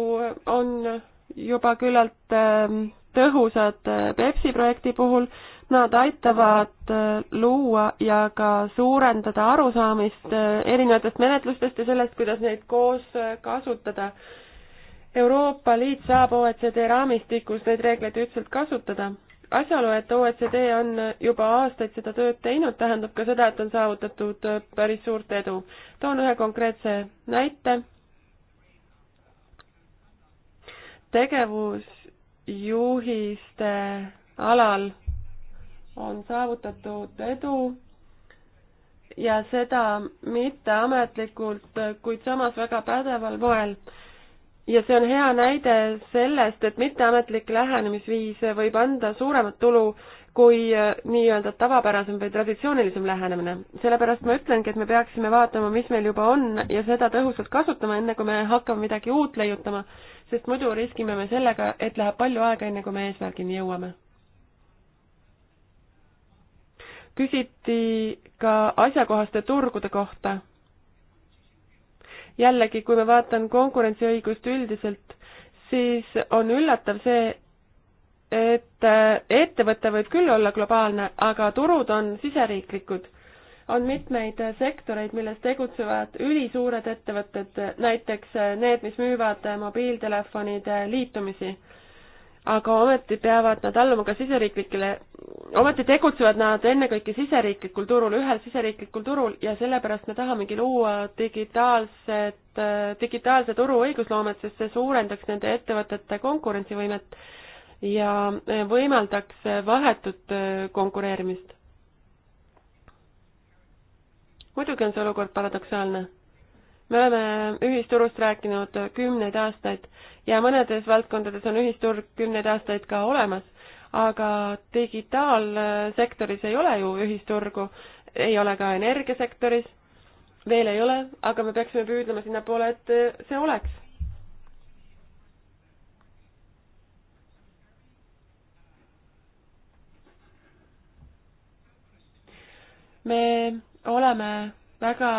on juba küllalt ehm, tõhusad ehm, Pepsi projekti puhul, nad aitavad luua ja ka suurendada arusaamist erinevatest menetlustest ja sellest, kuidas neid koos kasutada Euroopa Liit saab OECD raamistikus neid reegleid üldselt kasutada. asjaolu, et OECD on juba aastaid seda tööd teinud, tähendab ka seda, et on saavutatud päris suurt edu. toon ühe konkreetse näite. tegevusjuhiste alal on saavutatud edu ja seda mitteametlikult, kuid samas väga pädeval moel ja see on hea näide sellest, et mitteametlik lähenemisviis võib anda suuremat tulu kui äh, nii-öelda tavapärasem või traditsioonilisem lähenemine. sellepärast ma ütlengi, et me peaksime vaatama, mis meil juba on ja seda tõhusalt kasutama, enne kui me hakkame midagi uut leiutama, sest muidu riskime me sellega, et läheb palju aega, enne kui me eesmärgini jõuame. küsiti ka asjakohaste turgude kohta jällegi, kui ma vaatan konkurentsiõigust üldiselt, siis on üllatav see, et äh, ettevõte võib küll olla globaalne, aga turud on siseriiklikud. on mitmeid äh, sektoreid, milles tegutsevad ülisuured ettevõtted, äh, näiteks need, mis müüvad mobiiltelefonide liitumisi aga ometi peavad nad alluma ka siseriiklikele, ometi tegutsevad nad ennekõike siseriiklikul turul, ühel siseriiklikul turul ja sellepärast me tahamegi luua digitaalset, digitaalse turu õigusloomet, sest see suurendaks nende ettevõtete konkurentsivõimet ja võimaldaks vahetut konkureerimist. muidugi on see olukord paradoksaalne me oleme ühisturust rääkinud kümneid aastaid ja mõnedes valdkondades on ühisturg kümneid aastaid ka olemas, aga digitaalsektoris ei ole ju ühisturgu, ei ole ka energiasektoris, veel ei ole, aga me peaksime püüdlema sinnapoole, et see oleks. me oleme väga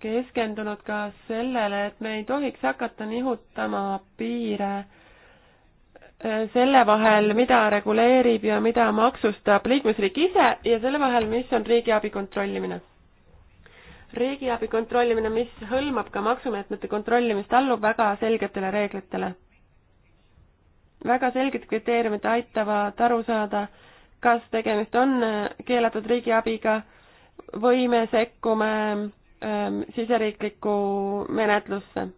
keskendunud ka sellele, et me ei tohiks hakata nihutama piire e, selle vahel, mida reguleerib ja mida maksustab liikmesriik ise ja selle vahel, mis on riigiabi kontrollimine. riigiabi kontrollimine, mis hõlmab ka maksumeetmete kontrollimist, allub väga selgetele reeglitele. väga selged kriteeriumid aitavad aru saada, kas tegemist on keelatud riigiabiga või me sekkume Ähm, siseriiklikku menetlusse.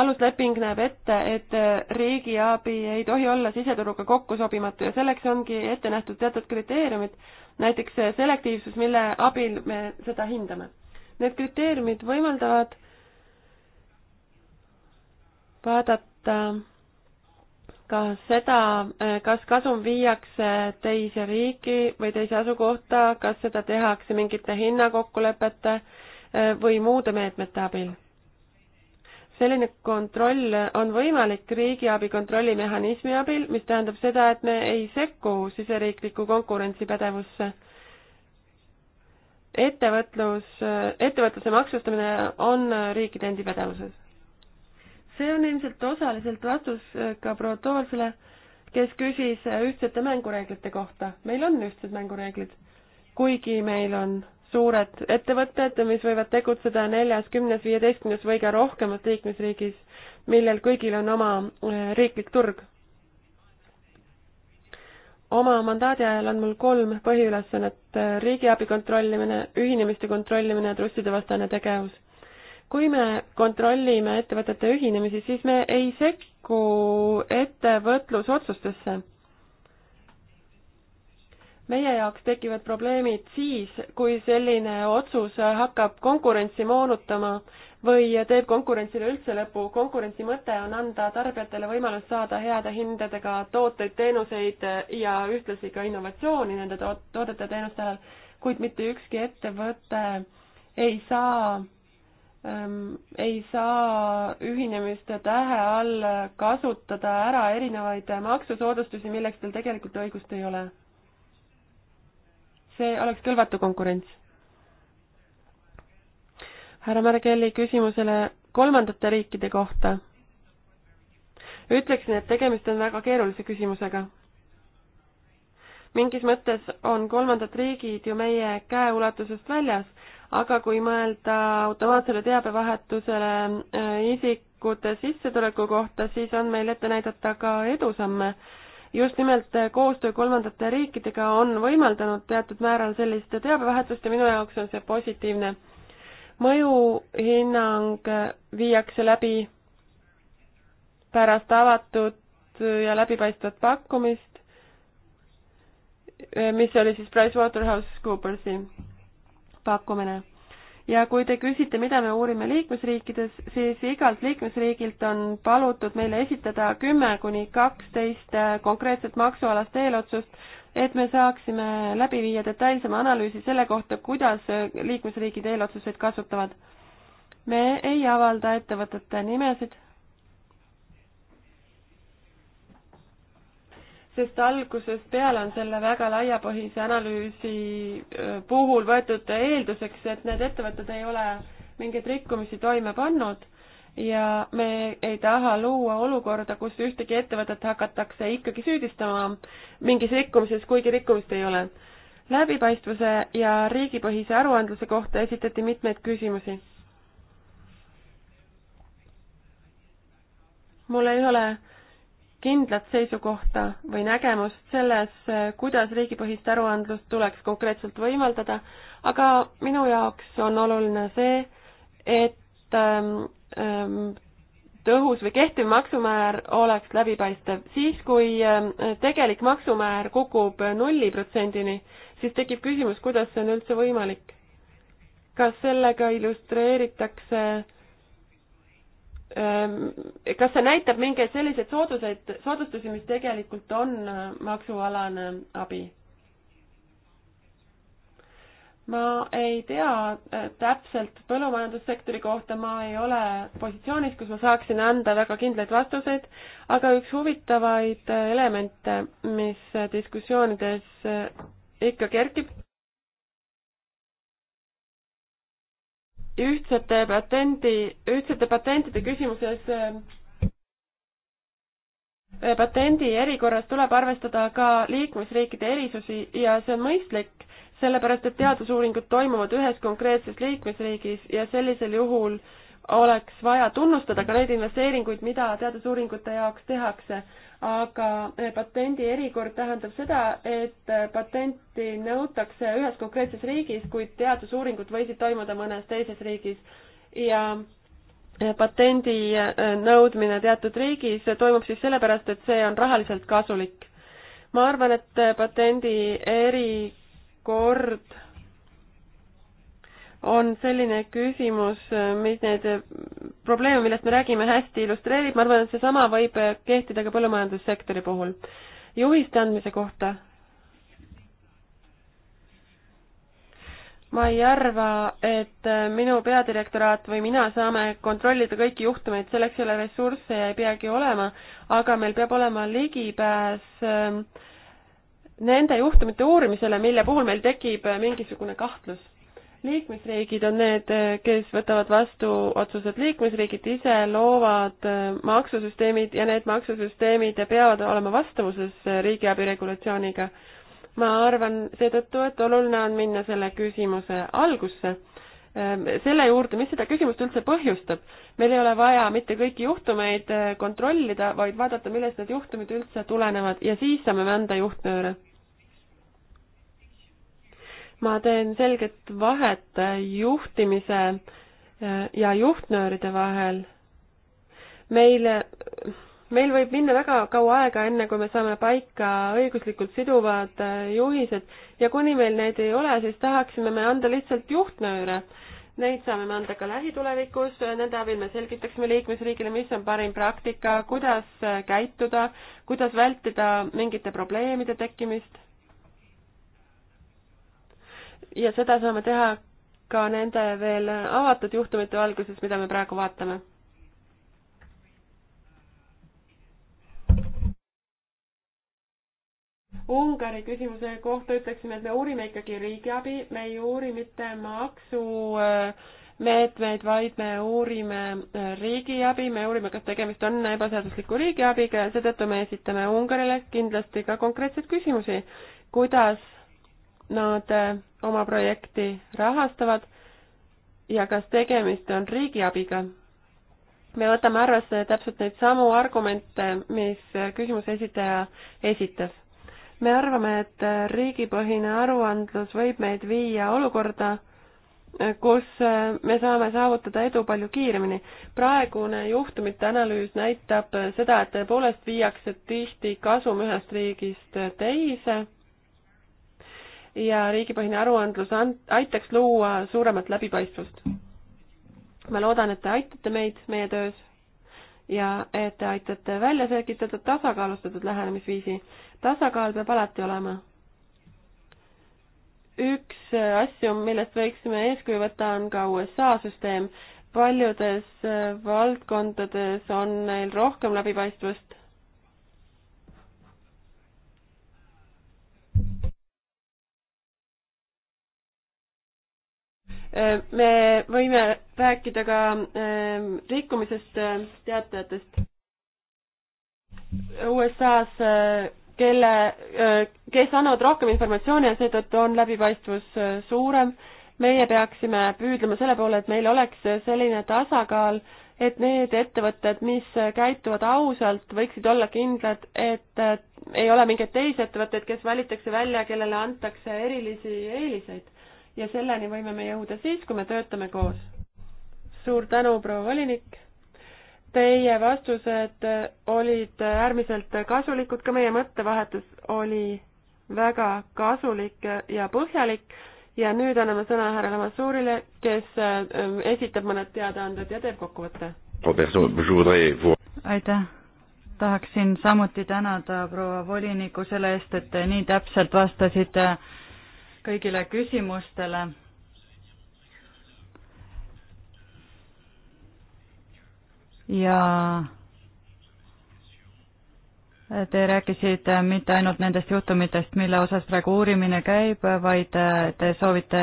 alusleping näeb ette, et äh, riigiabi ei tohi olla siseturuga kokkusobimatu ja selleks ongi ette nähtud teatud kriteeriumid, näiteks äh, selektiivsus, mille abil me seda hindame. Need kriteeriumid võimaldavad vaadata ka seda, äh, kas kasum viiakse teise riiki või teise asukohta, kas seda tehakse mingite hinnakokkulepete äh, Äh, või muude meetmete abil. selline kontroll on võimalik riigiabi kontrollimehhanismi abil, mis tähendab seda, et me ei sekku siseriikliku konkurentsipädevusse. ettevõtlus, äh, ettevõtluse maksustamine on riikide endi pädevuses. see on ilmselt osaliselt vastus äh, ka proua Toolsele, kes küsis ühtsete mängureeglite kohta. meil on ühtsed mängureeglid, kuigi meil on suured ettevõtted, mis võivad tegutseda neljas, kümnes, viieteistkümnes või ka rohkemas liikmesriigis, millel kõigil on oma eh, riiklik turg. oma mandaadi ajal on mul kolm põhiülesannet, eh, riigiabi kontrollimine, ühinemiste kontrollimine ja trusside vastane tegevus. kui me kontrollime ettevõtete ühinemisi, siis me ei sekku ettevõtlusotsustesse meie jaoks tekivad probleemid siis, kui selline otsus hakkab konkurentsi moonutama või teeb konkurentsile üldse lõpu. konkurentsi mõte on anda tarbijatele võimalus saada heade hindadega tooteid, teenuseid ja ühtlasi ka innovatsiooni nende toodete ja teenuste alal, kuid mitte ükski ettevõte ei saa ähm, ei saa ühinemiste tähe all kasutada ära erinevaid maksusoodustusi, milleks tal tegelikult õigust ei ole see oleks kõlvatu konkurents. härra Märgeli küsimusele kolmandate riikide kohta. ütleksin, et tegemist on väga keerulise küsimusega. mingis mõttes on kolmandad riigid ju meie käeulatusest väljas, aga kui mõelda automaatsele teabevahetusele äh, isikute sissetuleku kohta, siis on meil ette näidata ka edusamme just nimelt äh, koostöö kolmandate riikidega on võimaldanud teatud määral sellist teabevahetust ja minu jaoks on see positiivne. mõjuhinnang äh, viiakse läbi pärast avatud äh, ja läbipaistvat pakkumist, mis oli siis PricewaterhouseCoopersi pakkumine ja kui te küsite, mida me uurime liikmesriikides, siis igalt liikmesriigilt on palutud meile esitada kümme kuni kaksteist äh, konkreetset maksualast eelotsust, et me saaksime läbi viia detailsema analüüsi selle kohta, kuidas äh, liikmesriigid eelotsuseid kasutavad. me ei avalda ettevõtete nimesid sest algusest peale on selle väga laiapõhise analüüsi puhul võetud eelduseks, et need ettevõtted ei ole mingeid rikkumisi toime pannud ja me ei taha luua olukorda, kus ühtegi ettevõtet hakatakse ikkagi süüdistama mingis rikkumises, kuigi rikkumist ei ole. läbipaistvuse ja riigipõhise aruandluse kohta esitati mitmeid küsimusi. mul ei ole kindlat seisukohta või nägemust selles, kuidas riigipõhist aruandlust tuleks konkreetselt võimaldada, aga minu jaoks on oluline see, et ähm, ähm tõhus või kehtiv maksumäär oleks läbipaistev. siis, kui ähm, tegelik maksumäär kukub nulli protsendini, siis tekib küsimus, kuidas see on üldse võimalik. kas sellega illustreeritakse äh, Ehm, kas see näitab mingeid selliseid sooduseid, soodustusi, mis tegelikult on äh, maksualane abi? ma ei tea äh, täpselt põllumajandussektori kohta, ma ei ole positsioonis, kus ma saaksin anda väga kindlaid vastuseid, aga üks huvitavaid äh, elemente, mis diskussioonides ikka kerkib ühtsete patendi, ühtsete patentide küsimuses äh, patendi erikorras tuleb arvestada ka liikmesriikide erisusi ja see on mõistlik, sellepärast et teadusuuringud toimuvad ühes konkreetses liikmesriigis ja sellisel juhul oleks vaja tunnustada ka neid investeeringuid, mida teadusuuringute jaoks tehakse aga eh, patendi erikord tähendab seda, et eh, patenti nõutakse ühes konkreetses riigis, kuid teadusuuringud võisid toimuda mõnes teises riigis ja eh, patendi nõudmine teatud riigis toimub siis sellepärast, et see on rahaliselt kasulik. ma arvan, et patendi erikord on selline küsimus, mis neid probleeme, millest me räägime, hästi illustreerib, ma arvan, et seesama võib kehtida ka põllumajandussektori puhul. juhiste andmise kohta ma ei arva, et minu peadirektoraat või mina saame kontrollida kõiki juhtumeid, selleks ei ole ressursse ja ei peagi olema, aga meil peab olema ligipääs ähm, nende juhtumite uurimisele, mille puhul meil tekib mingisugune kahtlus liikmesriigid on need, kes võtavad vastu otsused, liikmesriigid ise loovad äh, maksusüsteemid ja need maksusüsteemid peavad olema vastavuses äh, riigiabi regulatsiooniga. ma arvan seetõttu, et oluline on minna selle küsimuse algusse, ähm, selle juurde, mis seda küsimust üldse põhjustab. meil ei ole vaja mitte kõiki juhtumeid äh, kontrollida, vaid vaadata, millest need juhtumid üldse tulenevad ja siis saame anda juhtnööre ma teen selget vahet juhtimise äh, ja juhtnööride vahel. meil, äh, meil võib minna väga kaua aega, enne kui me saame paika õiguslikult siduvad äh, juhised ja kuni meil neid ei ole, siis tahaksime me anda lihtsalt juhtnööre. Neid saame me anda ka lähitulevikus, nende abil me selgitaksime liikmesriigile, mis on parim praktika, kuidas käituda, kuidas vältida mingite probleemide tekkimist ja seda saame teha ka nende veel avatud juhtumite valguses, mida me praegu vaatame. Ungari küsimuse kohta ütleksin, et me uurime ikkagi riigiabi, me ei uuri mitte maksumeetmeid, vaid me uurime riigiabi, me uurime, kas tegemist on ebaseadusliku riigiabiga ja seetõttu me esitame Ungarile kindlasti ka konkreetseid küsimusi, kuidas nad äh, oma projekti rahastavad ja kas tegemist on riigiabiga. me võtame arvesse täpselt neid samu argumente, mis äh, küsimuse esitaja esitas. me arvame, et äh, riigipõhine aruandlus võib meid viia olukorda, kus me saame saavutada edu palju kiiremini. praegune juhtumite analüüs näitab seda, et tõepoolest viiakse tihti kasum ühest riigist teise ja riigipõhine aruandlus aitaks luua suuremat läbipaistvust. ma loodan, et te aitate meid meie töös ja et te aitate välja selgitada tasakaalustatud lähenemisviisi. tasakaal peab alati olema. üks asju, millest võiksime eeskuju võtta, on ka USA süsteem. paljudes valdkondades on neil rohkem läbipaistvust Äh, me võime rääkida ka ähm, rikkumisest äh, teatajatest. USA-s, äh, kelle, kes annavad rohkem informatsiooni ja seetõttu on läbipaistvus suurem, meie peaksime püüdlema selle poole, et meil oleks selline tasakaal, et need ettevõtted, mis käituvad ausalt, võiksid olla kindlad, et ei ole mingeid teisi ettevõtteid, kes valitakse välja, kellele antakse erilisi eeliseid ja selleni võime me jõuda siis, kui me töötame koos. suur tänu, proua volinik. Teie vastused olid äärmiselt kasulikud, ka meie mõttevahetus oli väga kasulik ja põhjalik ja nüüd anname sõna härra Lamassuurile, kes ähm, esitab mõned teadaanded ja teeb kokkuvõtte. aitäh tahaksin samuti tänada proua voliniku selle eest, et nii täpselt vastasite kõigile küsimustele. ja Te rääkisite mitte ainult nendest juhtumitest, mille osas praegu uurimine käib, vaid te soovite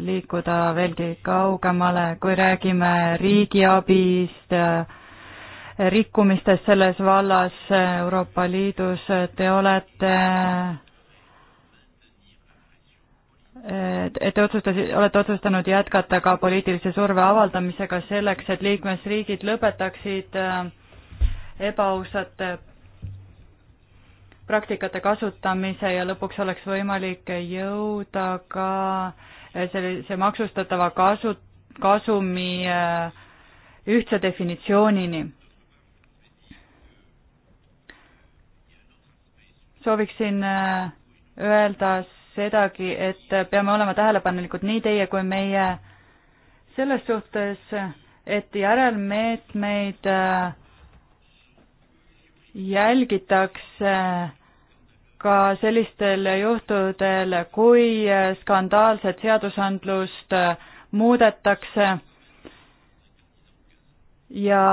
liikuda veelgi kaugemale, kui räägime riigiabist, rikkumistest selles vallas Euroopa Liidus, te olete et te otsustasite, olete otsustanud jätkata ka poliitilise surve avaldamisega selleks, et liikmesriigid lõpetaksid äh, ebaausate praktikate kasutamise ja lõpuks oleks võimalik jõuda ka äh, sellise maksustatava kasu, kasumi äh, ühtse definitsioonini. sooviksin öelda sedagi, et peame olema tähelepanelikud nii teie kui meie selles suhtes, et järelmeetmeid äh, jälgitakse ka sellistel juhtudel, kui skandaalset seadusandlust äh, muudetakse ja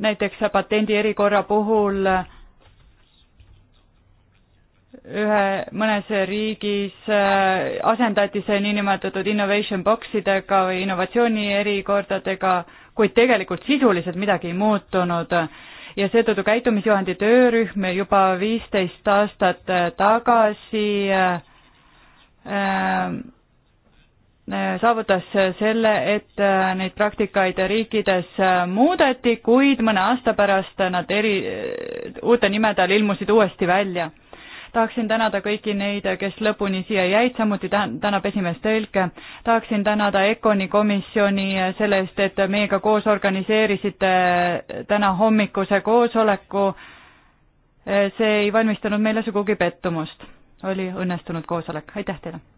näiteks patendi erikorra puhul äh, ühe, mõnes riigis äh, asendati see niinimetatud innovation box idega või innovatsiooni erikordadega, kuid tegelikult sisuliselt midagi ei muutunud ja seetõttu käitumisjuhendi töörühm juba viisteist aastat äh, tagasi äh, saavutas selle, et neid praktikaid riikides muudeti, kuid mõne aasta pärast nad eri, uute nimede all ilmusid uuesti välja tahaksin tänada kõiki neid, kes lõpuni siia jäid, samuti tänab esimees Tõlke. tahaksin tänada ECONi komisjoni selle eest, et meiega koos organiseerisite täna hommikuse koosoleku. see ei valmistanud meile sugugi pettumust, oli õnnestunud koosolek, aitäh teile!